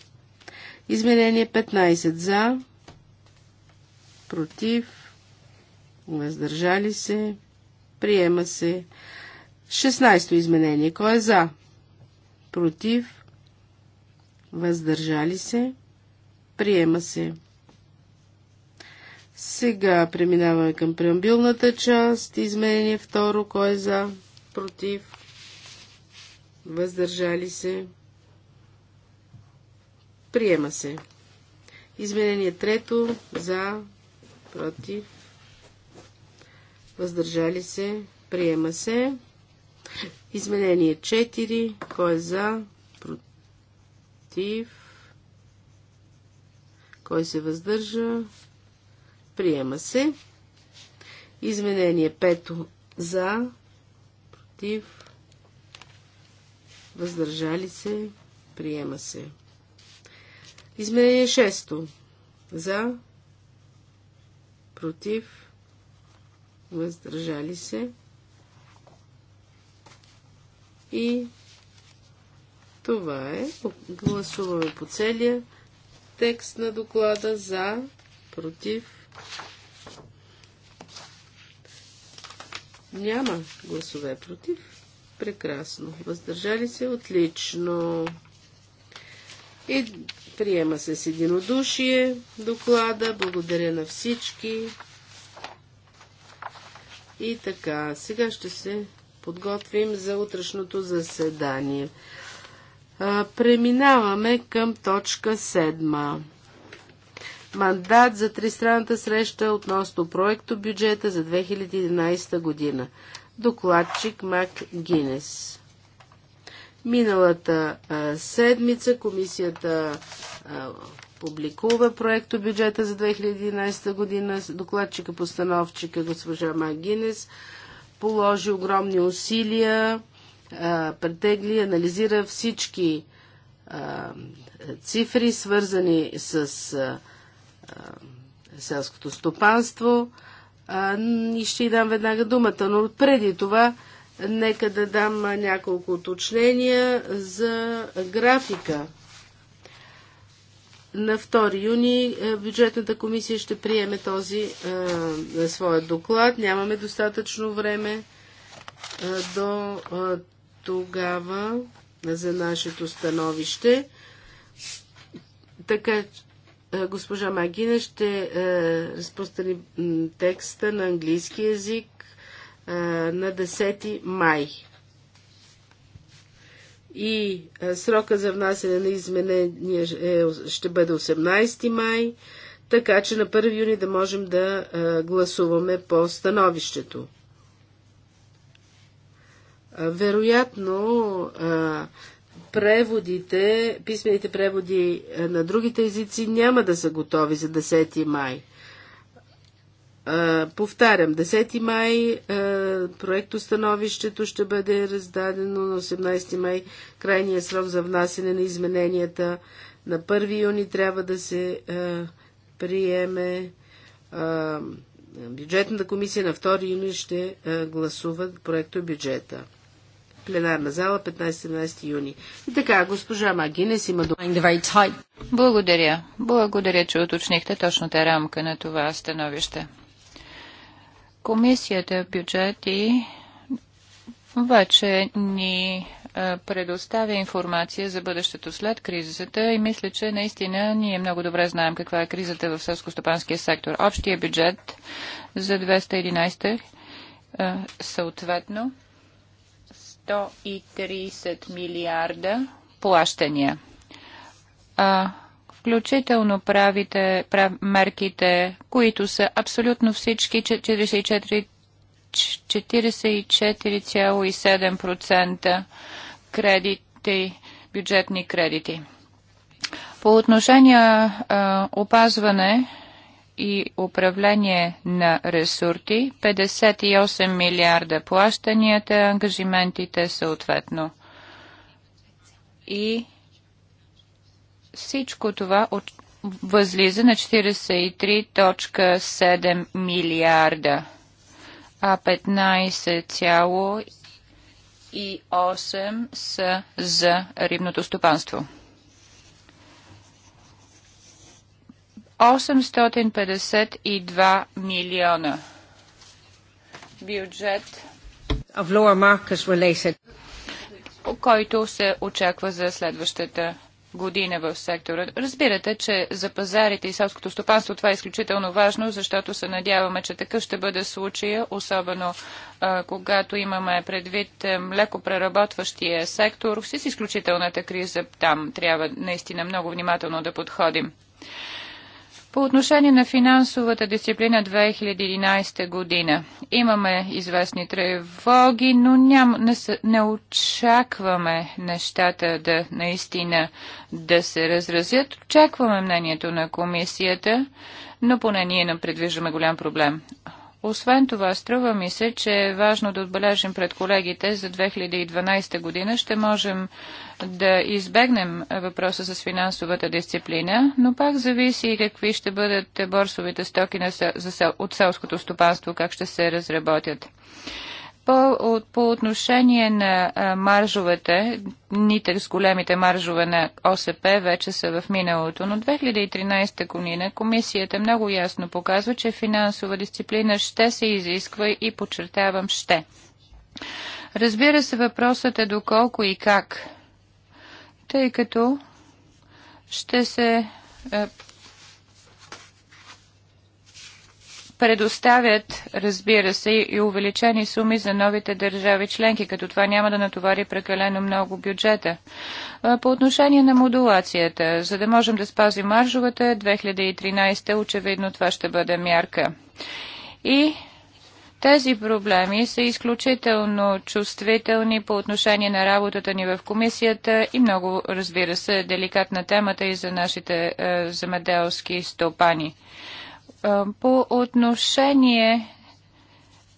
Изменение 15 за. Против въздържали се, приема се. 16-то изменение. Кой е за? Против, въздържали се, приема се. Сега преминаваме към преамбилната част. Изменение второ. Кой е за? Против? Въздържали се? Приема се. Изменение трето. За? Против? въздържали се, приема се. Изменение 4, кой е за, против, кой се въздържа, приема се. Изменение 5 за, против, въздържали се, приема се. Изменение 6 за, против, въздържали се. И това е. Гласуваме по целия текст на доклада за, против. Няма гласове против. Прекрасно. Въздържали се отлично. И приема се с единодушие доклада. Благодаря на всички. И така, сега ще се подготвим за утрешното заседание. А, преминаваме към точка 7. Мандат за тристранната среща относно проекто бюджета за 2011 година. Докладчик Мак Гинес. Миналата а, седмица комисията а, публикува проекто бюджета за 2011 година. Докладчика постановчика госпожа Магинес положи огромни усилия, претегли, анализира всички цифри, свързани с селското стопанство. И ще й дам веднага думата, но преди това нека да дам няколко уточнения за графика на 2 юни е, бюджетната комисия ще приеме този а, е, е, своя доклад. Нямаме достатъчно време а, до а, тогава за нашето становище. Така, а, госпожа Магина ще а, разпространи текста на английски язик на 10 май и е, срока за внасяне на изменения е, ще бъде 18 май, така че на 1 юни да можем да е, гласуваме по становището. Вероятно, преводите, писмените преводи на другите езици няма да са готови за 10 май – Повтарям, 10 май проектостановището ще бъде раздадено на 18 май. Крайният срок за внасене на измененията на 1 юни трябва да се приеме бюджетната комисия на 2 юни ще гласува проекто бюджета. Пленарна зала 15-17 юни. И така, госпожа Магинес има Благодаря. Благодаря, че уточнихте те рамка на това становище. Комисията бюджети вече ни предоставя информация за бъдещето след кризата и мисля, че наистина ние много добре знаем каква е кризата в селско-стопанския сектор. Общия бюджет за 211 съответно 130 милиарда плащания включително правите, прав, мерките, които са абсолютно всички 44,7% кредити, бюджетни кредити. По отношение а, опазване и управление на ресурти, 58 милиарда плащанията, ангажиментите съответно. И всичко това от, възлиза на 43.7 милиарда, а 15,8 са за рибното стопанство. 852 милиона бюджет of lower related който се очаква за следващата година в сектора. Разбирате, че за пазарите и селското стопанство това е изключително важно, защото се надяваме, че такъв ще бъде случая, особено а, когато имаме предвид е, преработващия сектор. С изключителната криза там трябва наистина много внимателно да подходим. По отношение на финансовата дисциплина 2011 година имаме известни тревоги, но ням, не, не очакваме нещата да наистина да се разразят. Очакваме мнението на комисията, но поне ние не предвиждаме голям проблем. Освен това, струва ми се, че е важно да отбележим пред колегите за 2012 година. Ще можем да избегнем въпроса с финансовата дисциплина, но пак зависи какви ще бъдат борсовите стоки от селското стопанство, как ще се разработят. По, по отношение на маржовете, ните с големите маржове на ОСП вече са в миналото, но 2013 година комисията много ясно показва, че финансова дисциплина ще се изисква и подчертавам ще. Разбира се, въпросът е доколко и как, тъй като ще се предоставят, разбира се, и увеличени суми за новите държави членки, като това няма да натовари прекалено много бюджета. По отношение на модулацията, за да можем да спазим маржовете, 2013 очевидно това ще бъде мярка. И тези проблеми са изключително чувствителни по отношение на работата ни в комисията и много, разбира се, деликатна темата и за нашите е, стопани. По отношение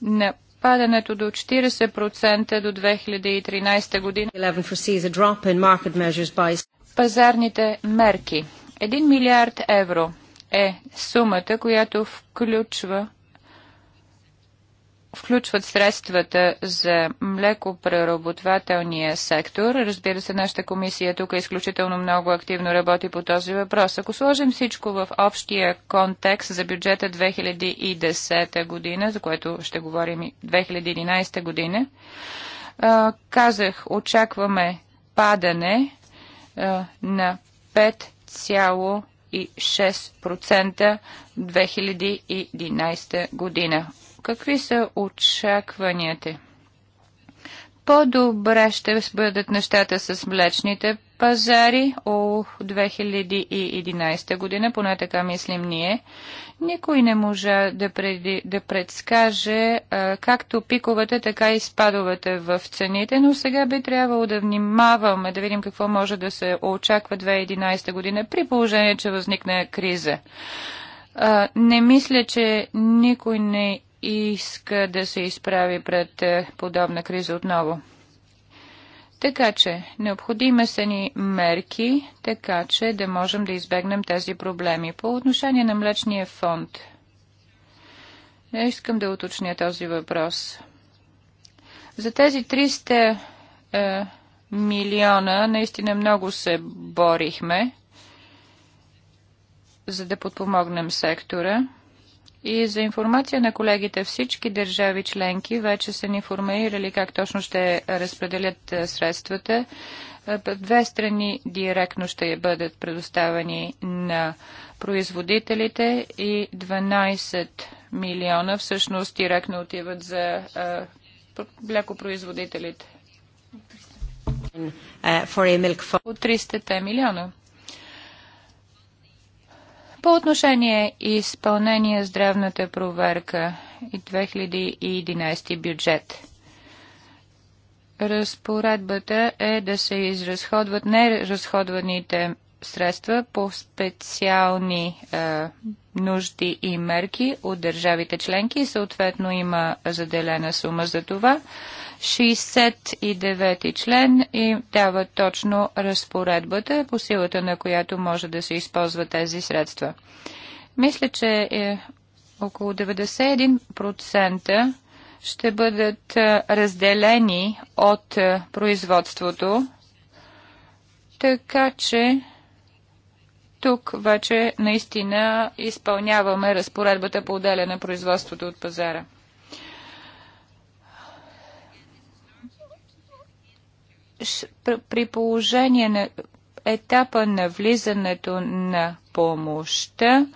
на падането до 40% до 2013 година, пазарните мерки. 1 милиард евро е сумата, която включва включват средствата за млекопреработвателния сектор. Разбира се, нашата комисия тук е изключително много активно работи по този въпрос. Ако сложим всичко в общия контекст за бюджета 2010 година, за което ще говорим и 2011 година, казах, очакваме падане на 5,6% 2011 година Какви са очакванията? По-добре ще бъдат нещата с млечните пазари о 2011 година, поне така мислим ние. Никой не може да, преди, да предскаже а, както пиковете, така и спадовете в цените, но сега би трябвало да внимаваме, да видим какво може да се очаква 2011 година при положение, че възникне криза. А, не мисля, че никой не иска да се изправи пред е, подобна криза отново. Така че, необходими са ни мерки, така че да можем да избегнем тези проблеми. По отношение на Млечния фонд, не искам да уточня този въпрос. За тези 300 е, милиона наистина много се борихме, за да подпомогнем сектора. И за информация на колегите, всички държави членки вече са ни формирали как точно ще разпределят е, средствата. Е, две страни директно ще бъдат предоставени на производителите и 12 милиона всъщност директно отиват за е, млекопроизводителите. От 300 милиона. По отношение изпълнение здравната проверка и 2011 бюджет. Разпоредбата е да се изразходват неразходваните средства по специални е, нужди и мерки от държавите членки и съответно има заделена сума за това. 69 член и дава точно разпоредбата, по силата на която може да се използва тези средства. Мисля, че е около 91% ще бъдат е, разделени от е, производството, така че тук вече наистина изпълняваме разпоредбата по отделяне производството от пазара. При положение на етапа на влизането на помощта,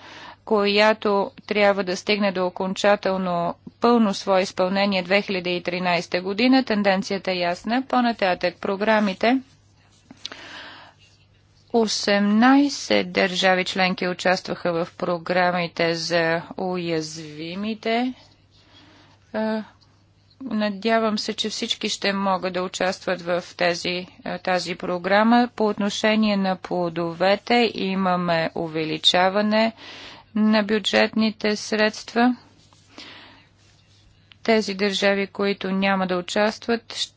която трябва да стигне до окончателно пълно свое изпълнение 2013 година. Тенденцията е ясна. По-нататък програмите 18 държави членки участваха в програмите за уязвимите. Е, надявам се, че всички ще могат да участват в тези, е, тази програма. По отношение на плодовете имаме увеличаване на бюджетните средства. Тези държави, които няма да участват,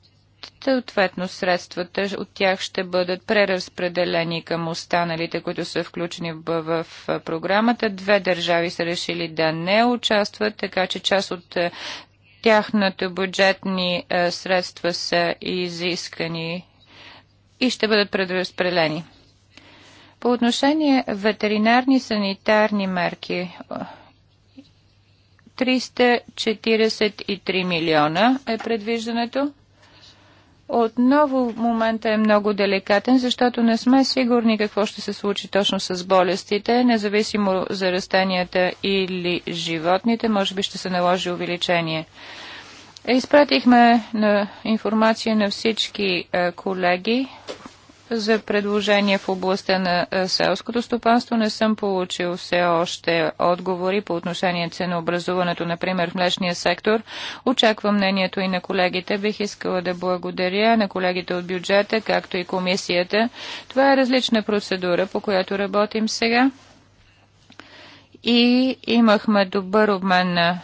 Съответно, средствата от тях ще бъдат преразпределени към останалите, които са включени в, програмата. Две държави са решили да не участват, така че част от е, тяхното бюджетни е, средства са изискани и ще бъдат преразпределени. По отношение ветеринарни санитарни мерки, 343 милиона е предвиждането. Отново момента е много деликатен, защото не сме сигурни какво ще се случи точно с болестите, независимо за растенията или животните, може би ще се наложи увеличение. Изпратихме на информация на всички е, колеги за предложение в областта на е, селското стопанство. Не съм получил все още отговори по отношение ценообразуването, например в млечния сектор. Очаквам мнението и на колегите. Бих искала да благодаря на колегите от бюджета, както и комисията. Това е различна процедура, по която работим сега. И имахме добър обмен на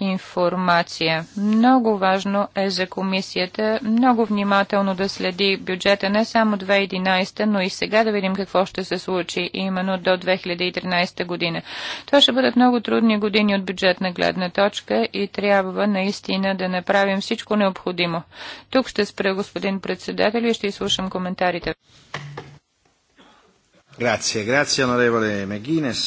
информация. Много важно е за комисията много внимателно да следи бюджета не само 2011, но и сега да видим какво ще се случи именно до 2013 година. Това ще бъдат много трудни години от бюджетна гледна точка и трябва наистина да направим всичко необходимо. Тук ще спра господин председател и ще изслушам коментарите. Grazie, grazie onorevole McGuinness.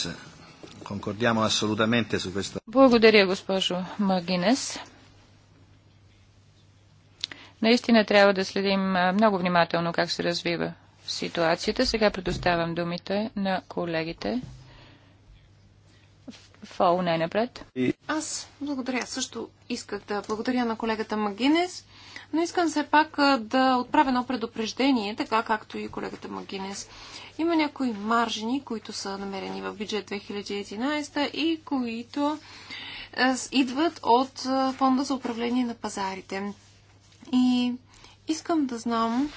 Concordiamo assolutamente su Благодаря, госпожо Магинес. Наистина трябва да следим много внимателно как се развива ситуацията. Сега предоставям думите на колегите. Фол най-напред. Аз благодаря. Също исках да благодаря на колегата Магинес но искам все пак да отправя едно предупреждение, така както и колегата Магинес. Има някои маржини, които са намерени в бюджет 2011 и които идват от Фонда за управление на пазарите. И искам да знам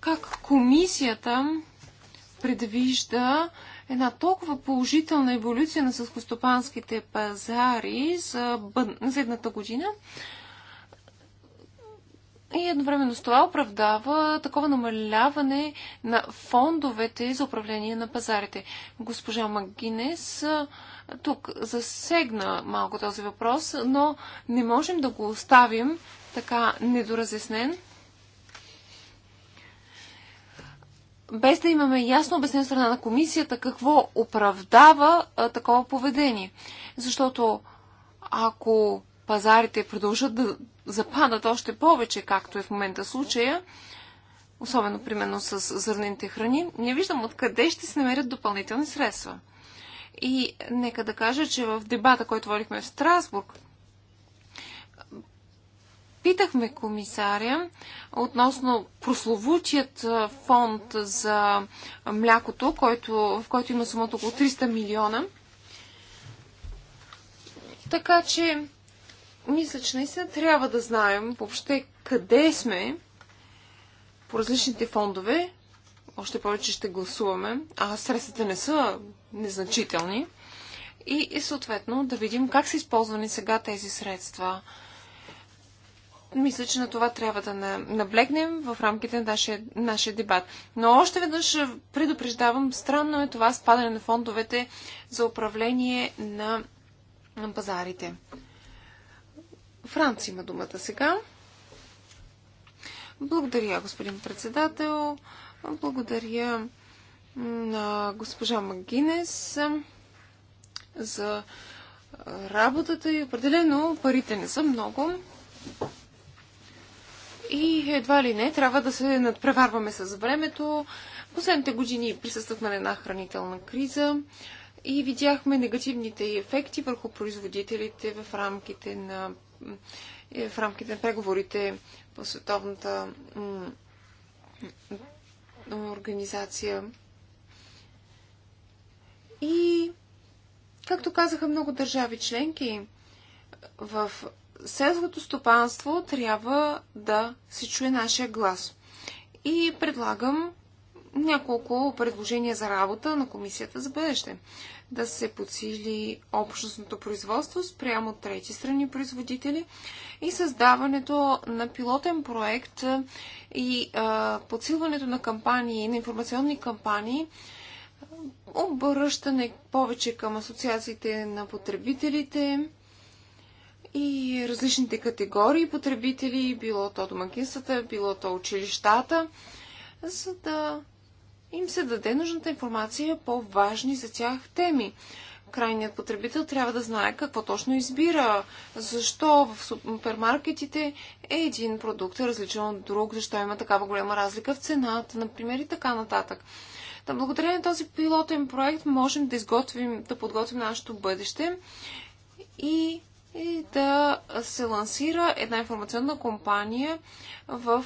как комисията предвижда една толкова положителна еволюция на съскостопанските пазари за, бъд... за едната година, и едновременно с това оправдава такова намаляване на фондовете за управление на пазарите. Госпожа Магинес тук засегна малко този въпрос, но не можем да го оставим така недоразяснен. без да имаме ясно обяснение страна на комисията какво оправдава а, такова поведение. Защото ако пазарите продължат да западат още повече, както е в момента случая, особено примерно с зърнените храни, не виждам откъде ще се намерят допълнителни средства. И нека да кажа, че в дебата, който водихме в Страсбург, питахме комисаря относно прословутият фонд за млякото, който, в който има сумата около 300 милиона. Така че мисля, че наистина трябва да знаем въобще къде сме по различните фондове. Още повече ще гласуваме, а средствата не са незначителни. И, и съответно да видим как са използвани сега тези средства. Мисля, че на това трябва да наблегнем в рамките на нашия, нашия дебат. Но още веднъж предупреждавам, странно е това спадане на фондовете за управление на, на пазарите. Франц има думата сега. Благодаря, господин председател. Благодаря на госпожа Магинес за работата и определено парите не са много. И едва ли не, трябва да се надпреварваме с времето. Последните години присъствахме на една хранителна криза и видяхме негативните ефекти върху производителите в рамките на е, в рамките на преговорите по Световната организация. И, както казаха много държави членки, в селското стопанство трябва да се чуе нашия глас. И предлагам няколко предложения за работа на Комисията за бъдеще. Да се подсили общностното производство спрямо трети страни производители и създаването на пилотен проект и а, подсилването на кампании, на информационни кампании, обръщане повече към асоциациите на потребителите и различните категории потребители, било то домакинствата, било то училищата за да им се даде нужната информация по важни за тях теми. Крайният потребител трябва да знае какво точно избира, защо в супермаркетите е един продукт е различен от друг, защо има такава голяма разлика в цената, например и така нататък. Да, благодарение на този пилотен проект можем да изготвим, да подготвим нашето бъдеще и, и да се лансира една информационна компания в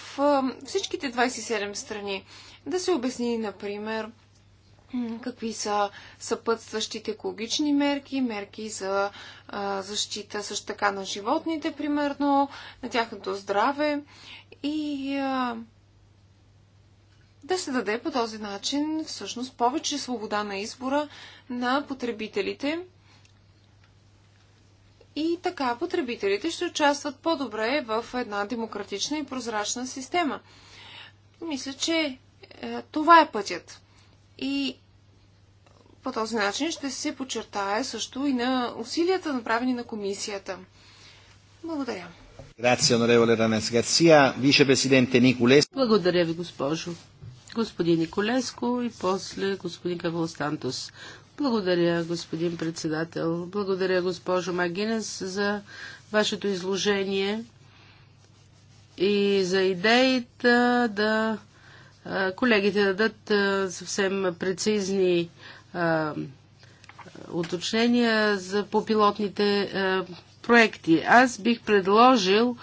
всичките 27 страни. Да се обясни, например, какви са съпътстващите екологични мерки, мерки за а, защита също така на животните, примерно, на тяхното здраве и а, да се даде по този начин всъщност повече свобода на избора на потребителите. И така потребителите ще участват по-добре в една демократична и прозрачна система. Мисля, че е, това е пътят. И по този начин ще се подчертае също и на усилията, направени на комисията. Благодаря. Благодаря ви, госпожо. Господин Николеско и после господин Кавалстантос. Благодаря, господин председател. Благодаря, госпожо Магинес, за вашето изложение и за идеята да колегите дадат съвсем прецизни уточнения за, по пилотните проекти. Аз бих предложил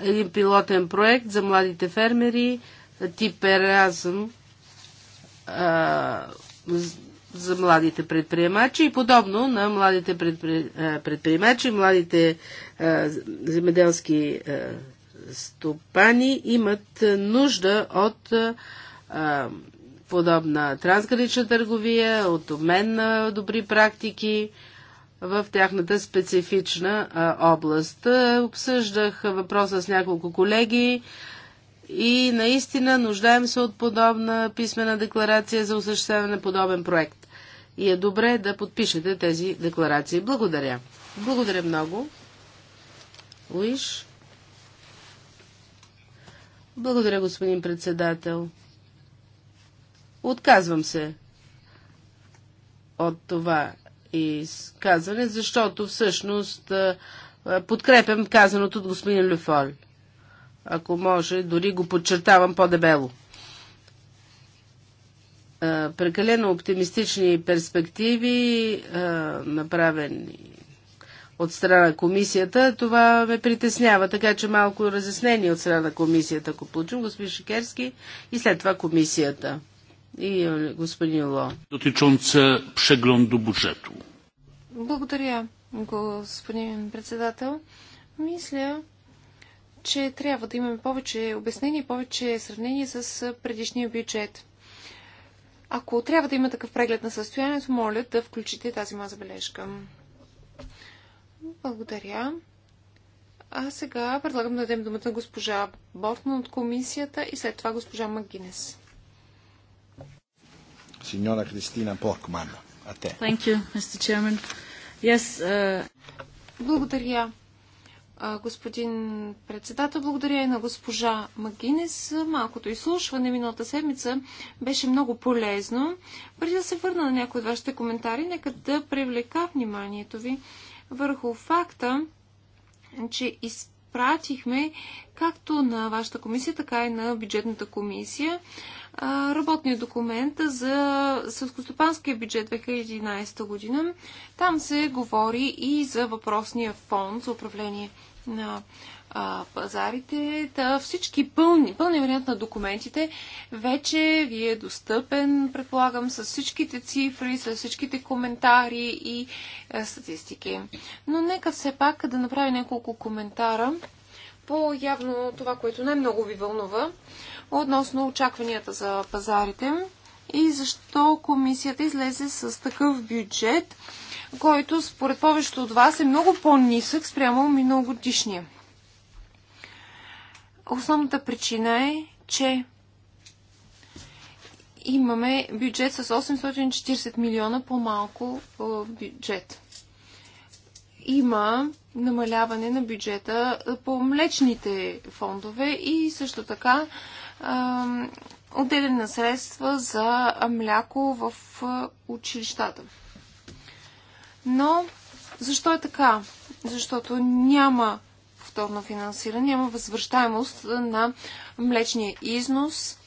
един пилотен проект за младите фермери тип Еразъм за младите предприемачи и подобно на младите предприемачи, младите земеделски стопани имат нужда от а, подобна трансгранична търговия, от обмен на добри практики в тяхната специфична а, област. Обсъждах въпроса с няколко колеги и наистина нуждаем се от подобна писмена декларация за осъществяване на подобен проект. И е добре да подпишете тези декларации. Благодаря. Благодаря много. Луиш. Благодаря, господин председател. Отказвам се от това изказване, защото всъщност подкрепям казаното от господин Люфоль. Ако може, дори го подчертавам по-дебело. Прекалено оптимистични перспективи, направени от страна на комисията, това ме притеснява, така че малко разяснение от страна на комисията, ако получим господин Шикерски и след това комисията. И господин Ло. Благодаря, господин председател. Мисля, че трябва да имаме повече обяснение, повече сравнение с предишния бюджет. Ако трябва да има такъв преглед на състоянието, моля да включите тази моя забележка. Благодаря. А сега предлагам да дадем думата на госпожа Бортман от комисията и след това госпожа Магинес. Signora Кристина Поркман, а те. Thank you, Mr. Chairman. Yes, uh... Благодаря, господин председател. Благодаря и на госпожа Магинес. Малкото изслушване миналата седмица беше много полезно. Преди да се върна на някои от вашите коментари, нека да привлека вниманието ви върху факта, че изпратихме както на вашата комисия, така и на бюджетната комисия работния документ за съскостопанския бюджет 2011 година. Там се говори и за въпросния фонд за управление на а, пазарите. Та всички пълни, пълни вариант на документите вече ви е достъпен, предполагам, с всичките цифри, с всичките коментари и а, статистики. Но нека все пак да направя няколко коментара по явно това, което най-много ви вълнува относно очакванията за пазарите и защо комисията излезе с такъв бюджет, който според повечето от вас е много по-нисък спрямо миналогодишния. Основната причина е, че имаме бюджет с 840 милиона по-малко бюджет. Има намаляване на бюджета по млечните фондове и също така отделяне на средства за мляко в училищата. Но защо е така? Защото няма повторно финансиране, няма възвръщаемост на млечния износ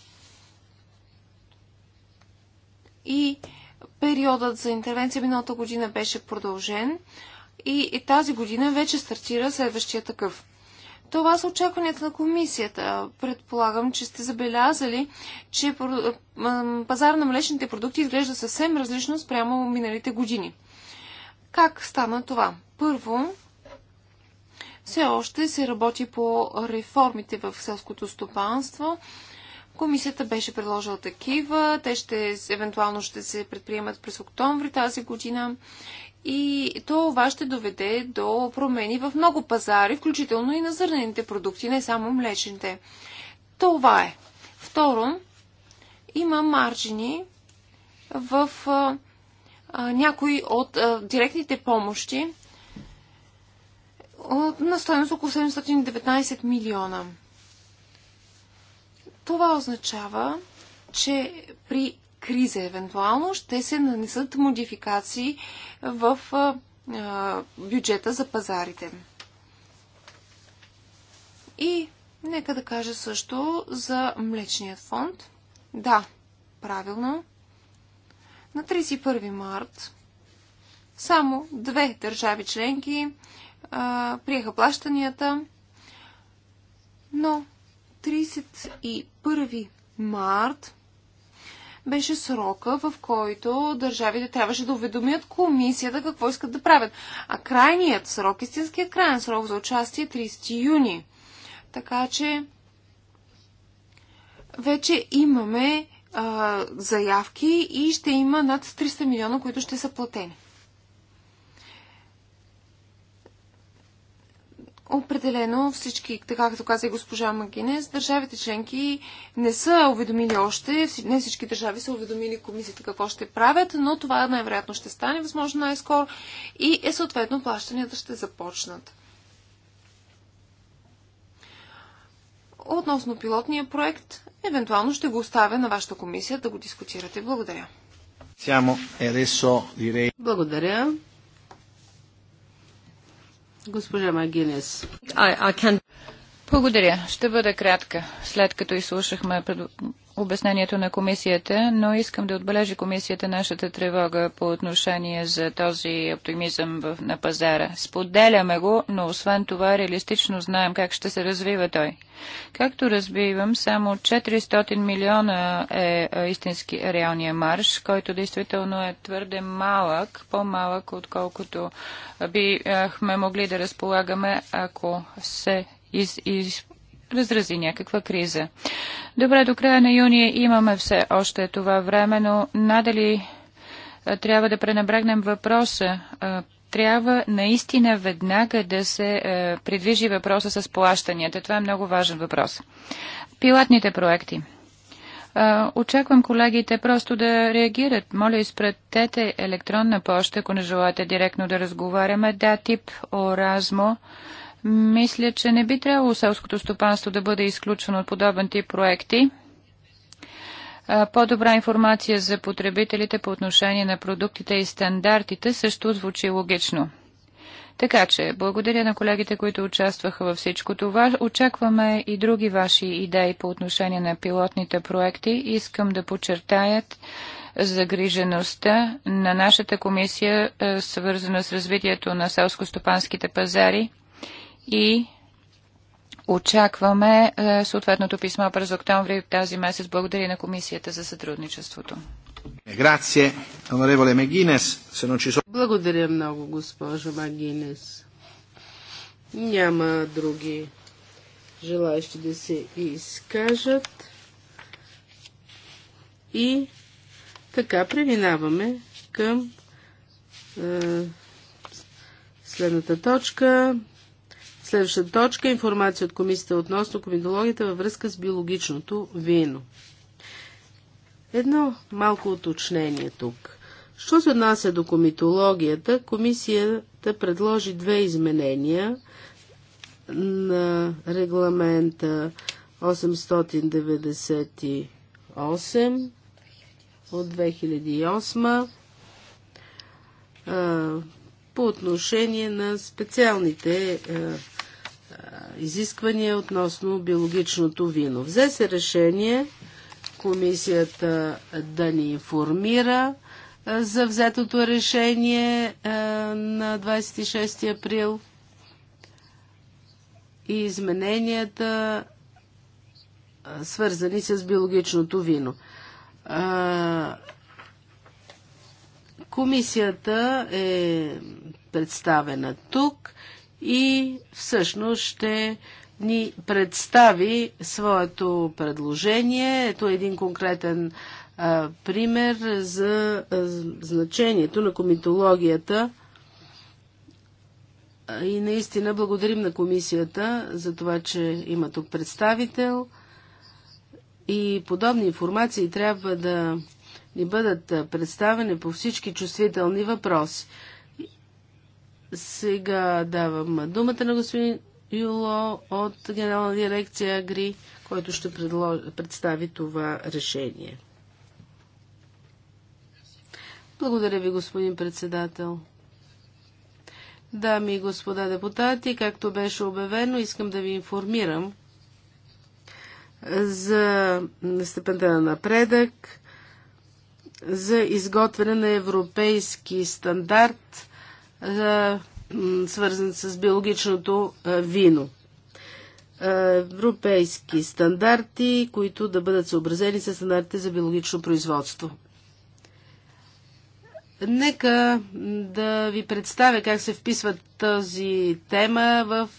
и периодът за интервенция миналата година беше продължен и тази година вече стартира следващия такъв. Това са очакванията на комисията. Предполагам, че сте забелязали, че пазар на млечните продукти изглежда съвсем различно спрямо миналите години. Как стана това? Първо, все още се работи по реформите в селското стопанство. Комисията беше предложила такива. Те ще, евентуално ще се предприемат през октомври тази година и това ще доведе до промени в много пазари, включително и на зърнените продукти, не само млечните. Това е. Второ, има маржини в а, а, някои от а, директните помощи от, на стоеност около 719 милиона. Това означава, че при криза евентуално, ще се нанесат модификации в бюджета за пазарите. И нека да кажа също за Млечният фонд. Да, правилно. На 31 март само две държави членки приеха плащанията, но 31 март беше срока, в който държавите трябваше да уведомят комисията какво искат да правят. А крайният срок, истинският крайен срок за участие е 30 юни. Така че вече имаме а, заявки и ще има над 300 милиона, които ще са платени. Определено всички, така като каза и госпожа Магинес, държавите членки не са уведомили още, не всички държави са уведомили комисията какво ще правят, но това най-вероятно ще стане, възможно най-скоро и е съответно плащанията ще започнат. Относно пилотния проект, евентуално ще го оставя на вашата комисия да го дискутирате. Благодаря. E Благодаря. Госпожа Магинес. I, I can... Благодаря. Ще бъда кратка. След като изслушахме обяснението на комисията, но искам да отбележи комисията нашата тревога по отношение за този оптимизъм в, на пазара. Споделяме го, но освен това реалистично знаем как ще се развива той. Както разбивам, само 400 милиона е, е истински реалния марш, който действително е твърде малък, по-малък, отколкото бихме е, могли да разполагаме, ако се из, из, разрази някаква криза. Добре, до края на юни имаме все още това време, но надали трябва да пренебрегнем въпроса трябва наистина веднага да се придвижи въпроса с плащанията. Това е много важен въпрос. Пилатните проекти. очаквам колегите просто да реагират. Моля, изпратете електронна почта, ако не желаете директно да разговаряме. Да, тип Оразмо мисля, че не би трябвало селското стопанство да бъде изключено от подобен тип проекти. По-добра информация за потребителите по отношение на продуктите и стандартите също звучи логично. Така че, благодаря на колегите, които участваха във всичко това. Очакваме и други ваши идеи по отношение на пилотните проекти. Искам да подчертаят загрижеността на нашата комисия, свързана с развитието на селско-стопанските пазари и очакваме е, съответното писмо през октомври тази месец. Благодаря на комисията за сътрудничеството. Благодаря много, госпожо Магинес. Няма други желаящи да се изкажат. И така преминаваме към е, следната точка Следваща точка – информация от комисията относно комитологията във връзка с биологичното вино. Едно малко уточнение тук. Що се отнася до комитологията, комисията предложи две изменения на регламента 898 от 2008 по отношение на специалните изисквания относно биологичното вино. Взе се решение комисията да ни информира за взетото решение на 26 април и измененията свързани с биологичното вино. Комисията е представена тук и всъщност ще ни представи своето предложение. Ето един конкретен а, пример за а, значението на комитологията. И наистина благодарим на комисията за това, че има тук представител. И подобни информации трябва да ни бъдат представени по всички чувствителни въпроси. Сега давам думата на господин Юло от Генерална дирекция Агри, който ще предлож... представи това решение. Благодаря ви, господин председател. Дами и господа депутати, както беше обявено, искам да ви информирам за степента на напредък, за изготвяне на европейски стандарт свързан с биологичното вино. Европейски стандарти, които да бъдат съобразени с стандартите за биологично производство. Нека да ви представя как се вписва тази тема в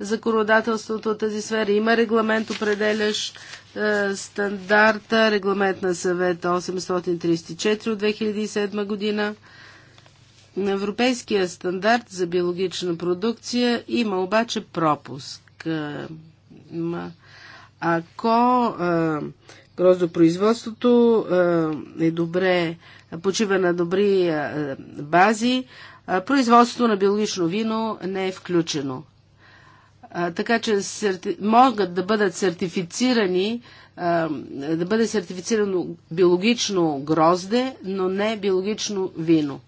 законодателството от тази сфера. Има регламент, определящ стандарта, регламент на съвет 834 от 2007 година. На европейския стандарт за биологична продукция има обаче пропуск. Е, ако е, гроздопроизводството е, е добре, почива на добри бази, производството на биологично вино не е включено. Така че серти... могат да бъдат сертифицирани, да бъде сертифицирано биологично грозде, но не биологично вино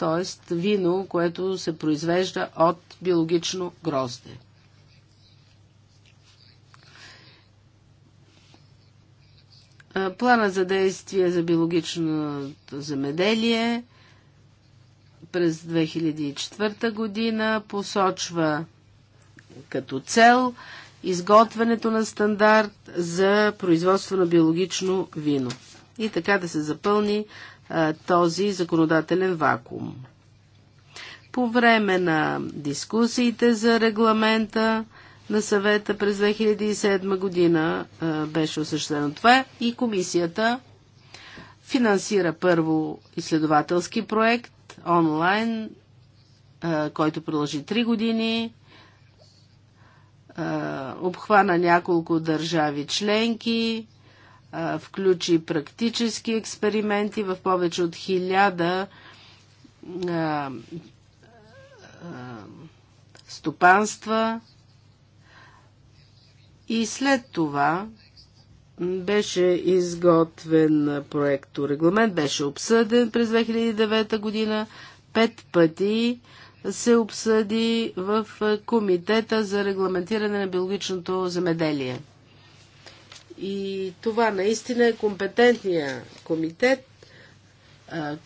т.е. вино, което се произвежда от биологично грозде. Плана за действие за биологично земеделие през 2004 година посочва като цел изготвянето на стандарт за производство на биологично вино. И така да се запълни този законодателен вакуум. По време на дискусиите за регламента на съвета през 2007 година беше осъществено това и комисията финансира първо изследователски проект онлайн, който продължи 3 години, обхвана няколко държави членки, включи практически експерименти в повече от хиляда стопанства. И след това беше изготвен проекто регламент, беше обсъден през 2009 година. Пет пъти се обсъди в Комитета за регламентиране на биологичното земеделие. И това наистина е компетентния комитет,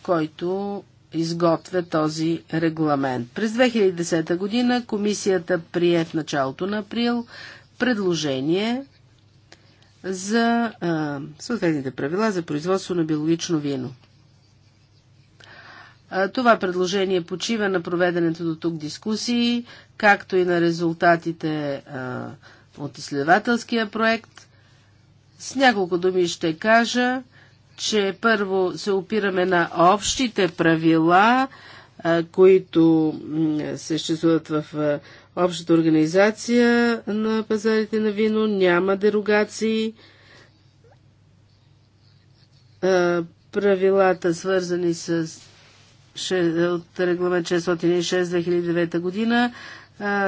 който изготвя този регламент. През 2010 година комисията прие в началото на април предложение за а, съответните правила за производство на биологично вино. А, това предложение почива на проведенето до тук дискусии, както и на резултатите а, от изследователския проект с няколко думи ще кажа, че първо се опираме на общите правила, които съществуват в общата организация на пазарите на вино, няма дерогации. Правилата, свързани с от регламент 606-2009 година,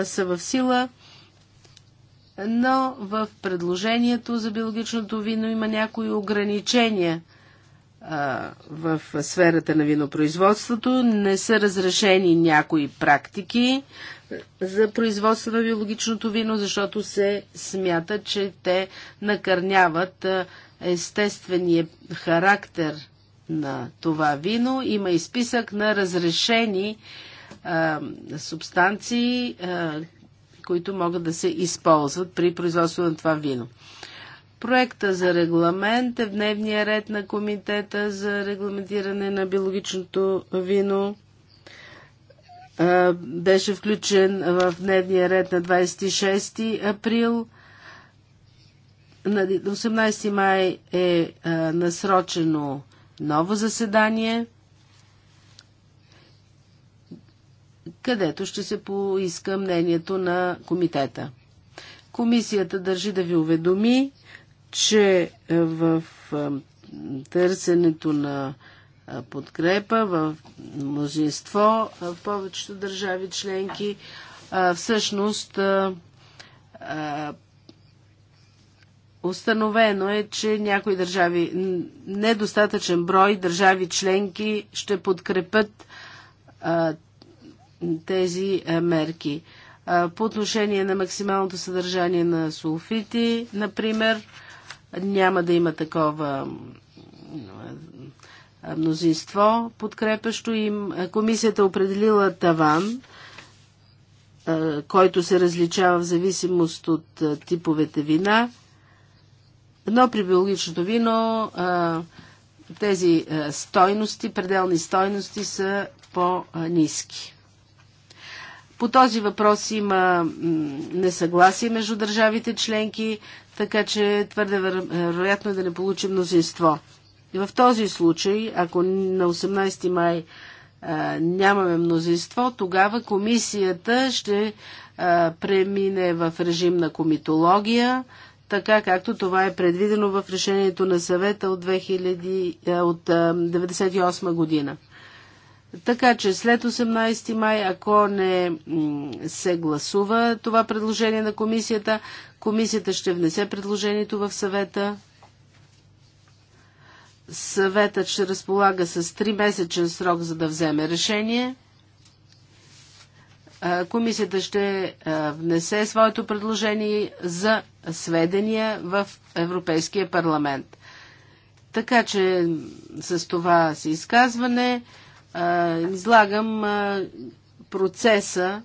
са в сила но в предложението за биологичното вино има някои ограничения в сферата на винопроизводството. Не са разрешени някои практики за производство на биологичното вино, защото се смята, че те накърняват естествения характер на това вино. Има и списък на разрешени субстанции, които могат да се използват при производство на това вино. Проекта за регламент е в дневния ред на Комитета за регламентиране на биологичното вино. Беше включен в дневния ред на 26 април. На 18 май е насрочено ново заседание където ще се поиска мнението на комитета. Комисията държи да ви уведоми, че е, в е, търсенето на е, подкрепа в мнозинство в повечето държави членки всъщност Установено е, че някои държави, недостатъчен брой държави членки ще подкрепят тези е, мерки. По отношение на максималното съдържание на сулфити, например, няма да има такова мнозинство подкрепящо им. Комисията определила таван, който се различава в зависимост от типовете вина, но при биологичното вино тези стойности, пределни стойности са по-низки. По този въпрос има несъгласие между държавите членки, така че твърде вероятно е да не получи мнозинство. И в този случай, ако на 18 май а, нямаме мнозинство, тогава комисията ще а, премине в режим на комитология, така както това е предвидено в решението на съвета от, 2000, от 98 година. Така че след 18 май, ако не се гласува това предложение на комисията, комисията ще внесе предложението в съвета. Съветът ще разполага с 3-месечен срок, за да вземе решение. Комисията ще внесе своето предложение за сведения в Европейския парламент. Така че с това си изказване излагам процеса,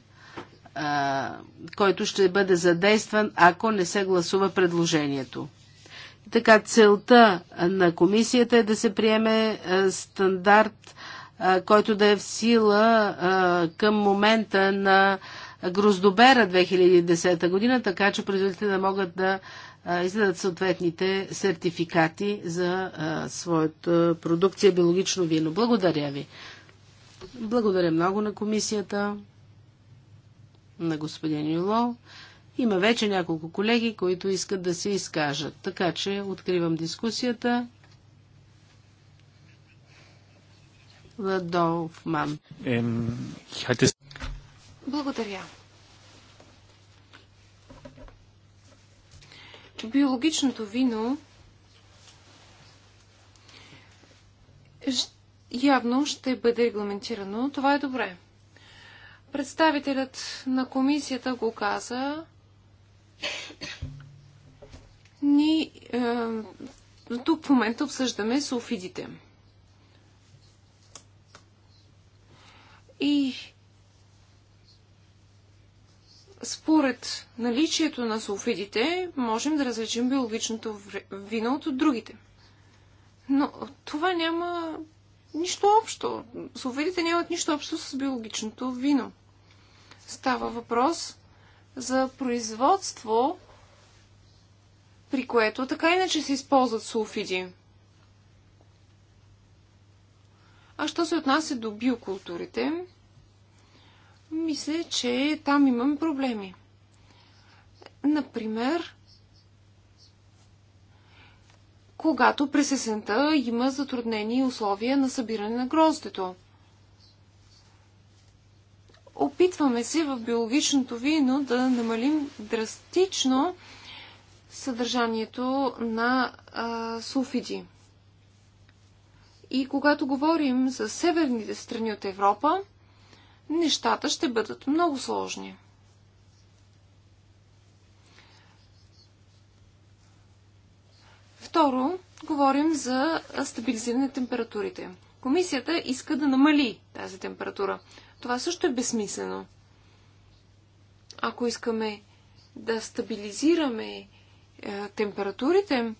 който ще бъде задействан, ако не се гласува предложението. Така, целта на комисията е да се приеме стандарт, който да е в сила към момента на Гроздобера 2010 година, така че производителите да могат да издадат съответните сертификати за своята продукция биологично вино. Благодаря ви. Благодаря много на комисията, на господин Юло. Има вече няколко колеги, които искат да се изкажат. Така че откривам дискусията. Ман. Благодаря. Биологичното вино ще явно ще бъде регламентирано. Това е добре. Представителят на комисията го каза. Ни, е, тук в момента обсъждаме сулфидите. И според наличието на сулфидите, можем да различим биологичното вино от другите. Но това няма нищо общо. Сулфидите нямат нищо общо с биологичното вино. Става въпрос за производство, при което така иначе се използват сулфиди. А що се отнася до биокултурите, мисля, че там имаме проблеми. Например, когато през есента има затруднени условия на събиране на гроздето. Опитваме се в биологичното вино да намалим драстично съдържанието на а, суфиди. И когато говорим за северните страни от Европа, нещата ще бъдат много сложни. Второ, говорим за стабилизиране на температурите. Комисията иска да намали тази температура. Това също е безсмислено. Ако искаме да стабилизираме е, температурите,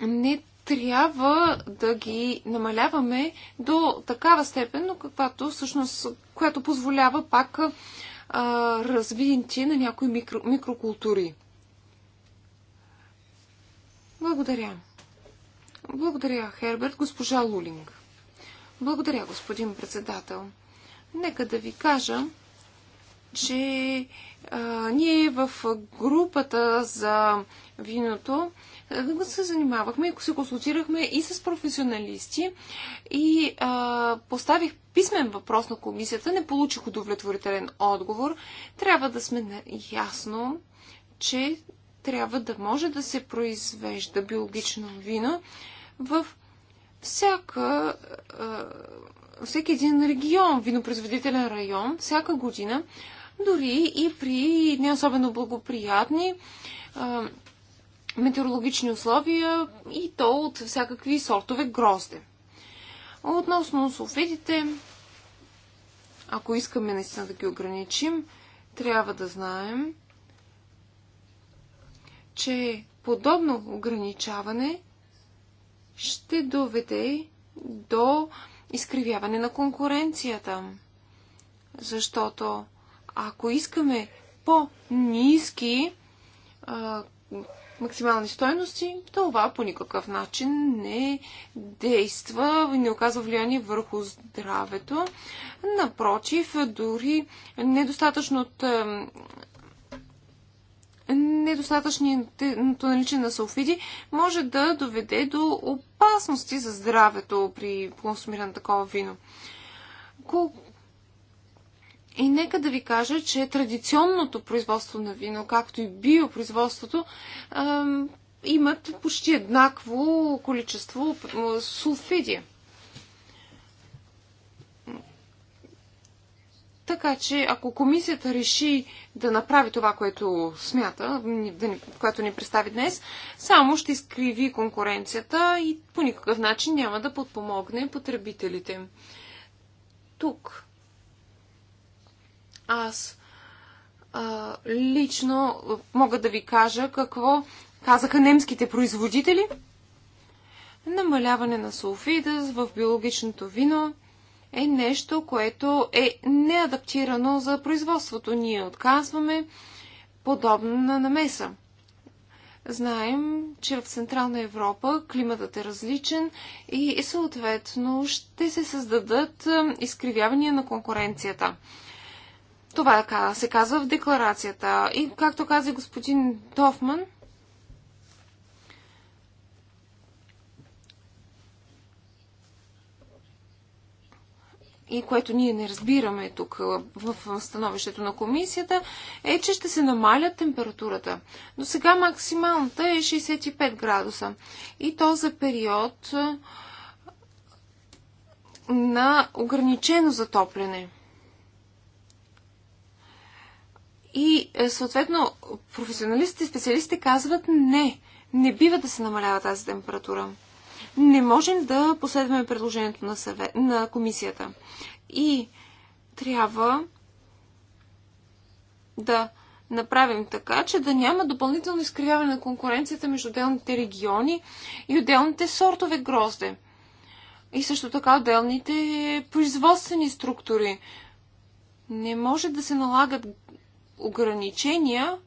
не трябва да ги намаляваме до такава степен, но каквато всъщност, която позволява пак е, е, развитие на някои микро, микрокултури. Благодаря. Благодаря, Херберт, госпожа Лулинг. Благодаря, господин председател. Нека да ви кажа, че а, ние в групата за виното се занимавахме и се консултирахме и с професионалисти и а, поставих писмен въпрос на комисията, не получих удовлетворителен отговор. Трябва да сме ясно, че трябва да може да се произвежда биологично вино в всяка, всеки един регион, винопроизводителен район, всяка година, дори и при не особено благоприятни а, метеорологични условия и то от всякакви сортове грозде. Относно сулфидите, ако искаме наистина да ги ограничим, трябва да знаем, че подобно ограничаване ще доведе до изкривяване на конкуренцията. Защото ако искаме по-низки максимални стойности, това по никакъв начин не действа, не оказва влияние върху здравето. Напротив, дори недостатъчно от недостатъчното наличие на сулфиди може да доведе до опасности за здравето при консумиране на такова вино. И нека да ви кажа, че традиционното производство на вино, както и биопроизводството, имат почти еднакво количество сулфиди. Така че, ако комисията реши да направи това, което смята, което ни представи днес, само ще изкриви конкуренцията и по никакъв начин няма да подпомогне потребителите. Тук аз а, лично мога да ви кажа какво казаха немските производители. Намаляване на сулфида в биологичното вино – е нещо, което е неадаптирано за производството. Ние отказваме подобна намеса. Знаем, че в Централна Европа климатът е различен и съответно ще се създадат е, изкривявания на конкуренцията. Това се казва в декларацията. И както каза господин Тофман, и което ние не разбираме тук в становището на комисията, е, че ще се намаля температурата. До сега максималната е 65 градуса. И то за период на ограничено затопляне. И е, съответно професионалистите и специалистите казват не, не бива да се намалява тази температура не можем да последваме предложението на, съвет, на комисията. И трябва да направим така, че да няма допълнително изкривяване на конкуренцията между отделните региони и отделните сортове грозде. И също така отделните производствени структури. Не може да се налагат ограничения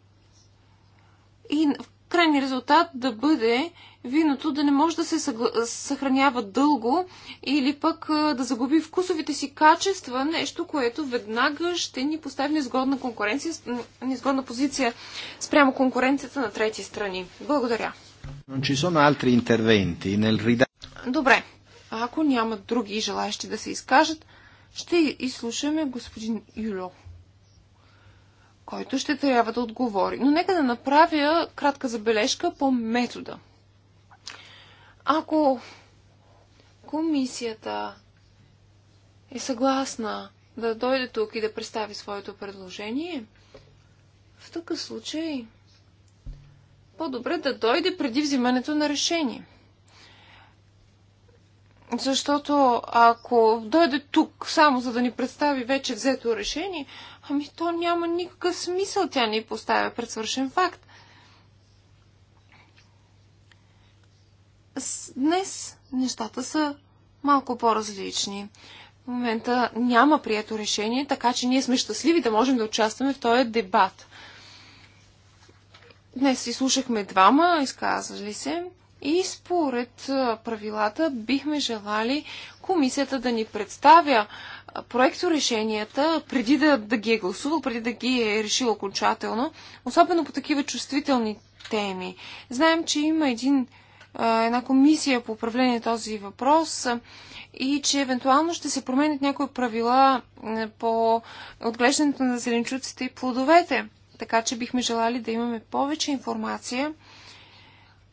и в крайния резултат да бъде виното да не може да се съхранява дълго или пък да загуби вкусовите си качества, нещо, което веднага ще ни постави незгодна, конкуренция, незгодна позиция спрямо конкуренцията на трети страни. Благодаря. Добре. Ако няма други желаящи да се изкажат, ще изслушаме господин Юло който ще трябва да отговори. Но нека да направя кратка забележка по метода. Ако комисията е съгласна да дойде тук и да представи своето предложение, в такъв случай по-добре да дойде преди взимането на решение. Защото ако дойде тук само за да ни представи вече взето решение, ами то няма никакъв смисъл. Тя ни поставя пред свършен факт. Днес нещата са малко по-различни. В момента няма прието решение, така че ние сме щастливи да можем да участваме в този дебат. Днес изслушахме двама, изказали се, и според правилата бихме желали комисията да ни представя проекто решенията, преди да, да ги е гласувал, преди да ги е решил окончателно, особено по такива чувствителни теми. Знаем, че има един една комисия по управление този въпрос и че евентуално ще се променят някои правила по отглеждането на зеленчуците и плодовете. Така че бихме желали да имаме повече информация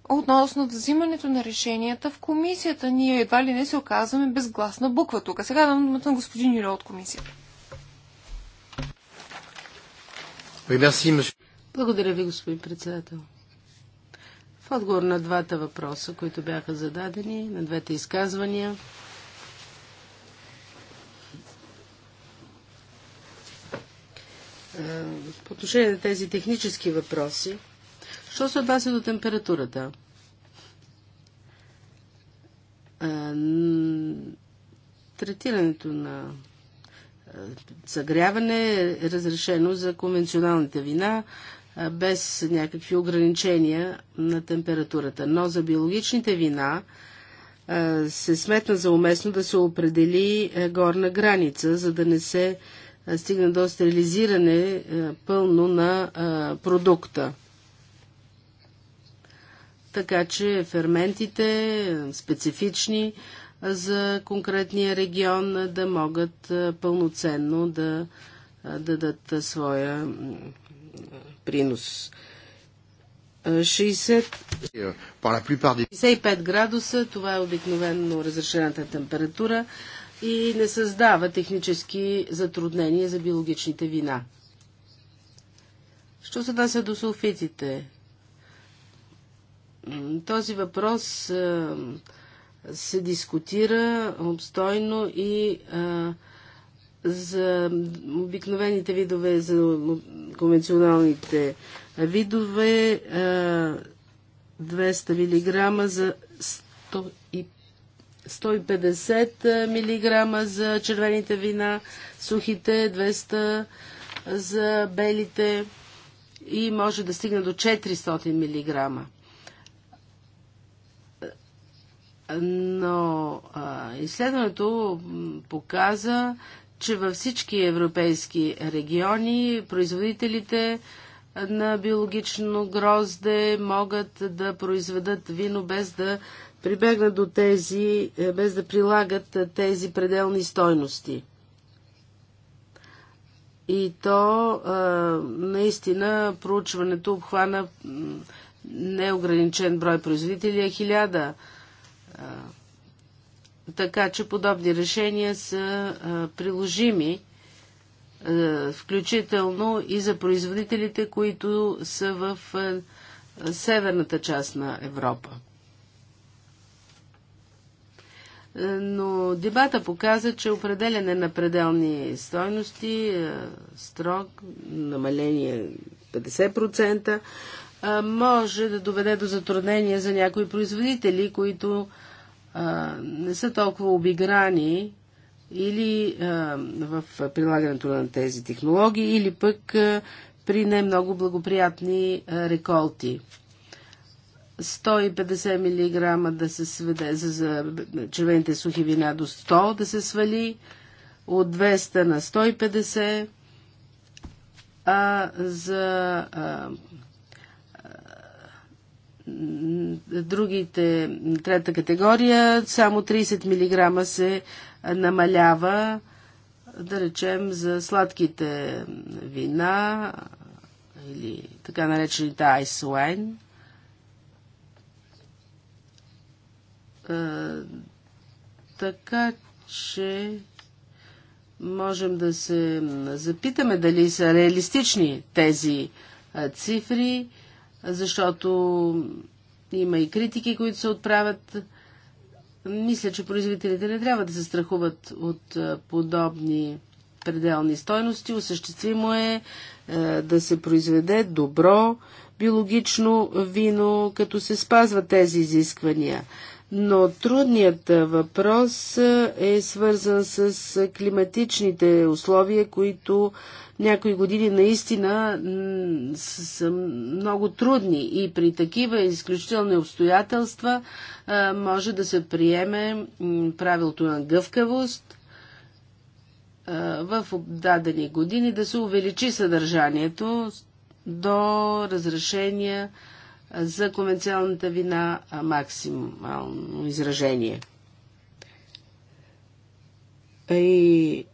относно взимането на решенията в комисията. Ние едва ли не се оказваме безгласна буква тук. Сега дам думата на господин Юле от комисията. Благодаря ви, господин председател отговор на двата въпроса, които бяха зададени, на двете изказвания. Е, по отношение на тези технически въпроси, що се отнася до температурата? Е, третирането на е, загряване е разрешено за конвенционалните вина, без някакви ограничения на температурата. Но за биологичните вина се сметна за уместно да се определи горна граница, за да не се стигне до стерилизиране пълно на продукта. Така че ферментите специфични за конкретния регион да могат пълноценно да дадат своя принос. 60... 65 градуса, това е обикновено разрешената температура и не създава технически затруднения за биологичните вина. Що се отнася до сулфитите? Този въпрос се дискутира обстойно и а, за обикновените видове, за конвенционалните видове, 200 мг за 150 мг за червените вина, сухите 200 за белите и може да стигне до 400 мг. Но а, изследването показа, че във всички европейски региони производителите на биологично грозде могат да произведат вино без да прибегнат до тези, е, без да прилагат тези пределни стойности. И то е, наистина проучването обхвана неограничен брой производители, а е хиляда така че подобни решения са а, приложими, а, включително и за производителите, които са в а, северната част на Европа. Но дебата показа, че определяне на пределни стойности, строг, намаление 50%, може да доведе до затруднения за някои производители, които а, не са толкова обиграни или а, в прилагането на тези технологии, или пък а, при не много благоприятни а, реколти. 150 мг да се сведе за, за червените сухи вина до 100 да се свали, от 200 на 150, а за а, другите, трета категория, само 30 мг се намалява, да речем, за сладките вина или така наречените ice wine. Така че можем да се запитаме дали са реалистични тези цифри защото има и критики, които се отправят. Мисля, че производителите не трябва да се страхуват от подобни пределни стойности. Осъществимо е, е да се произведе добро биологично вино, като се спазват тези изисквания. Но трудният въпрос е свързан с климатичните условия, които някои години наистина са много трудни и при такива изключителни обстоятелства може да се приеме правилото на гъвкавост в дадени години да се увеличи съдържанието до разрешения за конвенционалната вина максимално изражение. И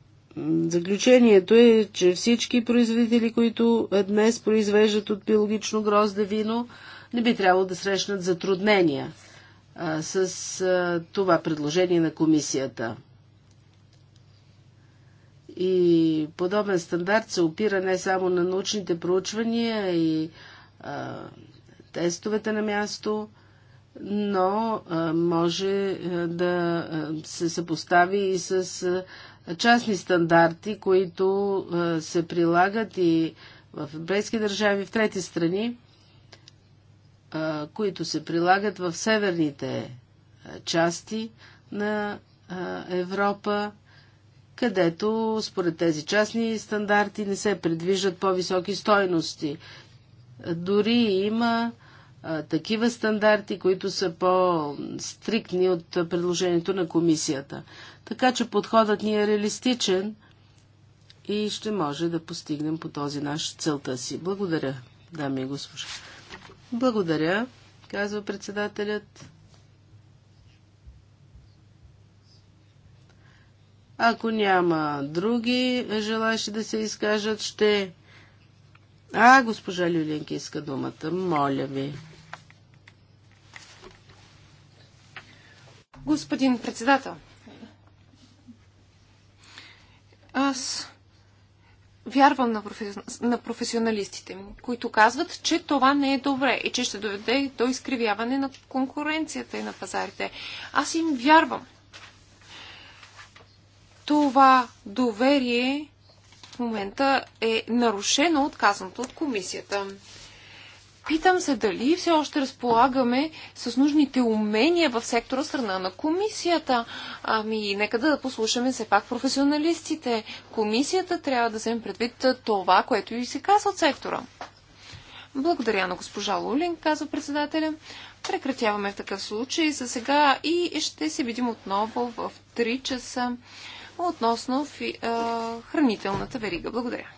заключението е, че всички производители, които днес произвеждат от биологично грозде вино, не би трябвало да срещнат затруднения а, с а, това предложение на комисията. И подобен стандарт се опира не само на научните проучвания и а, тестовете на място, но може да се съпостави и с частни стандарти, които се прилагат и в европейски държави, в трети страни, които се прилагат в северните части на Европа, където според тези частни стандарти не се предвиждат по-високи стойности. Дори има такива стандарти, които са по-стриктни от предложението на комисията. Така че подходът ни е реалистичен и ще може да постигнем по този наш целта си. Благодаря, дами и госпожа. Благодаря, казва председателят. Ако няма други желащи да се изкажат, ще а, госпожа Люлинки иска думата. Моля ви. Господин председател, аз вярвам на, професи... на професионалистите, които казват, че това не е добре и че ще доведе до изкривяване на конкуренцията и на пазарите. Аз им вярвам. Това доверие в момента е нарушено отказаното от комисията. Питам се дали все още разполагаме с нужните умения в сектора страна на комисията. Ами, нека да послушаме все пак професионалистите. Комисията трябва да вземе предвид това, което и се казва от сектора. Благодаря на госпожа Лулин, казва председателя. Прекратяваме в такъв случай за сега и ще се видим отново в 3 часа относно фи, а, хранителната верига. Благодаря.